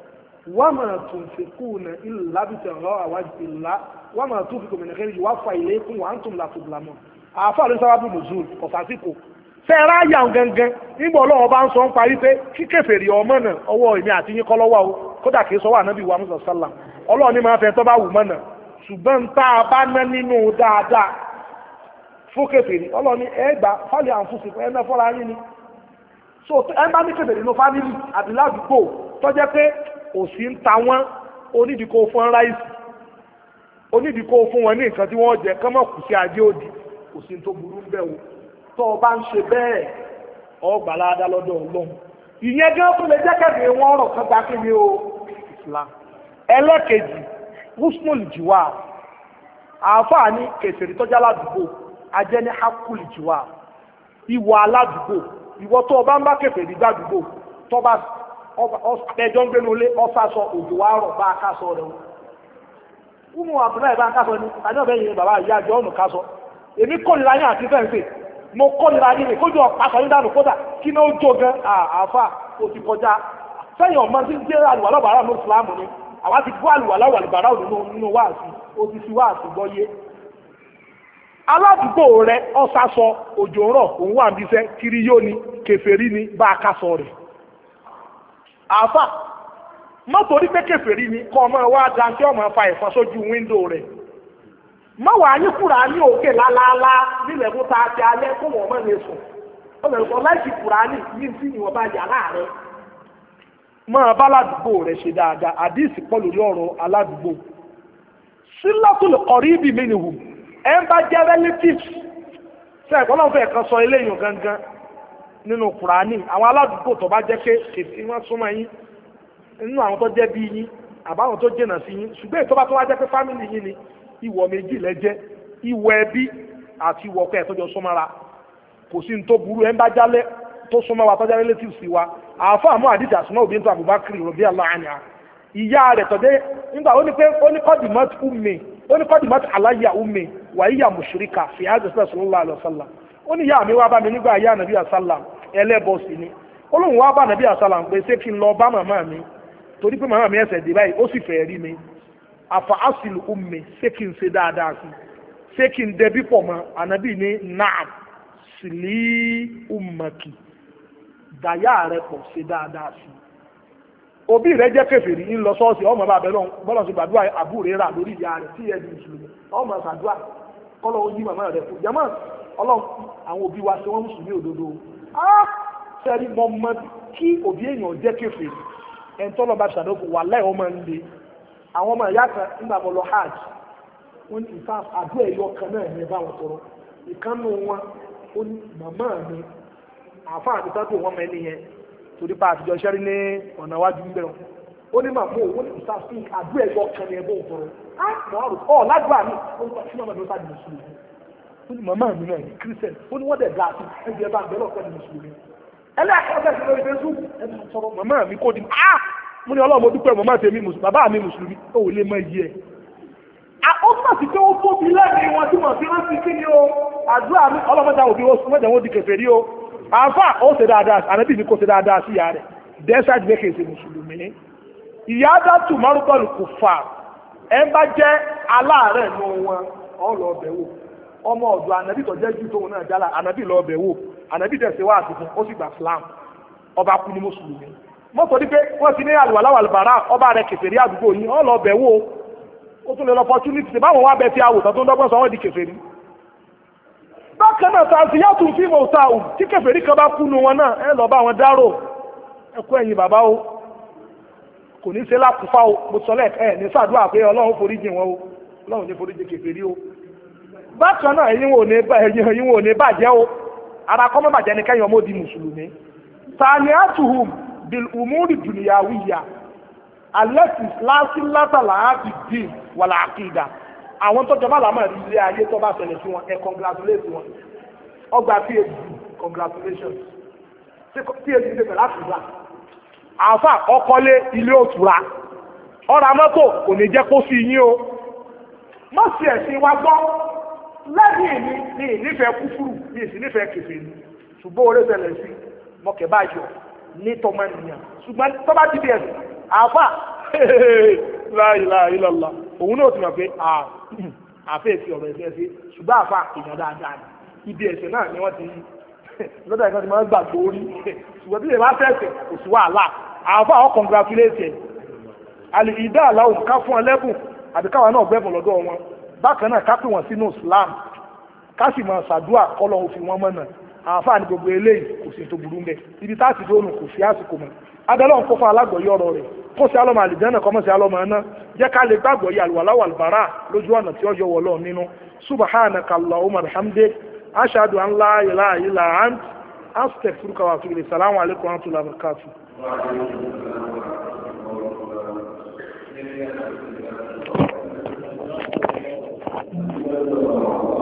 wà má tún fi kú ní ìlàbìtẹ̀ ọ̀rọ̀ àwájú ìlà wà má tún fi kú mi ní kẹ́rí wà fà ìlẹ́kùn wà ń tún làtò bìlámọ́ àáfà ló sábà bù nùzùl ọ̀sásìkò fẹ́ẹ́rẹ́ àyà gangan nígbà ọlọ́wọ́ bá ń sọ ń parí pé kíkẹ́fẹ̀rì ọmọ náà ọwọ́ èmi àti yín kọ́lọ́wọ́ o kódà kìí sọ wà nábì wa musa sálàm ọlọ́ọ̀ máa fẹ́ tọ́ bá wù mọ́nà ṣùgbọ́n tá a bá nínú dáadáa fún kèfèrí ọlọ́ni ẹgbà fálẹ̀ àǹfùsì fún ẹ̀mẹ́ fọ́ra yín ni so ẹ̀mẹ́ ní kèfèrí ló fámìlì àbí ládùúgbò tọ́jẹ́ pé òsì ń ta wọ́n onídìíkò fún ráìsì onídìíkò fún wọn ní nǹkan tí wọ́n jẹ kọ́mọ̀ kù sí ajé òdì òsì tó burú ń bẹ̀ wò tó o bá ń ṣe bẹ́ẹ̀ ọgbà ládá lọ́dọ̀ ọlọ́run ìyẹn gẹ́ tó lè jẹ́kẹ̀dẹ̀ wọn ọ̀rọ̀ kan gba kí ni o Islam ẹlẹ́kejì husnul jiwa àáfàá ní kèfèrí tọ́já ládùúgbò ajẹ́ ní hakul iwọ aladugbo iwọ ìwọ tó ọba ń bá kẹfẹ́ ní gbàdúgbò tọ́ba ẹjọ́ ń gbénu lé ọ́sàsọ òjòwà rọ̀ bá a kásọ rẹ̀ wọ́n mú ni bàbá ìyá àjọ ọ̀nà sọ èmi kórìíra yín àti fẹ́ǹsì mo yín kọjá ọmọ tí ń ni àwa aládùúgbò rẹ ọ̀sásọ òjò rọ rọ̀ òun wà níṣẹ́ kiri yóò ní ni bá a ká sọ rẹ àáfà má torí pé kèfèrí ni kọ́ ọmọ wa dantí ọmọ fa ẹ̀fọn sójú wíńdò rẹ má wà á ní òkè lálálá nílẹ̀ tó ta ti alẹ́ kó wọ́n mọ̀ lè sùn ọ̀nà ìfọ̀ láìsí Kùránì yìí sí ìwọ̀n bá yàrá rẹ̀ máa bá aládùúgbò ṣe dáadáa àdìsí pọ̀ lórí ọ̀rọ̀ aládùúgbò ọ̀rí ẹ̀ ń bá jẹ́ relatives ṣe ẹ̀kọ́ náà kan sọ eléyìí gangan nínú kùránì àwọn aládùúgbò tó bá jẹ́ pé kèsì wọn súnmọ́ yín nínú àwọn tó jẹ́ bí yín àbáwọn tó jìnà sí yín ṣùgbọ́n ètò bá tó wá jẹ́ pé fámìlì yín ni ìwọ méjì lẹ́jẹ́ ìwọ ẹbí àti ìwọ ọkọ ẹ̀ tọ́jọ́ súnmọ́ra kò sí ní tó burú wa tọ́jà wa àmọ́ àdìjà súnmọ́ òbí tó Abubakar rọ̀bí ìyá rẹ̀ nígbà ó ní pé ó ní kọ́dìmọ́t wàyíyà mùṣíríkà fi àjọṣẹ́ sallallahu alaihi wasallam ó ní ìyá mi wá bá mi nígbà ayé ànàbí àsálàm ẹlẹ́bọ̀ sí ni ó lóun wá bá ànàbí àsálàm pé ṣé kí n lọ bá màmá mi torí pé màmá mi ẹsẹ̀ dé báyìí ó sì fẹ́ rí mi àfà àsìlù ummi ṣé kí n ṣe dáadáa sí ṣé kí n dẹbí pọ̀ mọ́ ànàbí ní naam dàyà rẹ pọ̀ ṣe dáadáa sí òbí rẹ ọmọ kọ́lọ̀ ó yí màmá rẹ̀ fún jama ọlọ́run àwọn òbí wa ṣe wọ́n mùsùlùmí òdodo ah sẹ́rí mọ́ mọ́ kí òbí èèyàn jẹ́ kéfè ẹni tọ́lọ̀ bá ṣàdókò wà láì ọmọ ń le àwọn hajj wọ́n ní ìfà ẹ̀yọ kan náà ní ẹ̀bá wọn tọrọ wọn ó ní màmá mi àti sábò wọn yẹn torí pa àtijọ́ ó ní màmú òun ní ìsà sí àdúrà ẹ̀gbọ́n kan ní ẹ̀gbọ́n òtòrò á mọ̀ àrùn ọ̀ lágbà mi ó ní pàṣẹ màmá mi ó sáàdì mùsùlùmí ó ní màmá mi náà ní kírísẹ̀ ó ní wọ́n dẹ̀ dáa sí ẹgbẹ́ bá bẹ́ẹ̀ lọ́kọ́ ní mùsùlùmí ẹlẹ́ẹ̀kọ́ àkọ́kọ́ sí pé ó tóbi lẹ́yìn wọn tí wọ́n fi rántí kí ni ó àdúrà mi ọlọ́mọdé òbí ó sún mẹ́jọ wọn di kẹfẹ́ rí o àáfà ó ṣe dáadáa ànábì ní kó ṣe dáadáa sí ìyá rẹ̀ dẹ́sà ìdílé kèsè mùsùlùmí ìyá dátù márùkọ́lù kò fà ẹ bá jẹ́ aláàárẹ̀ wọn ọ lọ wò ọmọ ọ̀dọ̀ ànábì tó jẹ́ jù tóun náà jálá ànábì lọ bẹ̀ wò ànábì dẹ̀ wá àtìkún ó sì gbà flam ọba kú ní mùsùlùmí mọ́tò ní pé wọ́n ti ní ọba rẹ̀ àdúgbò yìí Ọlọ wò ó tún lè lọ báwọn wá kò ní ṣe lákùúfà o mo sọ lẹ́ẹ̀kẹ́ ẹ̀ ní sàdúrà pé ọlọ́run foríjì wọn o ọlọ́run ní foríjì kèfèrí o bákan náà ẹ̀yin wò ní ẹ̀yin wò ní bàjẹ́ o ara kọ́ mọ́ bàjẹ́ ni kẹ́yìn ọmọ di mùsùlùmí tani atuhum bil umuri duniyawiya alẹ́sì láti látàlá àti dì wàlà àkìdá àwọn tó jọba làmọ́ rí ilé ayé tó bá ṣẹlẹ̀ sí wọn ẹ congratulate wọn ọgbà phd congratulations phd ṣe pẹ̀lú àkìdá àfà ọkọlé ilé òtúra ọ̀rà mọ́tò kò ní jẹ́ kó sí yín o má sì ẹ̀sìn wa gbọ́ lẹ́yìn mi ní ìnífẹ̀ẹ́ kúfúrú ní ìsìnífẹ̀ẹ́ kẹfẹ́ ni ṣùgbọ́n orí ṣẹlẹ̀ sí mọ̀kẹ́ bá yọ ní tọmọ ènìyàn ṣùgbọ́n tó bá ti di ẹ̀sìn àfà láìláìlọ́lá òun náà ti mọ̀ pé àfẹ́ èsì ọ̀rọ̀ ẹ̀sìn ẹ̀sìn ṣùgbọ́n àfà èèyàn dáadáa ni ibi ẹ̀sìn náà ni wọ́n ti lọ́dọ̀ ẹ̀kan ti máa ń gbàgbó orí ṣùgbọ́n bí lè má fẹ́ẹ̀sẹ̀ kò sí wàhálà àfà àwọn congratulate alìdá aláwọ̀ ká fún ẹlẹ́bùn àbí káwa náà gbẹ́bùn lọ́dọ̀ wọn bákan náà ká pè wọ́n sínú Islam ká sì máa ṣàdúà kọ́lọ́ òfin wọn mọ́nà àfà ní gbogbo eléyìí kò sí tó burú mbẹ ibi tá a ti dóònù kò sí àsìkò mọ́ adọ́lọ́ ń kó fún alágbọ̀yé ọ̀rọ̀ rẹ̀ kó sí alọ́mọ àlìjẹ́nà kọ́mọ́ sí alọ́mọ ẹ̀ná jẹ́ ká lè gbàgbọ́yé àlùwàláwà àlùbárà lójú ọ̀nà tí ó yọ wọ̀ lọ́ọ̀ nínú subhanaka allahumma bihamdik ashhadu anla la ilaha illa ant astaghfiruka wa atubu salamu alaykum wa rahmatullahi wa barakatuh Thank you.